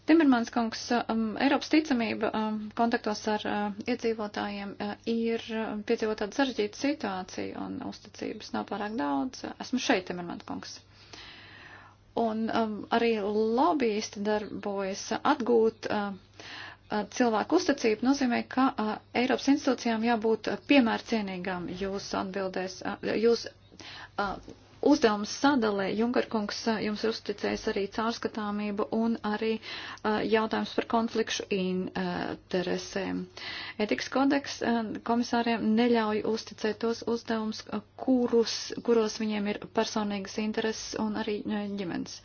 Timermans kungs, um, Eiropas ticamība um, kontaktos ar uh, iedzīvotājiem uh, ir um, piedzīvo tādu sarežģītu situāciju un uzticības nav pārāk daudz. Esmu šeit, Timermans kungs. Un um, arī lobbyisti darbojas atgūt. Uh, cilvēku uzticību nozīmē, ka a, Eiropas institūcijām jābūt piemērcienīgām jūsu atbildēs, a, jūs a, uzdevums sadalē. Junkarkungs eh, jums ir uzticējis arī cārskatāmību un arī uh, jautājums par konflikšu interesēm. Etikas kodeks uh, komisāriem neļauj uzticēt tos uzdevums, kurus, kuros viņiem ir personīgas intereses un arī uh, ģimenes.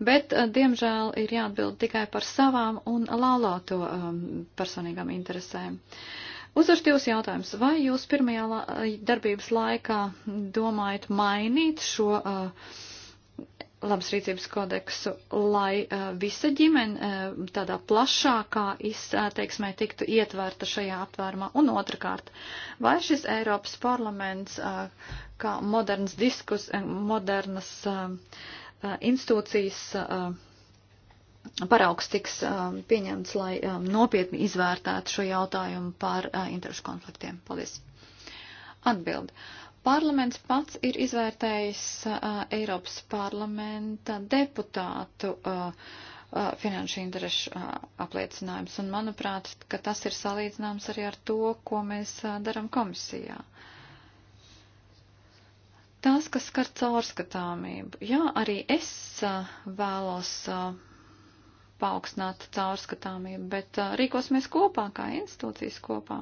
Bet, diemžēl, ir jāatbild tikai par savām un laulāto um, personīgām interesēm. Uh, Uzdošu divus jautājumus. Vai jūs pirmajā la darbības laikā domājat mainīt šo uh, labas rīcības kodeksu, lai uh, visa ģimene uh, tādā plašākā izteiksmē tiktu ietverta šajā aptvērumā? Un otrkārt, vai šis Eiropas parlaments uh, kā moderns diskus, modernas uh, institūcijas uh, paraugs tiks um, pieņemts, lai um, nopietni izvērtētu šo jautājumu par uh, interešu konfliktiem. Paldies. Atbildi. Parlaments pats ir izvērtējis uh, Eiropas parlamenta deputātu uh, uh, finanšu interešu uh, apliecinājums, un manuprāt, ka tas ir salīdzināms arī ar to, ko mēs uh, daram komisijā. Tas, kas skar caurskatāmību, jā, arī es uh, vēlos. Uh, paaugstināt caurskatāmību, bet uh, rīkosimies kopā, kā institūcijas kopā.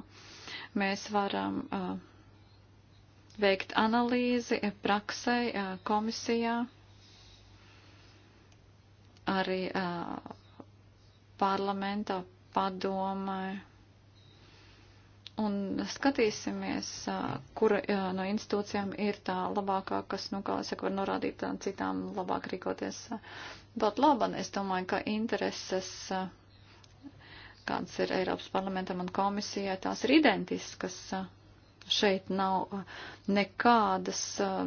Mēs varam uh, veikt analīzi praksē, uh, komisijā, arī uh, parlamentā, padomē Un skatīsimies, kura no institūcijām ir tā labākā, kas, nu, kā es saku, var norādīt citām labāk rīkoties. Bet laban, es domāju, ka intereses, kādas ir Eiropas parlamentam un komisijai, tās ir identiskas. Šeit nav nekādas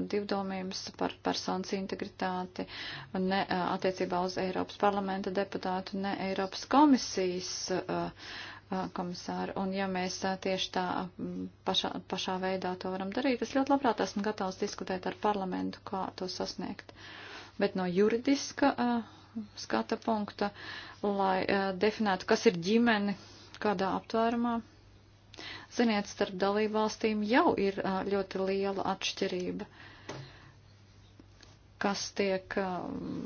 divdomības par personas integritāti, ne attiecībā uz Eiropas parlamenta deputātu, ne Eiropas komisijas. Uh, komisāru. Un ja mēs tieši tā pašā, pašā veidā to varam darīt, es ļoti labprāt esmu gatavs diskutēt ar parlamentu, kā to sasniegt. Bet no juridiska skata punkta, lai definētu, kas ir ģimene, kādā aptvērumā. Ziniet, starp dalību valstīm jau ir ļoti liela atšķirība kas tiek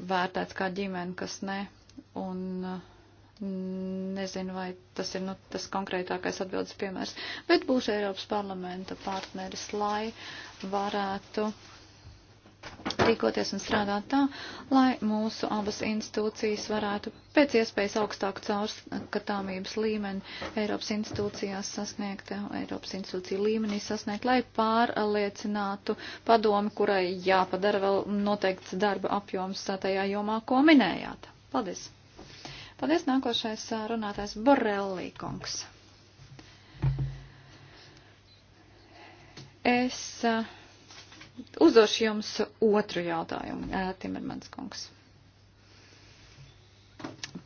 vērtēts kā ģimene, kas ne. Un uh, Nezinu, vai tas ir nu, tas konkrētākais atbildes piemērs, bet būs Eiropas parlamenta partneris, lai varētu rīkoties un strādāt tā, lai mūsu abas institūcijas varētu pēc iespējas augstāku caurskatāmības līmeni Eiropas institūcijās sasniegt, Eiropas institūciju līmenī sasniegt, lai pārliecinātu padomi, kurai jāpadara vēl noteikts darba apjoms tajā jomā, ko minējāt. Paldies! Paldies, nākošais runātājs Borelli kungs. Es uzdošu jums otru jautājumu, Timermans kungs.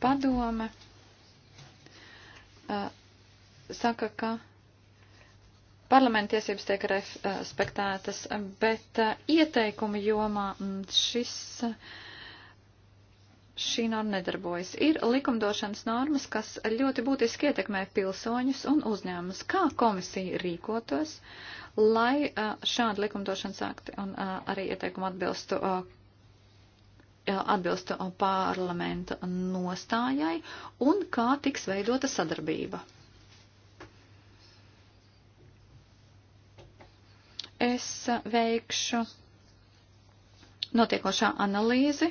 Padome saka, ka parlamenta tiesības tiek respektētas, bet ieteikumu jomā mm, šis. Uh, šī norma nedarbojas. Ir likumdošanas normas, kas ļoti būtiski ietekmē pilsoņus un uzņēmumus. Kā komisija rīkotos, lai šādi likumdošanas akti un arī ieteikumi atbilstu atbilstu parlamenta nostājai un kā tiks veidota sadarbība. Es veikšu notiekošā analīzi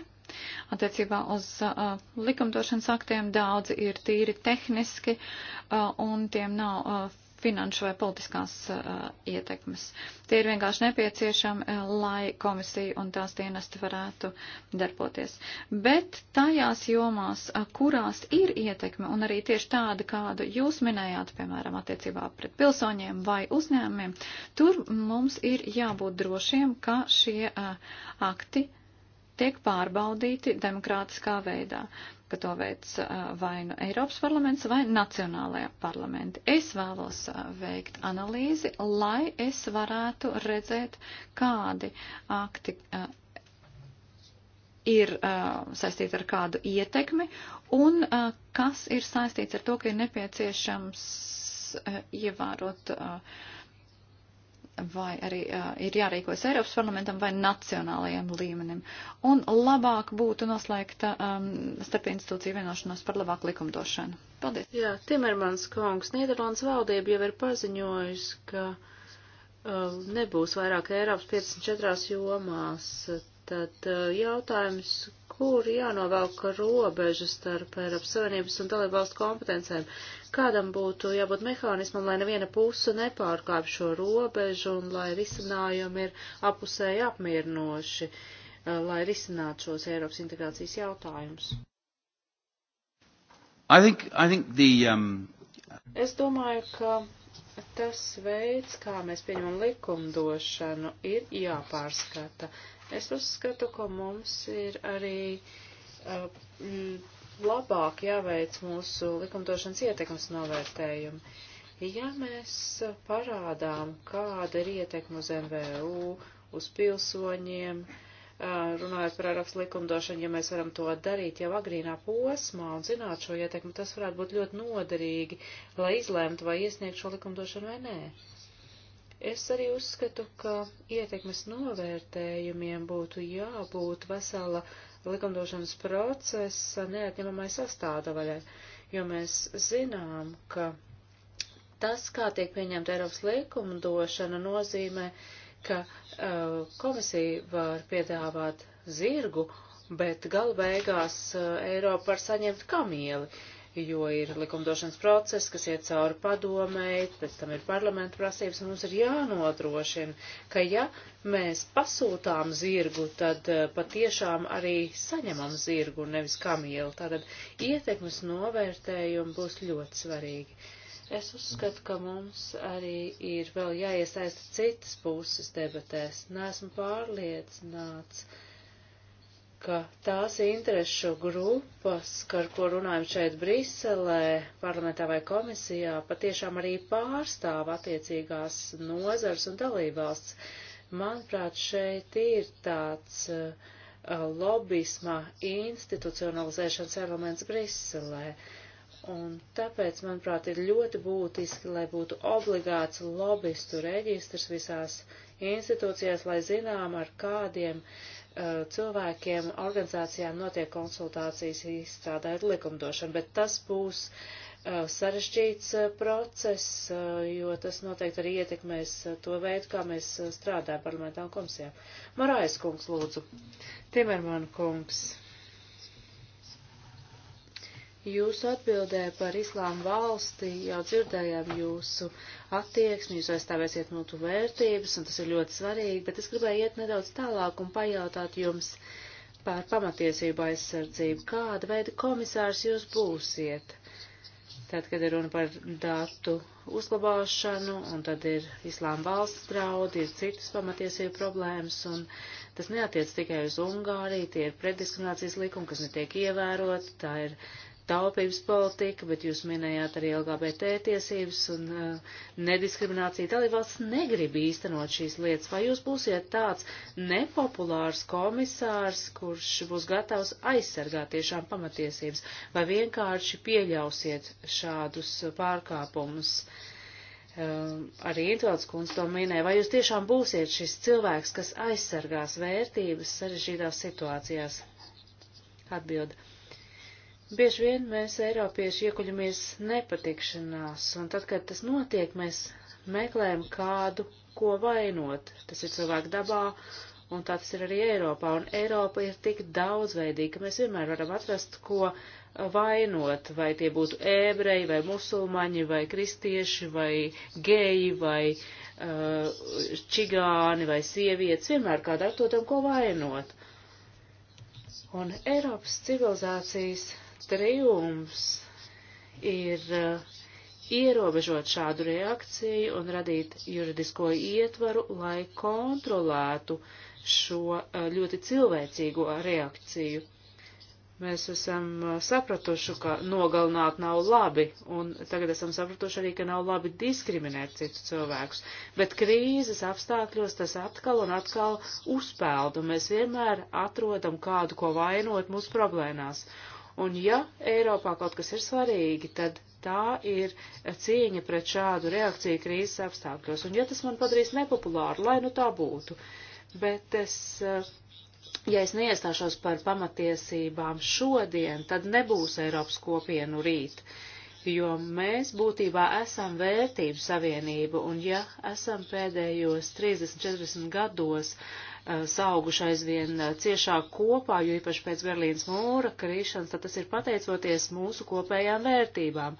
Attiecībā uz uh, likumdošanas aktiem daudzi ir tīri tehniski uh, un tiem nav uh, finanšu vai politiskās uh, ietekmes. Tie ir vienkārši nepieciešami, uh, lai komisija un tās dienesti varētu darboties. Bet tajās jomās, uh, kurās ir ietekme un arī tieši tāda, kādu jūs minējāt, piemēram, attiecībā pret pilsoņiem vai uzņēmumiem, tur mums ir jābūt drošiem, ka šie uh, akti tiek pārbaudīti demokrātiskā veidā, ka to veic vai nu no Eiropas parlaments vai nacionālajā parlamenti. Es vēlos veikt analīzi, lai es varētu redzēt, kādi akti ir uh, saistīta ar kādu ietekmi un uh, kas ir saistīts ar to, ka ir nepieciešams uh, ievērot uh, vai arī uh, ir jārīkojas Eiropas parlamentam vai nacionālajiem līmenim. Un labāk būtu noslēgta um, starp institūciju vienošanos par labāku likumdošanu. Paldies. Jā, Timermans kungs, Nīderlandes valdība jau ir paziņojusi, ka uh, nebūs vairāk Eiropas 54 jomās. Tad uh, jautājums, kur jānovelk robeža starp Eiropas Savienības un dalībvalstu kompetencēm. Kādam būtu jābūt mehānismam, lai neviena puse nepārkāp šo robežu un lai risinājumi ir apusēji apmierinoši, eh, lai risinātu šos Eiropas integrācijas jautājumus? I think, I think the, um... Es domāju, ka tas veids, kā mēs pieņemam likumdošanu, ir jāpārskata. Es uzskatu, ka mums ir arī uh, labāk jāveic mūsu likumdošanas ietekmes novērtējumi. Ja mēs parādām, kāda ir ietekme uz MVU, uz pilsoņiem, uh, runājot par ārāks likumdošanu, ja mēs varam to darīt jau agrīnā posmā un zināt šo ietekmi, tas varētu būt ļoti noderīgi, lai izlēmtu, vai iesniegt šo likumdošanu vai nē. Es arī uzskatu, ka ietekmes novērtējumiem būtu jābūt vesela likumdošanas procesa neatņemamai sastāvdaļai, jo mēs zinām, ka tas, kā tiek pieņemta Eiropas likumdošana, nozīmē, ka uh, komisija var piedāvāt zirgu, bet galu beigās uh, Eiropa var saņemt kamieli. Uh, jo ir likumdošanas process, kas iet cauri padomēji, pēc tam ir parlamenta prasības, un mums ir jānodrošina, ka ja mēs pasūtām zirgu, tad eh, patiešām arī saņemam zirgu, nevis kamielu. Tātad ietekmes novērtējumi būs ļoti svarīgi. Es uzskatu, ka mums arī ir vēl jāiesaista citas puses debatēs. Nesmu pārliecināts. Uh, ka tās interešu grupas, ar ko runājam šeit Briselē, parlamentā vai komisijā, patiešām arī pārstāv attiecīgās nozars un dalībvalsts. Manuprāt, šeit ir tāds uh, lobisma institucionalizēšanas elements Briselē. Un tāpēc, manuprāt, ir ļoti būtiski, lai būtu obligāts lobistu reģistrs visās institūcijās, lai zinām, ar kādiem uh, Eh, cilvēkiem, organizācijām notiek konsultācijas izstrādājot likumdošanu, bet tas būs eh, sarežģīts eh, process, jo tas noteikti arī ietekmēs to veidu, kā mēs strādājam parlamentā un komisijā. Marājas kungs, lūdzu. Timerman kungs. Jūsu atbildē par islāmu valsti jau dzirdējām jūsu attieksmi, jūs aizstāvēsiet mūsu vērtības, un tas ir ļoti svarīgi, bet es gribēju iet nedaudz tālāk un pajautāt jums par pamatiesību aizsardzību. Kāda veida komisārs jūs būsiet? Tad, kad ir runa par datu uzglabāšanu, un tad ir islāma valsts draudi, ir citas pamatiesību problēmas, un tas neatiec tikai uz Ungāriju, tie ir preddiskriminācijas likumi, kas netiek ievērot, tā ir uh, taupības politika, bet jūs minējāt arī LGBT tiesības un uh, nediskrimināciju. Dalībvalsts negrib īstenot šīs lietas. Vai jūs būsiet tāds nepopulārs komisārs, kurš būs gatavs aizsargāt tiešām pamatiesības, vai vienkārši pieļausiet šādus pārkāpumus? Uh, arī Intvalds kundze to minēja, vai jūs tiešām būsiet šis cilvēks, kas aizsargās vērtības sarežģītās situācijās? Atbildi. Bieži vien mēs Eiropieši iekuļamies nepatikšanās, un tad, kad tas notiek, mēs meklējam kādu, ko vainot. Tas ir cilvēku dabā, un tā tas ir arī Eiropā, un Eiropa ir tik daudzveidīga, ka mēs vienmēr varam atrast, ko vainot, vai tie būtu ebreji, vai musulmaņi, vai kristieši, vai geji, vai uh, čigāni, vai sievietes, vienmēr kādā atrodam, ko vainot. Un Eiropas civilizācijas triumfs ir eh, ierobežot šādu reakciju un radīt juridisko ietvaru, lai kontrolētu šo eh, ļoti cilvēcīgo reakciju. Mēs esam eh, sapratuši, ka nogalināt nav labi, un tagad esam sapratuši arī, ka nav labi diskriminēt citus cilvēkus. Bet krīzes apstākļos tas atkal un atkal uzpeld, un mēs vienmēr atrodam kādu, ko vainot mūsu problēmās. Un ja Eiropā kaut kas ir svarīgi, tad tā ir cieņa pret šādu reakciju krīzes apstākļos. Un ja tas man padarīs nepopulāru, lai nu tā būtu, bet es, eh, ja es neiestāšos par pamatiesībām šodien, tad nebūs Eiropas kopienu rīt jo mēs būtībā esam vērtību savienība, un ja esam pēdējos 30-40 gados Eh, sauguši aizvien eh, ciešāk kopā, jo īpaši pēc Berlīnas mūra krīšanas, tad tas ir pateicoties mūsu kopējām vērtībām.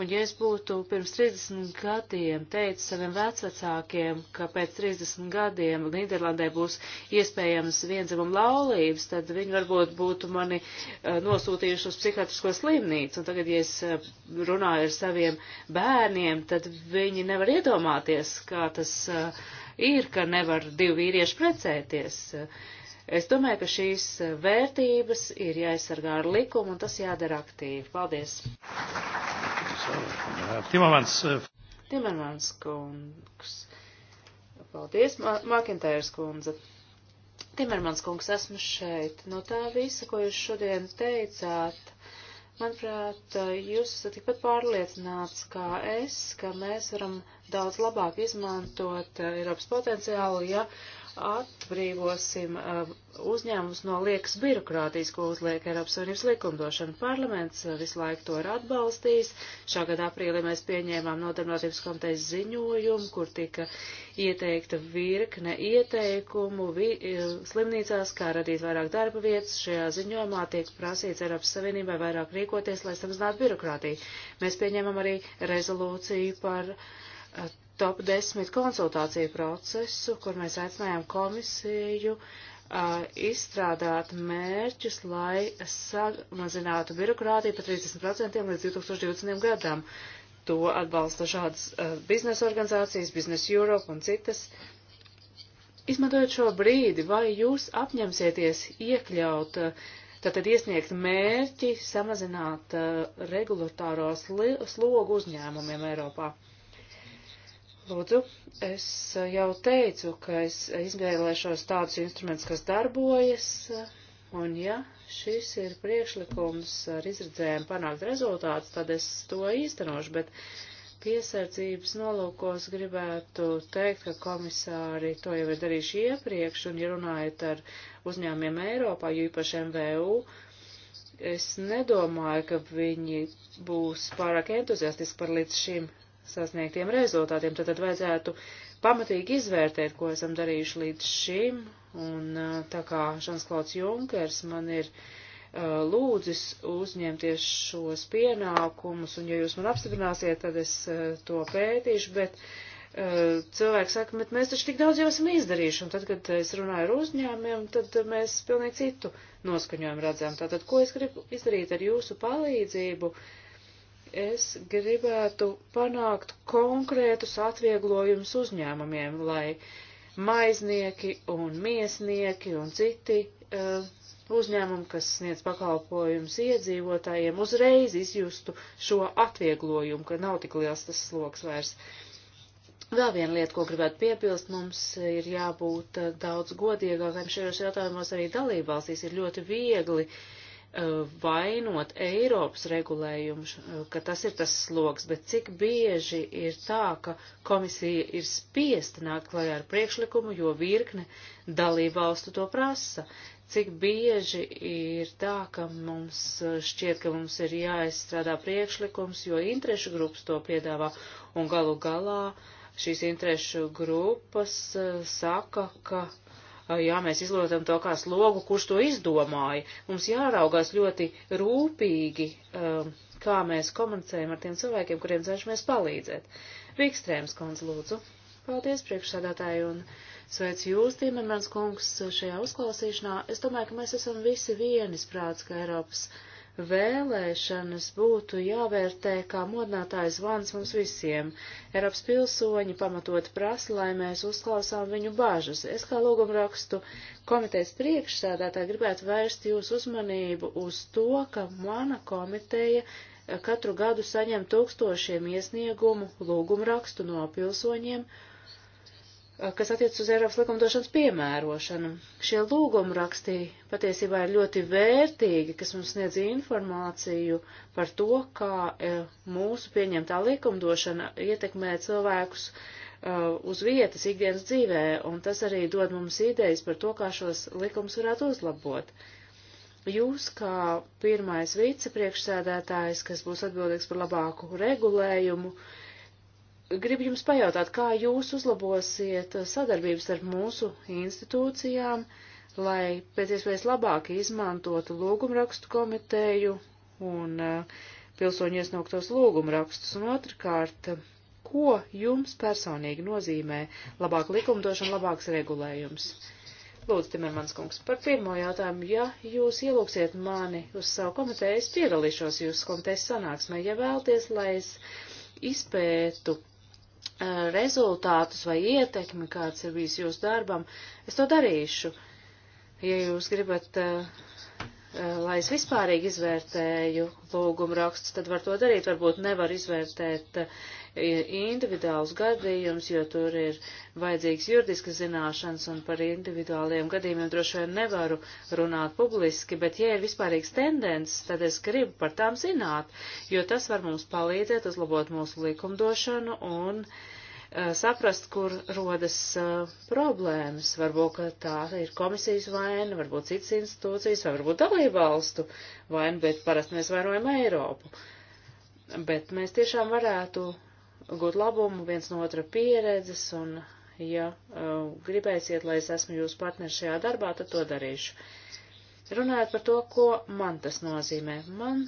Un ja es būtu pirms 30 gadiem teicis saviem vecvecākiem, ka pēc 30 gadiem Nīderlandē būs iespējams vienzimam laulības, tad viņi varbūt būtu mani uh, nosūtījuši uz psihiatrisko slimnīcu. Un tagad, ja es uh, runāju ar saviem bērniem, tad viņi nevar iedomāties, kā tas uh, ir, ka nevar divi vīrieši precēties. Es domāju, ka šīs vērtības ir jāaizsargā ar likumu, un tas jādara aktīvi. Paldies! Timermans. Eh, Timermans kungs. Paldies, Makintērs kundze. Timermans kungs, esmu šeit. No tā visa, ko jūs šodien teicāt, Manuprāt, eh, jūs esat tikpat pārliecināts kā es, ka mēs varam daudz labāk izmantot eh, Eiropas potenciālu, ja uh, atbrīvosim uh, uzņēmumus no liekas birokrātijas, ko uzliek Eiropas Savienības likumdošana. Parlaments uh, visu laiku to ir atbalstījis. Šā gada aprīlī mēs pieņēmām nodarbinātības komitejas ziņojumu, kur tika ieteikta virkne ieteikumu vi uh, slimnīcās, kā radīt vairāk darba vietas. Šajā ziņojumā tiek prasīts Eiropas Savienībai vairāk rīkoties, lai samazinātu birokrātiju. Mēs pieņēmām arī rezolūciju par top 10 konsultāciju procesu, kur mēs aicinājām komisiju uh, izstrādāt mērķus, lai samazinātu birokrātiju par 30% līdz 2020. gadam. To atbalsta šādas uh, biznesa organizācijas, Business Europe un citas. Izmantojot šo brīdi, vai jūs apņemsieties iekļaut, uh, tātad iesniegt mērķi, samazināt uh, regulatāro slogu uzņēmumiem Eiropā? Lūdzu, es jau teicu, ka es izvēlēšos tādus instrumentus, kas darbojas, un ja šis ir priekšlikums ar izredzēm panākt rezultātus, tad es to īstenošu, bet piesardzības nolūkos gribētu teikt, ka komisāri to jau ir darījuši iepriekš, un ja runājat ar uzņēmiem Eiropā, jo īpaši MVU, es nedomāju, ka viņi būs pārāk entuziastiski par līdz šim sasniegtiem rezultātiem. Tad, tad vajadzētu pamatīgi izvērtēt, ko esam darījuši līdz šim. Un uh, tā kā Žansklauds Junkers man ir uh, lūdzis uzņemties šos pienākumus, un ja jūs man apstiprināsiet, tad es uh, to pētīšu, bet uh, cilvēki saka, bet mēs taču tik daudz jau esam izdarījuši, un tad, kad es runāju ar uzņēmumiem, tad mēs pilnīgi citu noskaņojumu redzam. Tātad, ko es gribu izdarīt ar jūsu palīdzību? Uh, es gribētu panākt konkrētus atvieglojumus uzņēmumiem, lai maiznieki un miesnieki un citi uh, uzņēmumi, kas sniedz pakalpojumus iedzīvotājiem, uzreiz izjustu šo atvieglojumu, ka nav tik liels tas sloks vairs. Vēl viena lieta, ko gribētu piebilst, mums ir jābūt eh, daudz godīgākiem šajos jautājumos arī dalībvalstīs. Ir ļoti viegli uh, vainot Eiropas regulējumu, eh, ka tas ir tas sloks, bet cik bieži ir tā, ka komisija ir spiesta nākt klajā ar priekšlikumu, jo virkne dalībvalstu to prasa. Cik bieži ir tā, ka mums eh, šķiet, ka mums ir jāizstrādā priekšlikums, jo interešu grupas to piedāvā un galu galā šīs interešu grupas eh, saka, ka jā, mēs izlotam to kā slogu, kurš to izdomāja. Mums jāraugās ļoti rūpīgi, kā mēs komunicējam ar tiem cilvēkiem, kuriem cenšamies palīdzēt. Vikstrēms kundz, lūdzu. Paldies, priekšsādātāji, un sveic jūs, Timermans kungs, šajā uzklausīšanā. Es domāju, ka mēs esam visi vienisprāts, ka Eiropas vēlēšanas būtu jāvērtē kā modinātājs vans mums visiem. Eiropas pilsoņi pamatot prasa, lai mēs uzklausām viņu bāžas. Es kā lūgumrakstu komitejas priekšsēdētāji gribētu vērst jūsu uzmanību uz to, ka mana komiteja eh, katru gadu saņem tūkstošiem iesniegumu lūgumrakstu no pilsoņiem kas attiec uz Eiropas likumdošanas piemērošanu. Šie lūguma rakstī patiesībā ir ļoti vērtīgi, kas mums sniedz informāciju par to, kā e, mūsu pieņemtā likumdošana ietekmē cilvēkus e, uz vietas ikdienas dzīvē, un tas arī dod mums idejas par to, kā šos likums varētu uzlabot. Jūs, kā pirmais vicepriekšsēdētājs, kas būs atbildīgs par labāku regulējumu, uh, gribu jums pajautāt, kā jūs uzlabosiet sadarbības ar mūsu institūcijām, lai pēc iespējas labāk izmantotu lūgumrakstu komiteju un eh, pilsoņu iesniegtos lūgumrakstus, un otrkārt, ko jums personīgi nozīmē labāk likumdošana, labāks regulējums? Lūdzu, Timermans kungs, par pirmo jautājumu, ja jūs ielūksiet mani uz savu komiteju, es piedalīšos jūsu komitejas sanāksmē, ja vēlties, lai es izpētu rezultātus vai ietekmi, kāds ir bijis jūsu darbam, es to darīšu. Ja jūs gribat, lai es vispārīgi izvērtēju lūgumu rakstus, tad var to darīt. Varbūt nevar izvērtēt individuālus gadījumus, jo tur ir vajadzīgs juridiskas zināšanas un par individuāliem gadījumiem droši vien nevaru runāt publiski, bet ja ir vispārīgs tendences, tad es gribu par tām zināt, jo tas var mums palīdzēt uzlabot mūsu likumdošanu un uh, Eh, saprast, kur rodas eh, problēmas. Varbūt, ka tā ir komisijas vaina, varbūt citas institūcijas, vai varbūt dalībvalstu vaina, bet parasti mēs vainojam Eiropu. Bet mēs tiešām varētu gūt labumu viens no otra pieredzes, un ja eh, gribēsiet, lai es esmu jūsu partneri šajā darbā, tad to darīšu. Runājot par to, ko man tas nozīmē. Man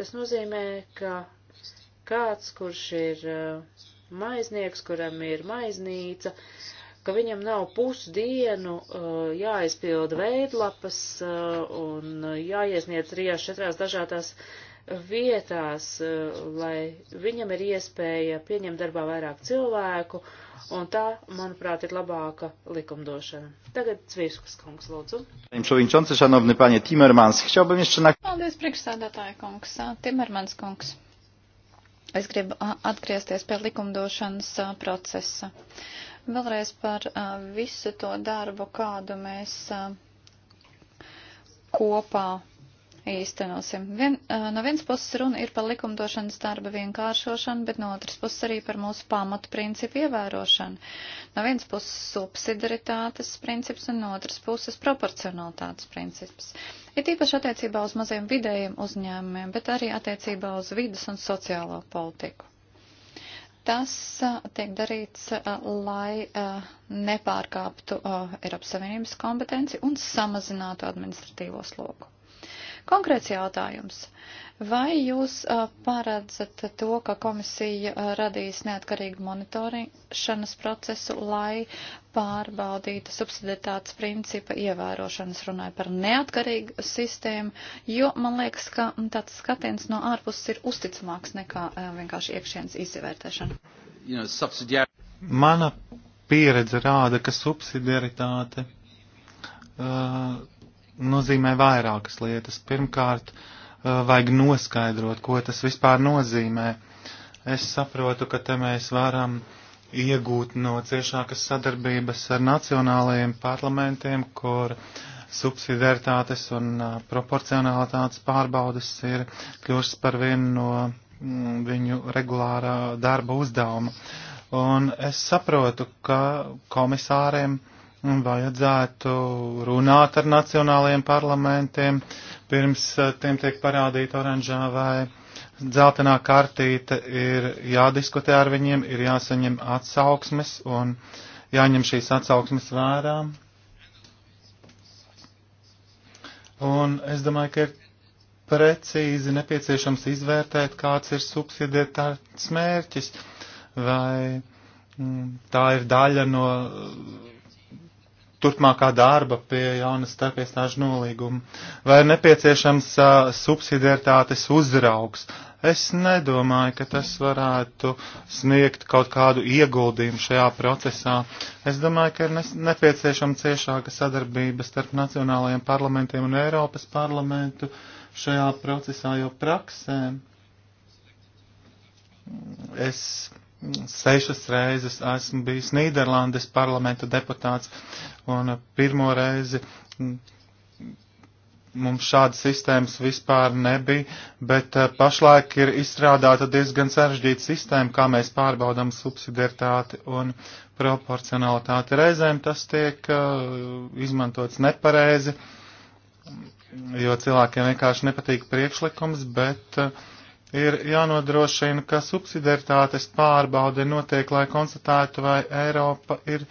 tas nozīmē, ka kāds, kurš ir uh, maiznieks, kuram ir maiznīca, ka viņam nav pusdienu uh, jāizpilda veidlapas uh, un jāiesniedz rijās četrās dažādās vietās, uh, lai viņam ir iespēja pieņemt darbā vairāk cilvēku, un tā, manuprāt, ir labāka likumdošana. Tagad Cvīrskas kungs, lūdzu. Paldies, priekšsādātāja kungs. Timermans kungs. Es gribu atgriezties pie likumdošanas procesa. Vēlreiz par visu to darbu, kādu mēs kopā īstenosim. Vien, eh, no vienas puses runa ir par likumdošanas darba vienkāršošanu, bet no otras puses arī par mūsu pamatu principu ievērošanu. No vienas puses subsidaritātes princips un no otras puses proporcionalitātes princips. Ir tīpaši attiecībā uz maziem vidējiem uzņēmumiem, bet arī attiecībā uz vidas un sociālo politiku. Tas eh, tiek darīts, eh, lai nepārkāptu Eiropas Savienības kompetenci un samazinātu administratīvo slogu. Konkrēts jautājums. Vai jūs paredzat to, ka komisija radīs neatkarīgu monitorīšanas procesu, lai pārbaudītu subsidiatātes principa ievērošanas, runāja par neatkarīgu sistēmu, jo man liekas, ka tāds skatiens no ārpuses ir uzticamāks nekā vienkārši iekšienas izvērtēšana. You know, Mana pieredze rāda, ka subsidiaritāte uh, nozīmē vairākas lietas. Pirmkārt, eh, vajag noskaidrot, ko tas vispār nozīmē. Es saprotu, ka te mēs varam iegūt no ciešākas sadarbības ar nacionālajiem parlamentiem, kur subsidiaritātes un eh, proporcionalitātes pārbaudas ir kļūšas par vienu no mm, viņu regulārā darba uzdevuma. Un es saprotu, ka komisāriem uh, vajadzētu runāt ar nacionālajiem parlamentiem, pirms eh, tiem tiek parādīta oranžā vai dzeltenā kartīte, ir jādiskutē ar viņiem, ir jāsaņem atsauksmes un jāņem šīs atsauksmes vērā. Un es domāju, ka ir precīzi nepieciešams izvērtēt, kāds ir subsidietārs mērķis, vai mm, tā ir daļa no turpmākā darba pie jaunas starpiestāžu nolīguma, vai ir nepieciešams uh, subsidiaritātes uzraugs. Es nedomāju, ka tas varētu sniegt kaut kādu ieguldījumu šajā procesā. Es domāju, ka ir nepieciešama ciešāka sadarbība starp nacionālajiem parlamentiem un Eiropas parlamentu šajā procesā, jo praksē es sešas reizes esmu bijis Nīderlandes parlamenta deputāts, un pirmo reizi mums šādas sistēmas vispār nebija, bet eh, pašlaik ir izstrādāta diezgan sarežģīta sistēma, kā mēs pārbaudām subsidiaritāti un proporcionalitāti. Reizēm tas tiek eh, izmantots nepareizi, jo cilvēkiem vienkārši nepatīk priekšlikums, bet uh, ir jānodrošina, ka subsidiaritātes pārbaude notiek, lai konstatētu, vai Eiropa ir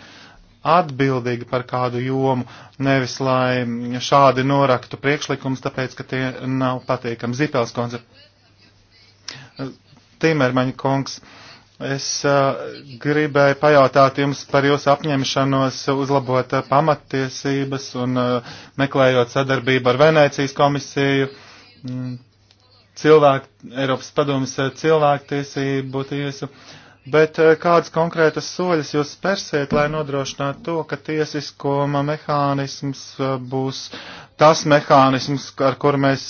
atbildīga par kādu jomu, nevis lai šādi noraktu priekšlikums, tāpēc, ka tie nav patīkami. Zipels konze. Timermaņa kungs, es uh, gribēju pajautāt jums par jūsu apņemšanos uzlabot uh, pamattiesības un uh, meklējot sadarbību ar Venēcijas komisiju. Mm cilvēku, Eiropas padomjas eh, cilvēktiesību tiesu, bet eh, kādas konkrētas soļas jūs spērsiet, lai nodrošinātu to, ka tiesiskoma mehānisms eh, būs tas mehānisms, ar kur mēs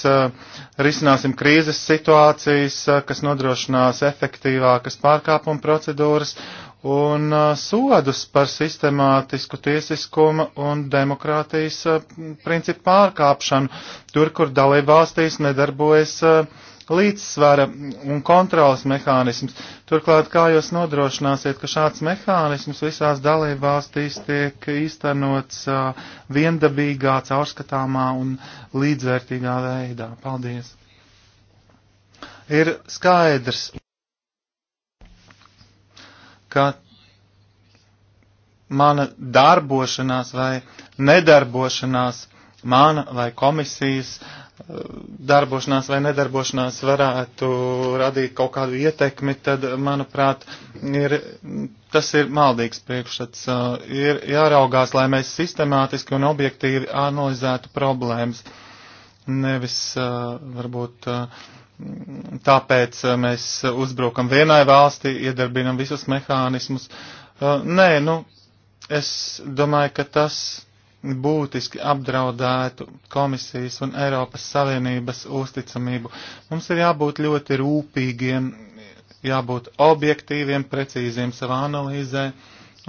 risināsim krīzes situācijas, kas nodrošinās efektīvākas pārkāpuma procedūras un uh, sodus par sistemātisku tiesiskuma un demokrātijas uh, principu pārkāpšanu, tur, kur dalībvalstīs nedarbojas uh, līdzsvara un kontrolas mehānisms. Turklāt, kā jūs nodrošināsiet, ka šāds mehānisms visās dalībvalstīs tiek īstenots viendabīgā, caurskatāmā un līdzvērtīgā veidā? Paldies! Ir skaidrs ka mana darbošanās vai nedarbošanās, mana vai komisijas eh, darbošanās vai nedarbošanās varētu radīt kaut kādu ietekmi, tad, manuprāt, ir, tas ir maldīgs priekšstats. Eh, ir jāraugās, lai mēs sistemātiski un objektīvi analizētu problēmas, nevis eh, varbūt tāpēc eh, mēs uzbrukam vienai valstī, iedarbinam visus mehānismus. Eh, nē, nu, es domāju, ka tas būtiski apdraudētu komisijas un Eiropas Savienības uzticamību. Mums ir jābūt ļoti rūpīgiem, jābūt objektīviem, precīziem savā analīzē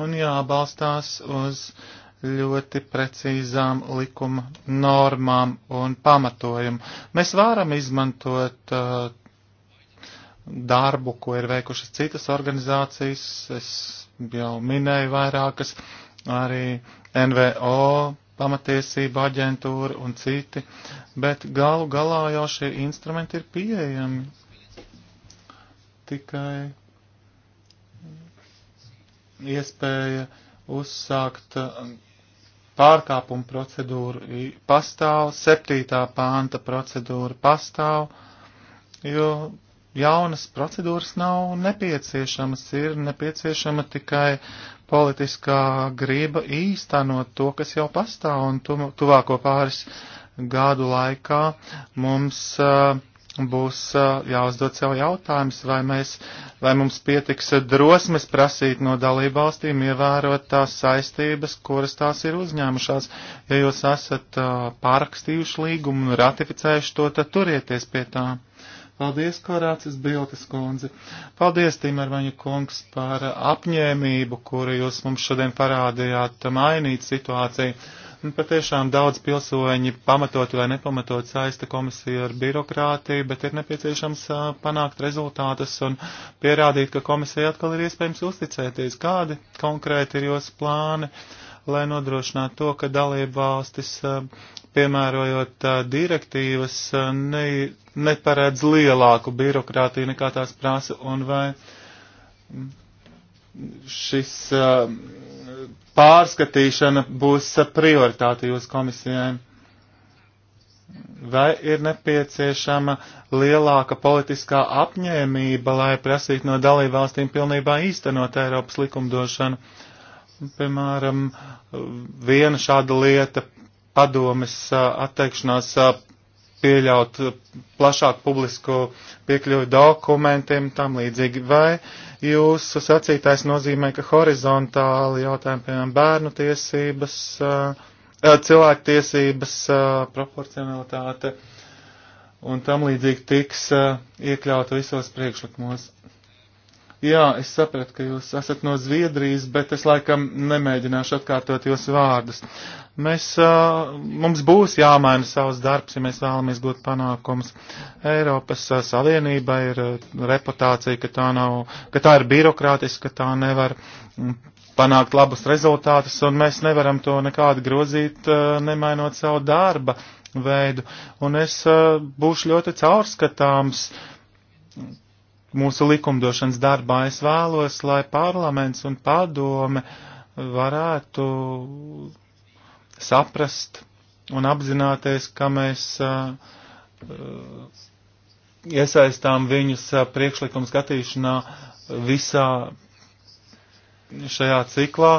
un jābalstās uz uh, ļoti precīzām likuma normām un pamatojumu. Mēs varam izmantot uh, darbu, ko ir veikušas citas organizācijas, es jau minēju vairākas, arī NVO, pamatiesība aģentūra un citi, bet galu galā jau šie instrumenti ir pieejami. Tikai iespēja uzsākt uh, pārkāpuma procedūra pastāv, septītā pānta procedūra pastāv, jo jaunas procedūras nav nepieciešamas, ir nepieciešama tikai politiskā grība īstenot to, kas jau pastāv, un tu, tuvāko pāris gadu laikā mums uh, būs jāuzdod sev jautājums, vai, mēs, vai mums pietiks drosmes prasīt no dalību valstīm ievērot tās saistības, kuras tās ir uzņēmušās. Ja jūs esat pārakstījuši līgumu un ratificējuši to, tad turieties pie tā. Paldies, Korācis Biltis kundze. Paldies, Timermaņa kungs, par apņēmību, kuru jūs mums šodien parādījāt mainīt situāciju. Nu, patiešām daudz pilsoņi pamatot vai nepamatot saista komisiju ar birokrātiju, bet ir nepieciešams panākt rezultātus un pierādīt, ka komisija atkal ir iespējams uzticēties. Kādi konkrēti ir jūsu plāni, lai nodrošinātu to, ka dalība valstis, piemērojot direktīvas, ne, neparedz lielāku birokrātiju nekā tās prasa un vai šis eh, pārskatīšana būs eh, prioritāte jūsu komisijai? Vai ir nepieciešama lielāka politiskā apņēmība, lai prasītu no dalībvalstīm pilnībā īstenot Eiropas likumdošanu? Piemēram, viena šāda lieta padomes eh, atteikšanās pieļaut plašāku publisku piekļuvi dokumentiem tam līdzīgi, vai jūsu sacītais nozīmē, ka horizontāli jautājumi, piemēram, bērnu tiesības, eh, eh, cilvēku tiesības, eh, proporcionalitāte un tam līdzīgi tiks iekļauta visos priekšlikumos. Jā, es sapratu, ka jūs esat no Zviedrijas, bet es laikam nemēģināšu atkārtot jūsu vārdus. Mēs, mums būs jāmaina savs darbs, ja mēs vēlamies gūt panākumus. Eiropas Savienība ir reputācija, ka tā, nav, ka tā ir birokrātiska, ka tā nevar panākt labus rezultātus, un mēs nevaram to nekādi grozīt, nemainot savu darba veidu. Un es būšu ļoti caurskatāms mūsu likumdošanas darbā. Es vēlos, lai parlaments un padome varētu saprast un apzināties, ka mēs uh, iesaistām viņus priekšlikumu skatīšanā visā šajā ciklā,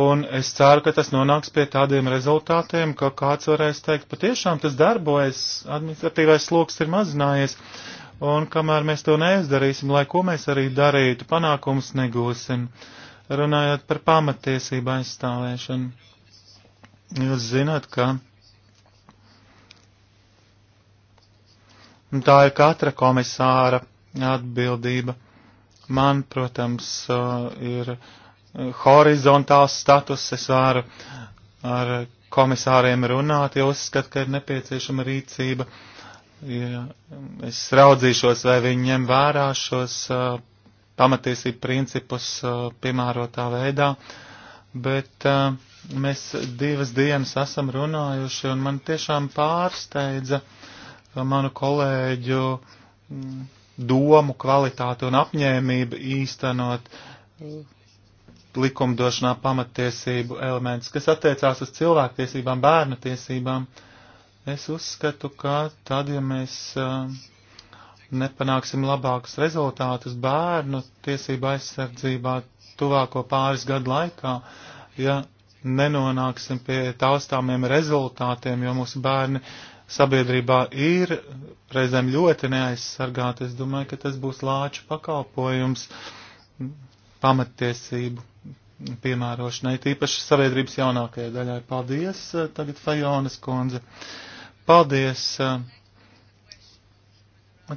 un es ceru, ka tas nonāks pie tādiem rezultātiem, ka kāds varēs teikt, patiešām tas darbojas, administratīvais sloks ir mazinājies, un kamēr mēs to neizdarīsim, lai ko mēs arī darītu, panākums negūsim, runājot par pamatiesību aizstāvēšanu Jūs zināt, ka tā ir katra komisāra atbildība. Man, protams, ir horizontāls status, es varu ar komisāriem runāt, ja uzskatu, ka ir nepieciešama rīcība. Ja es raudzīšos, vai viņi ņem vērā šos uh, pamatiesību principus uh, piemērotā veidā, bet uh, Mēs divas dienas esam runājuši, un man tiešām pārsteidza manu kolēģu mm, domu kvalitāti un apņēmību īstenot likumdošanā pamatiesību elements, kas attiecās uz cilvēktiesībām, bērnu tiesībām. Es uzskatu, ka tad, ja mēs eh, nepanāksim labākus rezultātus bērnu tiesību aizsardzībā tuvāko pāris gadu laikā, ja nenonāksim pie taustāmiem rezultātiem, jo mūsu bērni sabiedrībā ir reizēm ļoti neaizsargāti. Es domāju, ka tas būs lāču pakalpojums pamattiesību piemērošanai, tīpaši sabiedrības jaunākajai daļai. Paldies, eh, tagad Fajonas kundze. Paldies, eh,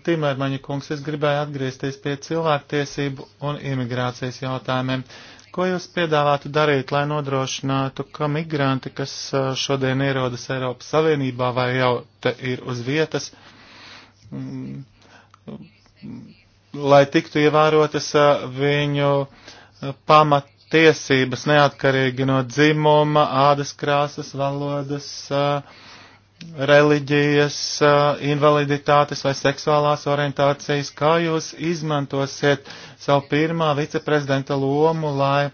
Timērmaņa kungs, es gribēju atgriezties pie cilvēktiesību un imigrācijas jautājumiem. Uh, Ko jūs piedāvātu darīt, lai nodrošinātu, ka migranti, kas uh, šodien ierodas Eiropas Savienībā vai jau te ir uz vietas, mm, lai tiktu ievērotas uh, viņu uh, pamattiesības neatkarīgi no dzimuma, ādas krāsas, valodas, uh, reliģijas, eh, invaliditātes vai seksuālās orientācijas, kā jūs izmantosiet savu pirmā viceprezidenta lomu, lai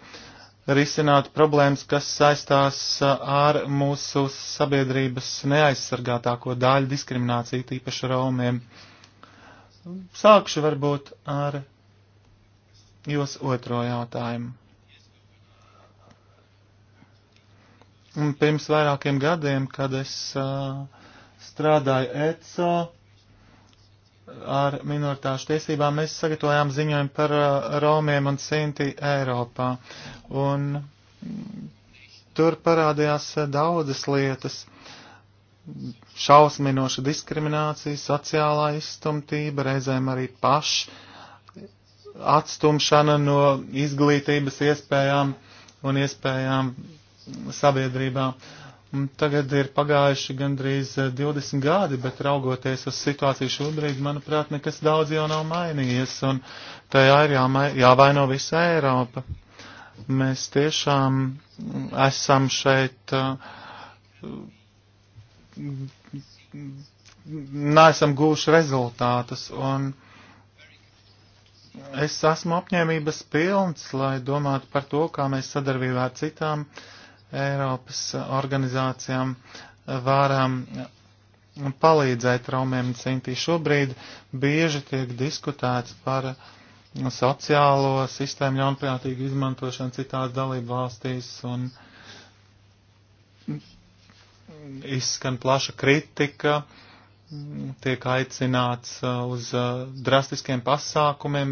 risinātu problēmas, kas saistās eh, ar mūsu sabiedrības neaizsargātāko daļu diskrimināciju, tīpaši Romiem. Sākšu varbūt ar jūs otro jautājumu. Un pirms vairākiem gadiem, kad es uh, strādāju ECO ar minoritāšu tiesībām, mēs sagatavojām ziņojumu par uh, Romiem un Sinti Eiropā. Un mm, tur parādījās daudzas lietas - šausminoša diskriminācija, sociālā izstumtība, reizēm arī paš atstumšana no izglītības iespējām un iespējām sabiedrībā. Tagad ir pagājuši gandrīz 20 eh, gadi, bet raugoties uz situāciju šobrīd, manuprāt, nekas daudz jau nav mainījies, un tajā ir jāmai, jāvaino visa Eiropa. Mēs tiešām esam šeit eh, neesam gūši rezultātus. Un es esmu apņēmības pilns, lai domātu par to, kā mēs sadarbībā ar citām Eiropas organizācijām varam palīdzēt traumiem un cintī. Šobrīd bieži tiek diskutēts par sociālo sistēmu ļaunprātīgu izmantošanu citās dalību valstīs un izskan plaša kritika, tiek aicināts uh, uz uh, drastiskiem pasākumiem,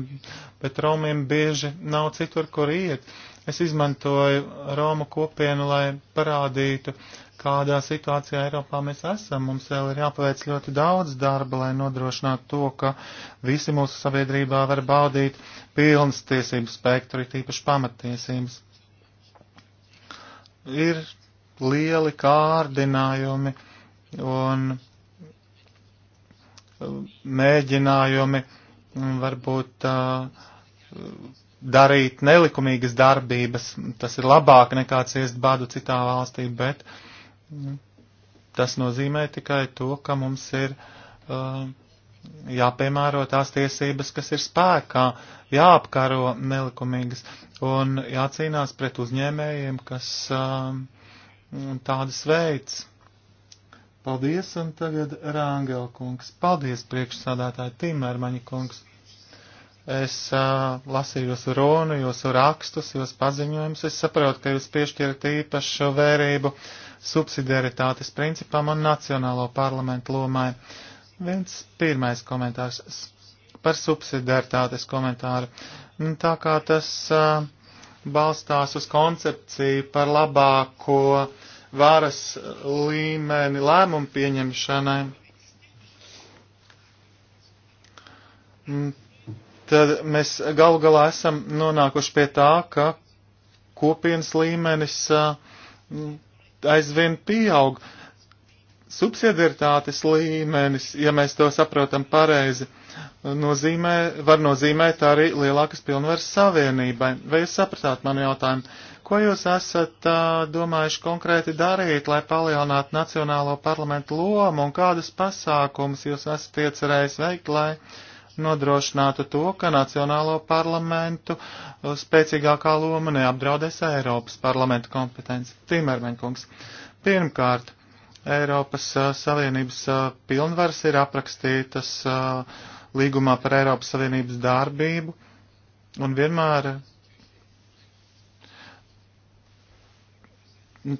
bet traumiem bieži nav citur, kur iet. Es izmantoju Romu kopienu, lai parādītu, kādā situācijā Eiropā mēs esam. Mums vēl ir jāpaveic ļoti daudz darba, lai nodrošinātu to, ka visi mūsu sabiedrībā var baudīt pilnas tiesību spektru, ir tīpaši pamattiesības. Ir lieli kārdinājumi un mēģinājumi varbūt uh, darīt nelikumīgas darbības. Tas ir labāk nekā ciest badu citā valstī, bet mm, tas nozīmē tikai to, ka mums ir uh, jāpiemēro tās tiesības, kas ir spēkā, jāapkaro nelikumīgas un jācīnās pret uzņēmējiem, kas uh, tādas veids. Paldies, un tagad Rāngela kungs. Paldies, priekšsādātāji Timermaņa kungs. Es uh, lasīju jūsu runu, jūsu rakstus, jūsu paziņojumus. Es saprotu, ka jūs piešķirat īpašu vērību subsidiaritātes principam un nacionālo parlamentu lomai. Viens pirmais komentārs par subsidiaritātes komentāru. Nu, tā kā tas uh, balstās uz koncepciju par labāko varas līmeni lēmumu pieņemšanai. Mm, tad mēs galu galā esam nonākuši pie tā, ka kopienas līmenis aizvien pieaug. Subsidiaritātes līmenis, ja mēs to saprotam pareizi, nozīmē, var nozīmēt arī lielākas pilnvaras savienībai. Vai jūs sapratāt manu jautājumu? Ko jūs esat uh, domājuši konkrēti darīt, lai palielinātu Nacionālo parlamentu lomu un kādas pasākumus jūs esat iecerējis veikt, lai nodrošinātu to, ka Nacionālo parlamentu uh, spēcīgākā loma neapdraudēs Eiropas parlamentu kompetenci. Timermeņkungs. Pirmkārt, Eiropas uh, Savienības uh, pilnvaras ir aprakstītas līgumā par Eiropas Savienības darbību un vienmēr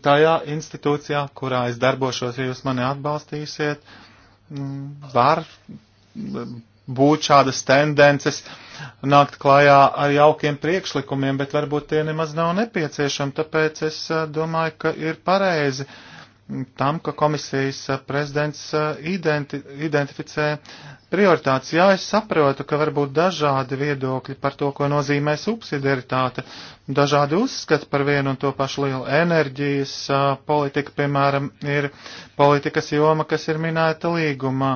tajā institūcijā, kurā es darbošos, ja jūs mani atbalstīsiet, mm, var būt šādas tendences nākt klajā ar jaukiem priekšlikumiem, bet varbūt tie nemaz nav nepieciešami, tāpēc es eh, domāju, ka ir pareizi tam, ka komisijas eh, prezidents eh, identi identificē prioritātes. Jā, es saprotu, ka varbūt dažādi viedokļi par to, ko nozīmē subsidiaritāte, dažādi uzskati par vienu un to pašu lielu enerģijas politika, piemēram, ir politikas joma, kas ir minēta līgumā,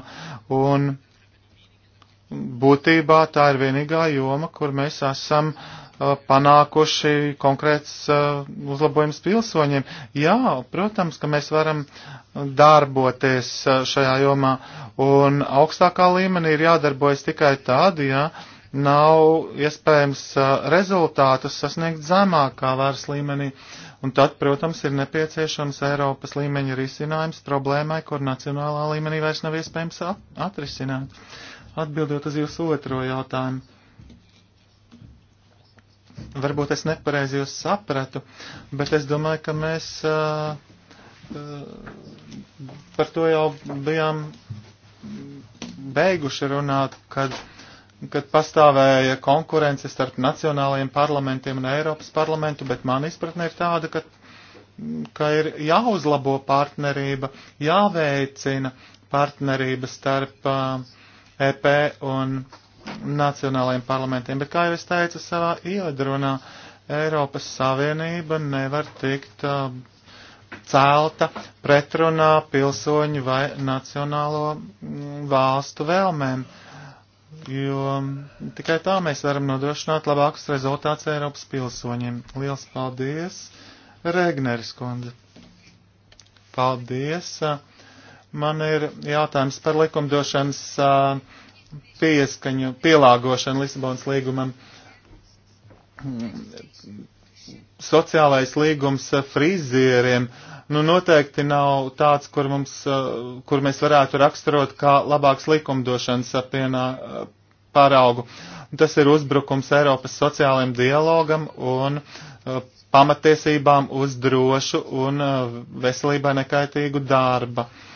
un būtībā tā ir vienīgā joma, kur mēs esam uh, panākuši konkrēts uh, uzlabojums pilsoņiem. Jā, protams, ka mēs varam darboties uh, šajā jomā, un augstākā līmenī ir jādarbojas tikai tad, ja nav iespējams rezultātus sasniegt zemākā vairs līmenī. Un tad, protams, ir nepieciešams Eiropas līmeņa risinājums problēmai, kur nacionālā līmenī vairs nav iespējams at atrisināt. Atbildot uz jūsu otro jautājumu, varbūt es nepareizi jūs sapratu, bet es domāju, ka mēs uh, uh, par to jau bijām beiguši runāt, kad, kad pastāvēja konkurence starp nacionālajiem parlamentiem un Eiropas parlamentu, bet man izpratne ir tāda, ka, ka ir jāuzlabo partnerība, jāveicina partnerība starp uh, EP un nacionālajiem parlamentiem, bet kā jau es teicu savā iedrunā, Eiropas Savienība nevar tikt uh, celta pretrunā pilsoņu vai nacionālo mm, valstu vēlmēm, jo tikai tā mēs varam nodrošināt labākus rezultātus Eiropas pilsoņiem. Liels paldies, Regneris kundze! Paldies! Uh, Man ir jautājums par likumdošanas pieskaņu, pielāgošanu Lisabonas līgumam. Sociālais līgums frizieriem nu noteikti nav tāds, kur, mums, kur mēs varētu raksturot kā labāks likumdošanas pienā paraugu. Tas ir uzbrukums Eiropas sociālajiem dialogam un pamatiesībām uz drošu un veselībai nekaitīgu darba. Uh,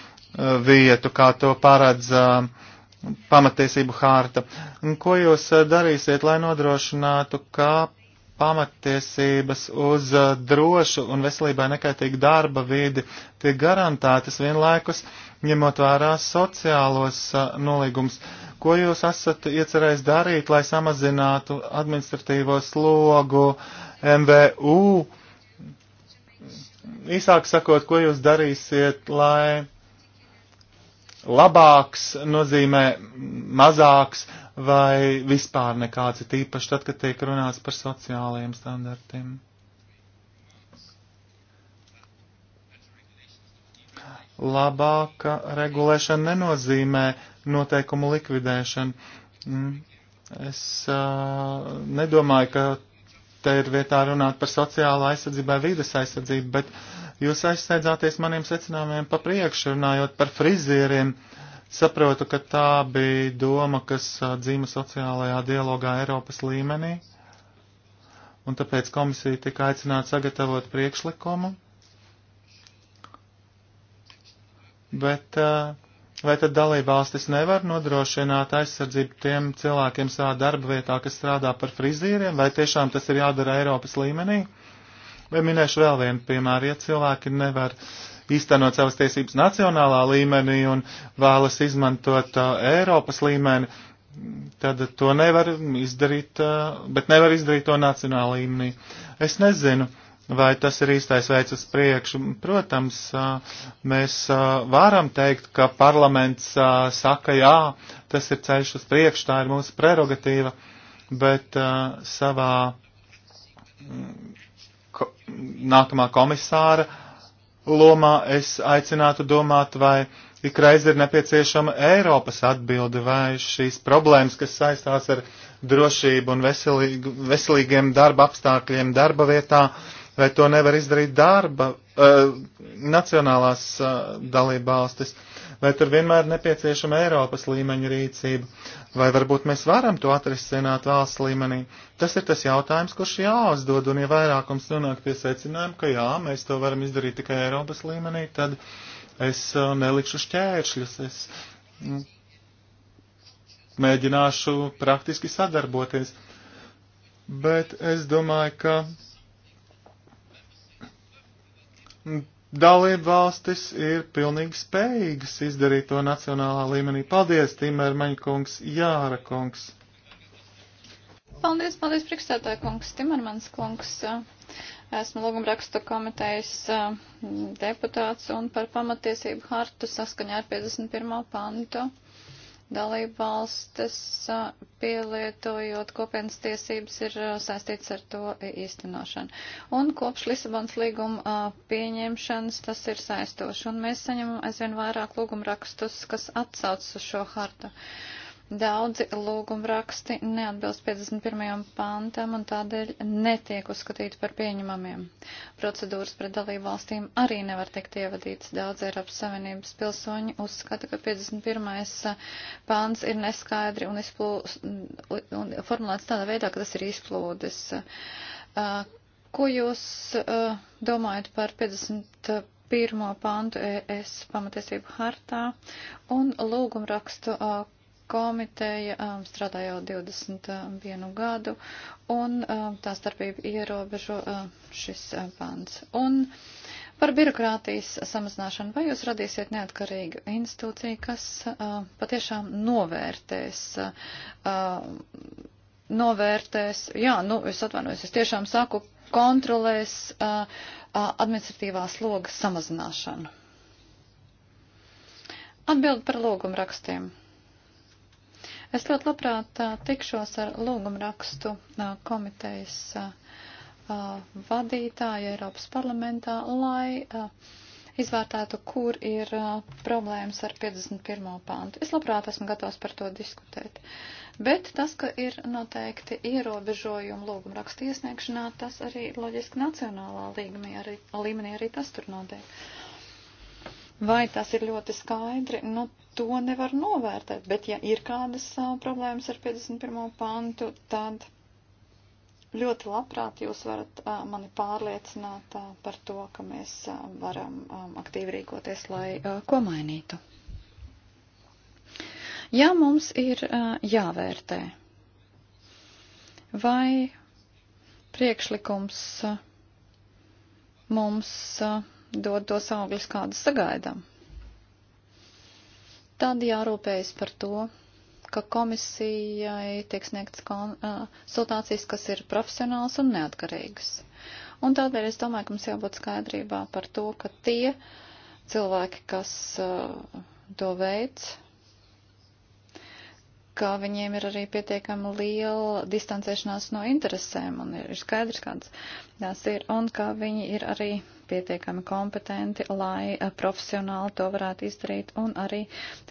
vietu, kā to paredz pamatiesību hārta. Un ko jūs darīsiet, lai nodrošinātu, ka pamatiesības uz drošu un veselībai nekaitīgu darba vidi tiek garantētas vienlaikus, ņemot vērā sociālos nolīgums? Ko jūs esat iecerējis darīt, lai samazinātu administratīvo slogu MVU? īsāk sakot, ko jūs darīsiet, lai labāks nozīmē mazāks vai vispār nekāds ir tīpaši tad, kad tiek runāts par sociālajiem standartiem. Labāka regulēšana nenozīmē noteikumu likvidēšanu. Mm. Es uh, nedomāju, ka te ir vietā runāt par sociālo aizsardzību vai vīdes aizsardzību, bet uh, Jūs aizsēdzāties maniem secinājumiem pa priekšu, runājot par frizieriem. Saprotu, ka tā bija doma, kas dzīvo sociālajā dialogā Eiropas līmenī, un tāpēc komisija tika aicināta sagatavot priekšlikumu. Bet vai tad dalībvalstis nevar nodrošināt aizsardzību tiem cilvēkiem savā darba vietā, kas strādā par frizīriem, vai tiešām tas ir jādara Eiropas līmenī? Uh, Vai minēšu vēl vienu piemēru, ja cilvēki nevar īstenot savas tiesības nacionālā līmenī un vēlas izmantot uh, Eiropas līmeni, tad to nevar izdarīt, uh, bet nevar izdarīt to nacionālā līmenī. Es nezinu. Vai tas ir īstais veids uz priekšu? Protams, uh, mēs uh, varam teikt, ka parlaments uh, saka, jā, tas ir ceļš uz priekšu, tā ir mūsu prerogatīva, bet savā nākamā komisāra lomā es aicinātu domāt, vai ikreiz ir nepieciešama Eiropas atbilde vai šīs problēmas, kas saistās ar drošību un veselīgu, veselīgiem darba apstākļiem darba vietā, vai to nevar izdarīt darba, uh, nacionālās uh, eh, dalībvalstis. Uh, vai tur vienmēr nepieciešama Eiropas līmeņa rīcība, vai varbūt mēs varam to atrisināt valsts līmenī. Tas ir tas jautājums, kurš jāuzdod, un ja vairākums nonāk pie secinājuma, ka jā, mēs to varam izdarīt tikai Eiropas līmenī, tad es uh, nelikšu šķēršļus. Es, nu, mēģināšu praktiski sadarboties. Bet es domāju, ka dalību valstis ir pilnīgi spējīgas izdarīt to nacionālā līmenī. Paldies, Timermaņa kungs, Jāra kungs. Paldies, paldies, priekšstādāja kungs, Timermans kungs. Esmu logumrakstu komitejas deputāts un par pamatiesību hartu saskaņā ar 51. pantu dalībvalstis pielietojot kopienas tiesības ir saistīts ar to īstenošanu. Un kopš Lisabons līguma pieņemšanas tas ir saistoši. Un mēs saņemam aizvien vairāk lūgumrakstus, kas atsaucas uz šo hartu. Uh, Daudzi lūguma raksti neatbilst 51. pantam un tādēļ netiek uzskatīti par pieņemamiem. Procedūras pret dalību valstīm arī nevar tikt ievadītas. Daudz Eiropas Savienības pilsoņi uzskata, ka 51. Eh, pants ir neskaidri un, izplūs, un formulēts tādā veidā, ka tas ir izplūdes. Eh, ko jūs eh, domājat par 50 pirmo pantu ES pamatiesību hartā un lūgumrakstu komiteja um, strādā jau 21 gadu, un um, tā starpība ierobežo um, šis pants. Un par birokrātijas samazināšanu, vai jūs radīsiet neatkarīgu institūciju, kas patiešām novērtēs novērtēs, jā, nu, es atvainojos, es tiešām saku, kontrolēs uh, uh administratīvā sloga samazināšanu. Atbildi par lūgumu rakstiem. Es ļoti labprāt tikšos ar lūgumrakstu komitejas vadītāju Eiropas parlamentā, lai izvērtētu, kur ir problēmas ar 51. pāntu. Es labprāt esmu gatavs par to diskutēt. Bet tas, ka ir noteikti ierobežojumi lūguma rakstu iesniegšanā, tas arī loģiski nacionālā līmenī arī, līmenī arī tas tur notiek. Vai tas ir ļoti skaidri? Nu, to nevar novērtēt, bet ja ir kādas uh, problēmas ar 51. pantu, tad ļoti labprāt jūs varat uh, mani pārliecināt uh, par to, ka mēs uh, varam um, aktīvi rīkoties, lai uh, ko mainītu. Ja mums ir uh, jāvērtē, vai priekšlikums uh, mums. Uh, dod tos augļus, kādus sagaidām. Tad jārūpējas par to, ka komisijai tiek sniegts konsultācijas, kas ir profesionāls un neatkarīgas. Un tādēļ es domāju, ka mums jābūt skaidrībā par to, ka tie cilvēki, kas to veids, ka viņiem ir arī pietiekami liela distancēšanās no interesēm un ir skaidrs, kāds tās ir, un ka viņi ir arī pietiekami kompetenti, lai profesionāli to varētu izdarīt, un arī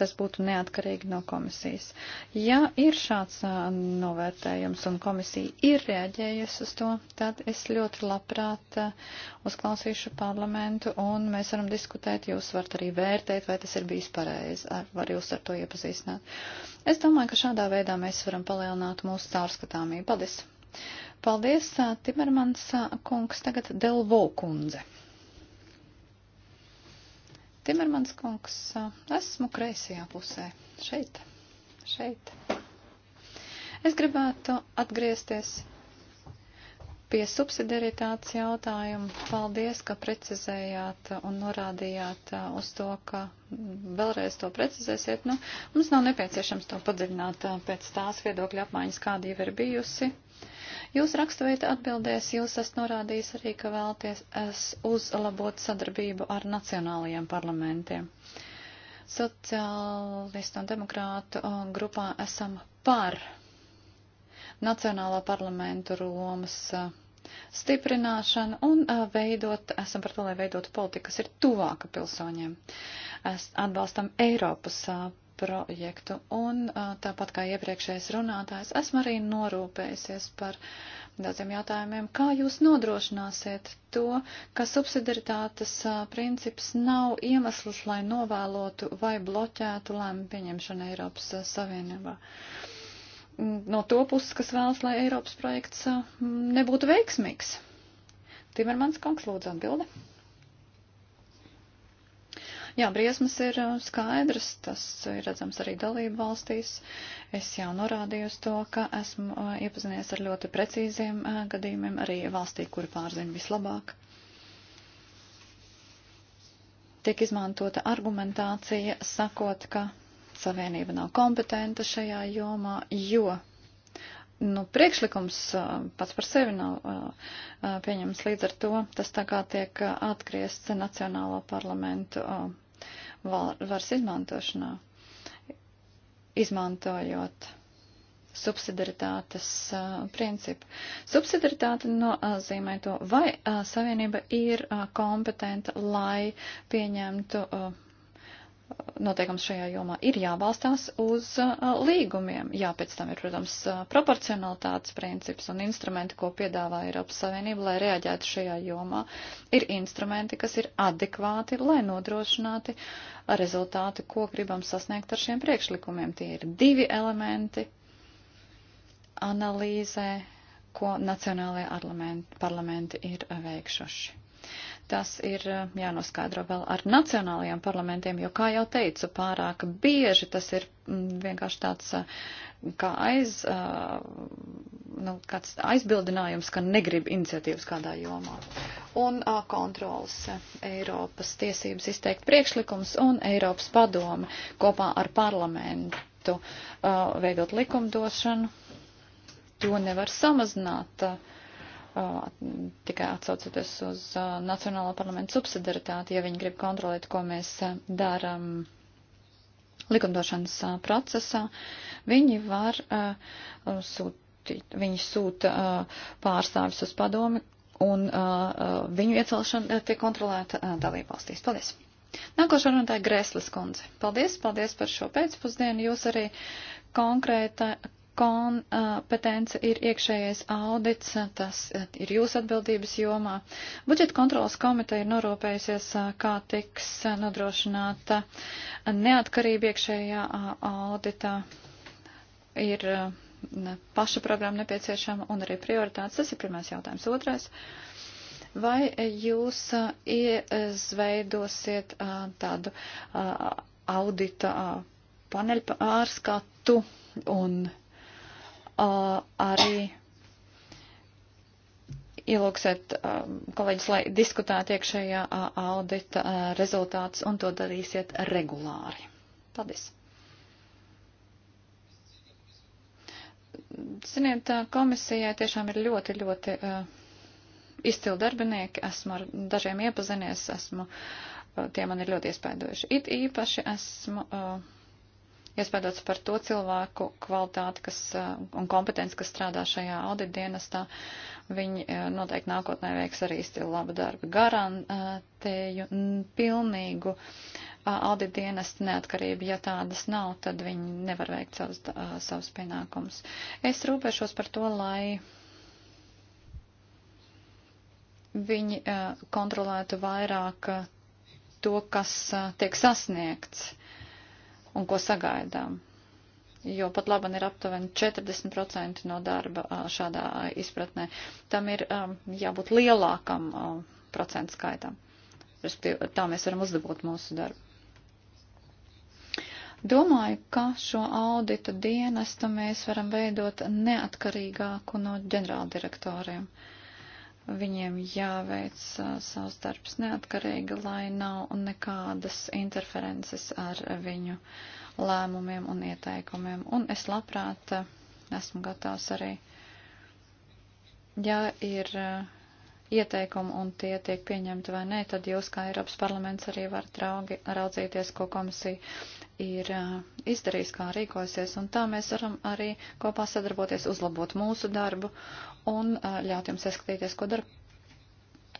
tas būtu neatkarīgi no komisijas. Ja ir šāds novērtējums un komisija ir reaģējusi uz to, tad es ļoti labprāt uzklausīšu parlamentu, un mēs varam diskutēt, jūs varat arī vērtēt, vai tas ir bijis pareizi, var jūs ar to iepazīstināt. Es domāju, ka šādā veidā mēs varam palielināt mūsu caurskatāmību. Paldies! Paldies, Timermans kungs, tagad Delvo kundze. Timermans kungs, esmu kreisajā pusē. Šeit, šeit. Es gribētu atgriezties Pie subsidiaritātes jautājuma paldies, ka precizējāt un norādījāt uh, uz to, ka mm, vēlreiz to precizēsiet. Nu, mums nav nepieciešams to padziļināt uh, pēc tās viedokļa apmaiņas, kāda jau ir bijusi. Jūs raksturvieta atbildēs, jūs esat norādījis arī, ka vēlties uzlabot sadarbību ar nacionālajiem parlamentiem. Sociālistu un demokrātu uh, grupā esam par Nacionālo parlamentu Romas uh, stiprināšanu un veidot, esam par to, lai veidotu politiku, kas ir tuvāka pilsoņiem. Es atbalstam Eiropas projektu un tāpat kā iepriekšējais runātājs, esmu arī norūpējusies par daudziem jautājumiem, kā jūs nodrošināsiet to, ka subsidiaritātes princips nav iemesls, lai novēlotu vai bloķētu lēmumu pieņemšanu Eiropas Savienībā. Uh, no to puses, kas vēlas, lai Eiropas projekts nebūtu veiksmīgs. Timermans kungs, lūdzu, atbildi. Jā, briesmas ir skaidras, tas ir redzams arī dalību valstīs. Es jau norādīju uz to, ka esmu iepazinies ar ļoti precīziem gadījumiem, arī valstī, kuri pārzina vislabāk. Tiek izmantota argumentācija, sakot, ka Savienība nav kompetenta šajā jomā, jo nu, priekšlikums pats par sevi nav pieņems līdz ar to. Tas tā kā tiek atgriests Nacionālo parlamentu varas izmantošanā, izmantojot subsidaritātes principu. Subsidaritāte nozīmē to, vai savienība ir kompetenta, lai pieņemtu noteikums šajā jomā ir jābalstās uz uh, līgumiem. Jā, pēc tam ir, protams, uh, proporcionalitātes princips un instrumenti, ko piedāvā Eiropas Savienība, lai reaģētu šajā jomā. Ir instrumenti, kas ir adekvāti, lai nodrošināti rezultāti, ko gribam sasniegt ar šiem priekšlikumiem. Tie ir divi elementi analīzē, ko nacionālajie parlamenti ir veikšoši. Tas ir eh, jānoskaidro vēl ar nacionālajiem parlamentiem, jo, kā jau teicu, pārāk bieži tas ir mm, vienkārši tāds eh, kā aiz, eh, nu, kāds aizbildinājums, ka negrib iniciatīvas kādā jomā. Un kontrols Eiropas tiesības izteikt priekšlikums un Eiropas padome kopā ar parlamentu veidot likumdošanu. To nevar samazināt. Uh, tikai atsaucoties uz uh, Nacionālo parlamentu subsidaritāti, ja viņi grib kontrolēt, ko mēs uh, darām likumdošanas uh, procesā, viņi var sūtīt, viņi sūta pārstāvis uz padomi un viņu iecelšana tiek kontrolēta dalībvalstīs. Paldies! Nākošā runātāja Grēslis kundze. Paldies, paldies par šo pēcpusdienu. Jūs arī konkrēta, kompetence ir iekšējais audits, tas ir jūsu atbildības jomā. Budžeta kontrolas komiteja ir norūpējusies, kā tiks nodrošināta neatkarība iekšējā auditā. Ir paša programma nepieciešama un arī prioritātes. Tas ir pirmais jautājums. Otrais. Vai jūs iezveidosiet tādu audita paneļpārskatu un Uh, arī ielūksiet uh, kolēģis, lai diskutētu iekšējā uh, audita rezultātus un to darīsiet regulāri. Paldies! Ziniet, komisijai tiešām ir ļoti, ļoti izcili darbinieki. Esmu ar dažiem iepazinies, esmu, tie man ir ļoti iespaidojuši. It īpaši esmu. Uh, iespējams par to cilvēku kvalitāti kas, eh, un kompetenci, kas strādā šajā audit dienestā. Viņi eh, noteikti nākotnē veiks arī izcilu labu darbu garantēju pilnīgu audit dienestu neatkarību. Ja tādas nav, tad viņi nevar veikt savus, savus pienākumus. Es rūpēšos par to, lai viņi kontrolētu vairāk to, kas tiek sasniegts un ko sagaidām. Jo pat laban ir aptuveni 40% no darba šādā izpratnē. Tam ir jābūt lielākam procentu skaitam. Tā mēs varam uzlabot mūsu darbu. Domāju, ka šo audita dienestu mēs varam veidot neatkarīgāku no ģenerāldirektoriem. direktoriem Viņiem jāveic savs darbs neatkarīgi, lai nav nekādas interferences ar viņu lēmumiem un ieteikumiem. Un es labprāt esmu gatavs arī, ja ir ieteikumi un tie tiek pieņemti vai nē, tad jūs kā Eiropas parlaments arī varat raugi, raudzīties, ko komisija ir izdarījis, kā rīkosies, un tā mēs varam arī kopā sadarboties, uzlabot mūsu darbu un ļaut jums ieskatīties, ko dara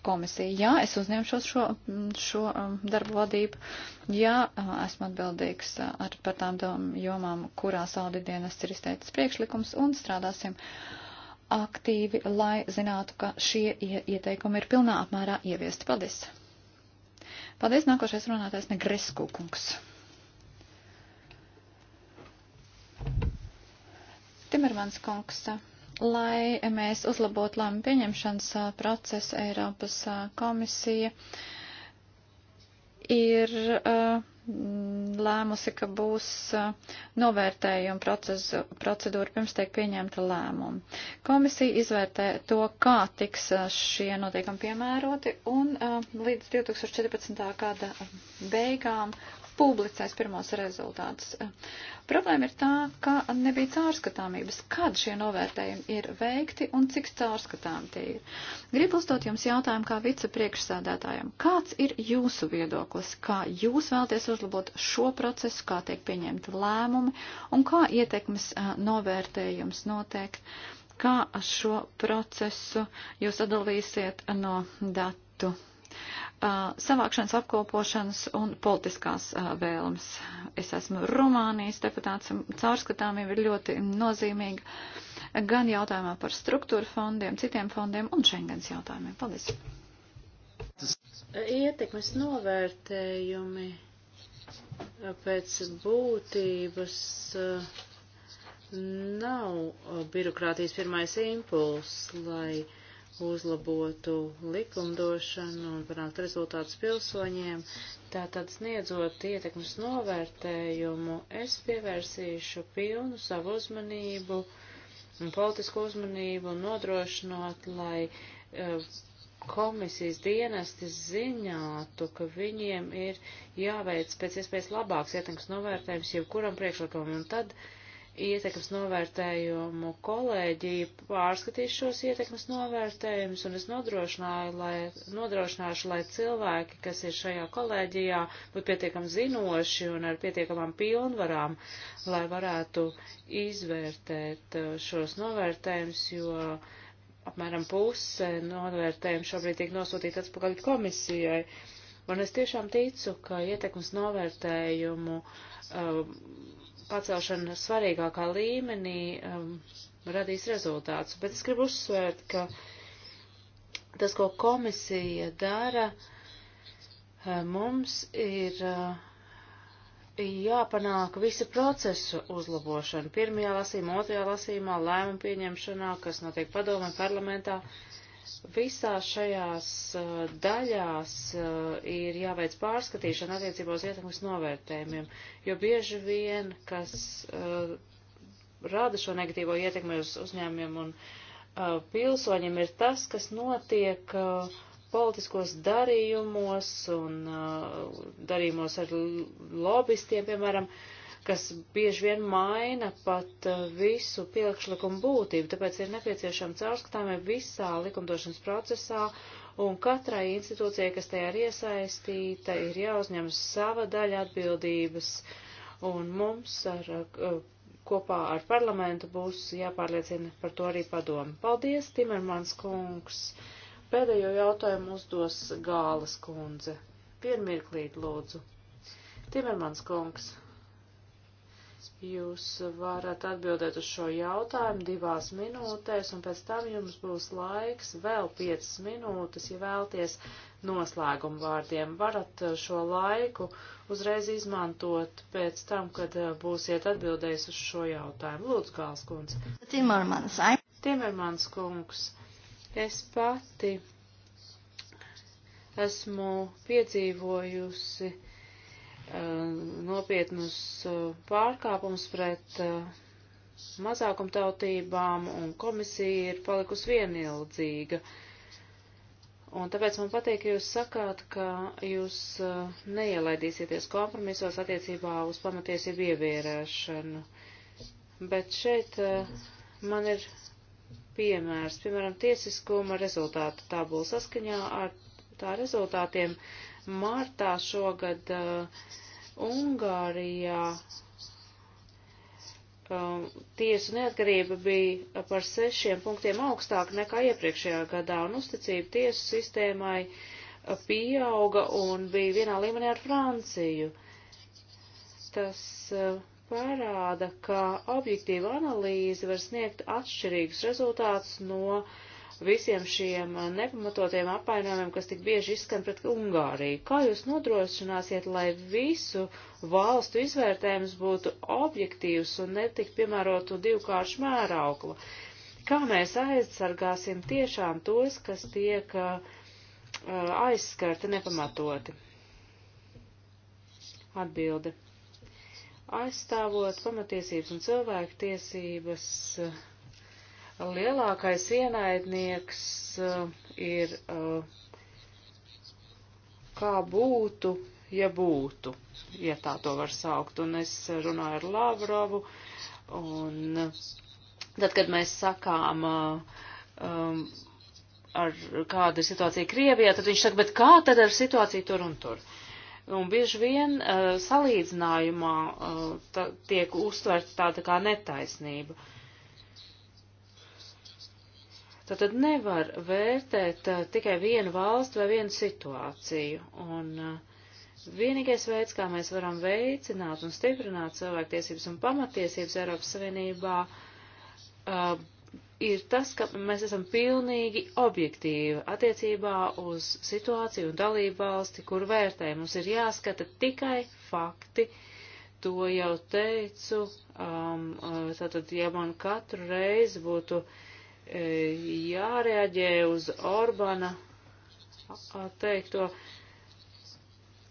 komisija. Jā, es uzņemšos šo, šo darbu vadību. Jā, esmu atbildīgs ar par tām jomām, kurās audidienas ir izteicis priekšlikums un strādāsim aktīvi, lai zinātu, ka šie ieteikumi ir pilnā apmērā ieviesti. Paldies! Paldies, nākošais runātājs Negresku kungs. Timermans kungs, lai mēs uzlabotu lēmumu pieņemšanas procesu Eiropas komisija ir lēmusi, ka būs novērtējuma procedūra pirms tiek pieņemta lēmuma. Komisija izvērtē to, kā tiks šie noteikumi piemēroti, un līdz 2014. gada beigām publicēs pirmos rezultātus. Problēma ir tā, ka nebija caurskatāmības, kad šie novērtējumi ir veikti un cik caurskatām tie ir. Gribu uzdot jums jautājumu kā vicepriekšsādātājam. Kāds ir jūsu viedoklis, kā jūs vēlties uzlabot šo procesu, kā tiek pieņemti lēmumi un kā ietekmes novērtējums notiek? Kā šo procesu jūs atdalīsiet no datu? datu Uh, savākšanas, apkopošanas un politiskās uh, vēlmes. Es esmu Rumānijas deputāts, caurskatāmība ir ļoti nozīmīga gan jautājumā par struktūra fondiem, citiem fondiem un Schengens jautājumiem. Paldies! Ietekmes novērtējumi uh, pēc būtības nav birokrātijas pirmais impuls, lai uzlabotu likumdošanu un panākt rezultātus pilsoņiem. Tātad sniedzot ietekmes novērtējumu, es pievērsīšu pilnu savu uzmanību un politisku uzmanību un nodrošinot, lai eh, komisijas dienesti ziņātu, ka viņiem ir jāveic pēc iespējas labāks ietekmes novērtējums jebkuram priekšlikumam. Un tad uh, ietekmes novērtējumu kolēģi pārskatīs šos ietekmes novērtējumus, un es nodrošināju, lai, nodrošināšu, lai cilvēki, kas ir šajā kolēģijā, būtu pietiekami zinoši un ar pietiekamām pilnvarām, lai varētu izvērtēt uh, šos novērtējumus, jo apmēram puse novērtējumu šobrīd tiek nosūtīta atpakaļ komisijai. Un es tiešām ticu, ka ietekmes novērtējumu um, pacelšana svarīgākā līmenī um, radīs rezultātus. Bet es gribu uzsvērt, ka tas, ko komisija dara, um, mums ir uh, jāpanāk visa procesu uzlabošana. Pirmajā lasīmā, otrajā lasīmā, lēmuma pieņemšanā, kas notiek padomē parlamentā. Uh, Visās šajās uh, daļās uh, ir jāveic pārskatīšana attiecībos ietekmes novērtējumiem, jo bieži vien, kas uh, rada šo negatīvo ietekmi uz uzņēmumiem un pilsoņiem, ir tas, kas notiek politiskos darījumos un darījumos ar lobbystiem, piemēram, uh, kas bieži vien maina pat uh, visu priekšlikumu būtību, tāpēc ir nepieciešama caurskatāmība visā likumdošanas procesā, un katrai institūcijai, kas tajā ir iesaistīta, ir jāuzņemas sava daļa atbildības, un mums ar, uh, kopā ar parlamentu būs jāpārliecina par to arī padomu. Paldies, Timermans kungs! Pēdējo jautājumu uzdos Gāles kundze. Vienmirklīt, lūdzu. Timermans kungs. Jūs varat atbildēt uz šo jautājumu divās minūtēs, un pēc tam jums būs laiks vēl piecas minūtes, ja vēlties noslēgumu vārdiem. Varat eh, šo laiku uzreiz izmantot pēc tam, kad eh, būsiet atbildējis uz šo jautājumu. Lūdzu, Gālskunds. Timermans. Timermans kungs. Es pati esmu piedzīvojusi Eh, nopietnus eh, pārkāpumus pret eh, mazākumtautībām, un komisija ir palikusi vienildzīga. Un tāpēc man patīk, ka jūs sakāt, ka jūs neielaidīsieties kompromisos attiecībā uz pamatiesību ievērēšanu. Bet šeit man ir piemērs, piemēram, tiesiskuma rezultātu tabula saskaņā ar tā rezultātiem Martā šogad uh, Ungārijā um, tiesu neatkarība bija par sešiem punktiem augstāka nekā iepriekšējā gadā, un uzticība tiesu sistēmai uh, pieauga un bija vienā līmenī ar Franciju. Tas uh, parāda, ka objektīva analīze var sniegt atšķirīgus rezultātus no uh, visiem šiem nepamatotiem apvainojumiem, kas tik bieži izskan pret Ungāriju. Kā jūs nodrošināsiet, lai visu valstu izvērtējums būtu objektīvs un netik piemērotu divkāršu mērauklu? Kā mēs aizsargāsim tiešām tos, kas tiek uh, aizskarti nepamatoti? Atbilde. Aizstāvot pamatiesības un cilvēku tiesības. Uh, lielākais ienaidnieks uh, ir uh, kā būtu, ja būtu, ja tā to var saukt. Un es runāju ar Lavrovu, un tad, kad mēs sakām, uh, um, ar kāda ir situācija Krievijā, tad viņš saka, bet kā tad ar situāciju tur un tur? Un bieži vien uh, salīdzinājumā uh, tiek uztverta tāda kā netaisnība. Uh, Tātad nevar vērtēt uh, tikai vienu valstu vai vienu situāciju. Un uh, vienīgais veids, kā mēs varam veicināt un stiprināt cilvēktiesības un pamatiesības Eiropas Savienībā, uh, ir tas, ka mēs esam pilnīgi objektīvi attiecībā uz situāciju un dalību valsti, kur vērtē. Mums ir jāskata tikai fakti. To jau teicu, um, uh, tātad, ja man katru reizi būtu uh, E, jārēģē uz Orbana teikto.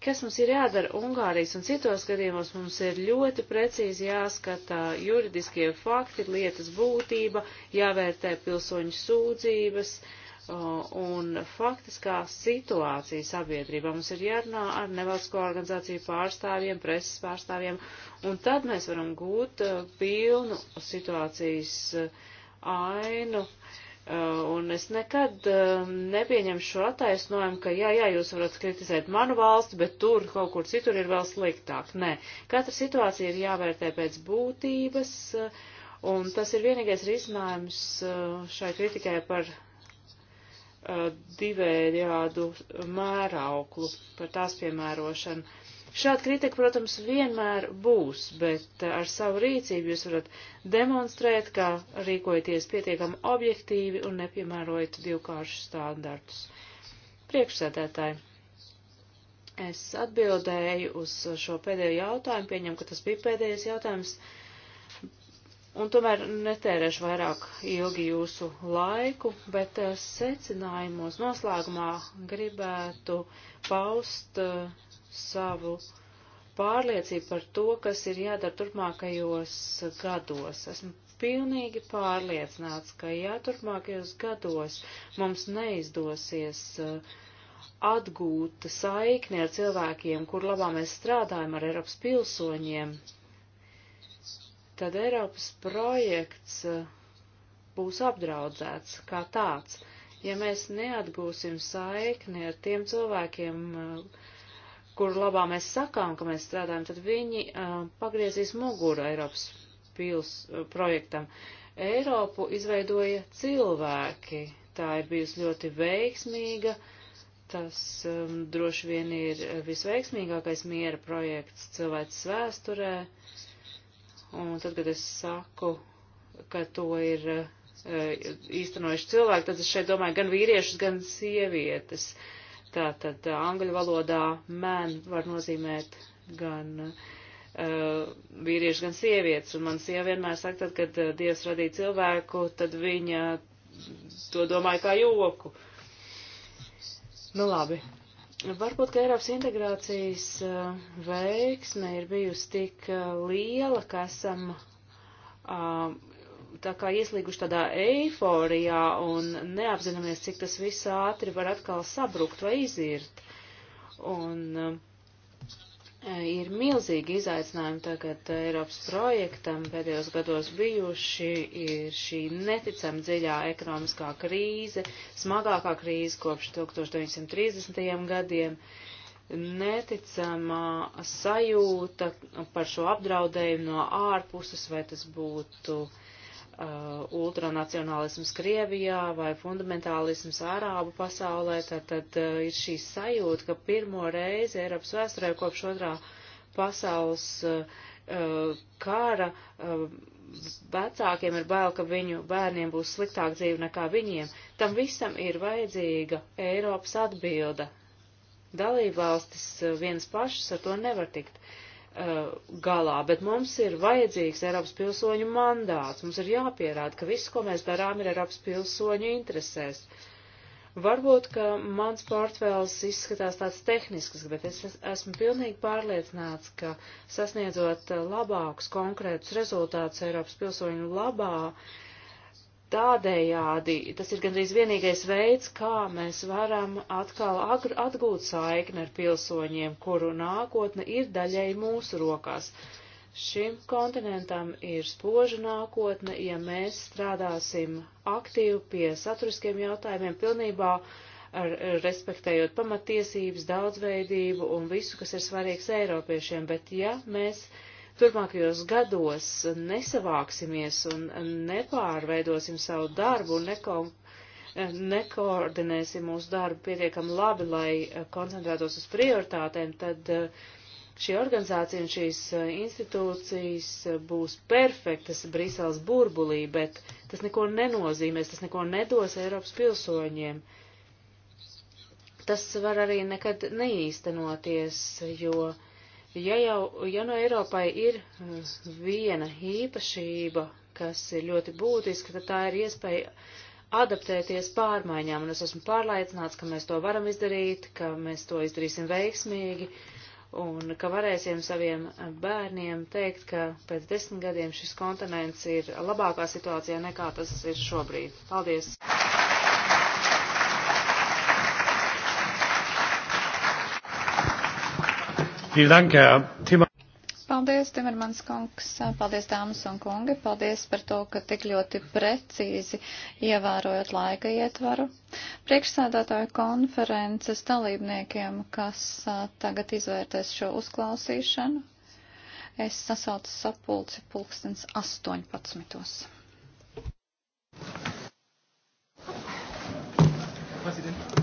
Kas mums ir jādara Ungārijas un citos gadījumos? Mums ir ļoti precīzi jāskatā juridiskie fakti, lietas būtība, jāvērtē pilsoņu sūdzības un faktiskā situācija sabiedrībā. Mums ir jārunā ar nevalstisko organizāciju pārstāvjiem, preses pārstāvjiem, un tad mēs varam gūt pilnu situācijas uh, ainu. Uh, un es nekad uh, nepieņemšu šo attaisnojumu, ka jā, jā, jūs varat kritizēt manu valsti, bet tur kaut kur citur ir vēl sliktāk. Nē, katra situācija ir jāvērtē pēc būtības, uh, un tas ir vienīgais risinājums šai kritikai par divējādu mērauklu, par tās piemērošanu. Šāda kritika, protams, vienmēr būs, bet ar savu rīcību jūs varat demonstrēt, ka rīkojaties pietiekami objektīvi un nepiemērojat divkāršus standartus. Priekšsēdētāji, es atbildēju uz šo pēdējo jautājumu, pieņem, ka tas bija pēdējais jautājums, un tomēr netērēšu vairāk ilgi jūsu laiku, bet eh, secinājumos noslēgumā gribētu paust uh, savu pārliecību par to, kas ir jādara turpmākajos gados. Esmu pilnīgi pārliecināts, ka ja turpmākajos gados mums neizdosies uh, atgūt saikni ar cilvēkiem, kur labā mēs strādājam ar Eiropas pilsoņiem, tad Eiropas projekts uh, būs apdraudzēts kā tāds. Ja mēs neatgūsim saikni ar tiem cilvēkiem, uh, kur labā mēs sakām, ka mēs strādājam, tad viņi uh, pagriezīs muguru Eiropas pils uh, projektam. Eiropu izveidoja cilvēki. Tā ir bijusi ļoti veiksmīga. Tas um, droši vien ir visveiksmīgākais miera projekts cilvēks vēsturē. Un tad, kad es saku, ka to ir uh, īstenojuši cilvēki, tad es šeit domāju gan vīriešus, gan sievietes. Uh, Tātad angļu valodā man var nozīmēt gan uh, vīrieši, gan sievietes. Un man sieva vienmēr saka, tad, kad uh, Dievs radīja cilvēku, tad viņa to domāja kā joku. Nu labi. Varbūt, ka Eiropas integrācijas uh, veiksme ir bijusi tik uh, liela, ka esam uh, tā kā ieslīguši tādā eiforijā un neapzināmies, cik tas viss ātri var atkal sabrukt vai izirt. Un e, ir milzīgi izaicinājumi tagad Eiropas projektam pēdējos gados bijuši, ir šī neticam dziļā ekonomiskā krīze, smagākā krīze kopš 1930. gadiem neticamā sajūta par šo apdraudējumu no ārpuses, vai tas būtu uh, uh, ultranacionālisms Krievijā vai fundamentālisms Ārābu pasaulē, tad, tad uh, ir šī sajūta, ka pirmo reizi Eiropas vēsturē kopš otrā pasaules uh, uh kara uh, vecākiem ir bail, ka viņu bērniem būs sliktāk dzīve nekā viņiem. Tam visam ir vajadzīga Eiropas atbilda. Dalībvalstis uh, vienas pašas ar to nevar tikt. Uh, Uh, galā, bet mums ir vajadzīgs Eiropas pilsoņu mandāts. Mums ir jāpierāda, ka viss, ko mēs darām, ir Eiropas pilsoņu interesēs. Varbūt, ka mans portfēls izskatās tāds tehnisks, bet es esmu pilnīgi pārliecināts, ka sasniedzot uh, labākus konkrētus rezultātus Eiropas pilsoņu labā, uh, tādējādi tas ir gandrīz vienīgais veids, kā mēs varam atkal atgūt saikni ar pilsoņiem, kuru nākotne ir daļēji mūsu rokās. Šim kontinentam ir spoža nākotne, ja mēs strādāsim aktīvi pie saturiskiem jautājumiem, pilnībā ar, respektējot pamatiesības, daudzveidību un visu, kas ir svarīgs Eiropiešiem, bet ja mēs turpmākajos gados nesavāksimies un nepārveidosim savu darbu un neko, nekoordinēsim mūsu darbu pietiekam labi, lai koncentrētos uz prioritātēm, tad eh, šī organizācija un šīs eh, institūcijas eh, būs perfektas Brīseles burbulī, bet tas neko nenozīmēs, tas neko nedos Eiropas pilsoņiem tas var arī nekad neīstenoties, jo Ja jau, ja no Eiropai ir eh, viena īpašība, kas ir ļoti būtiska, tad tā ir iespēja adaptēties pārmaiņām, un es esmu pārliecināts, ka mēs to varam izdarīt, ka mēs to izdarīsim veiksmīgi, un ka varēsim saviem bērniem teikt, ka pēc desmit gadiem šis kontinents ir labākā situācijā nekā tas ir šobrīd. Paldies! Paldies, Timermans kungs, paldies, dāmas un kungi, paldies par to, ka tik ļoti precīzi ievērojot laika ietvaru. Priekšsēdātāju konferences dalībniekiem, kas tagad izvērtēs šo uzklausīšanu, es sasaucu sapulci pulkstens 18. President.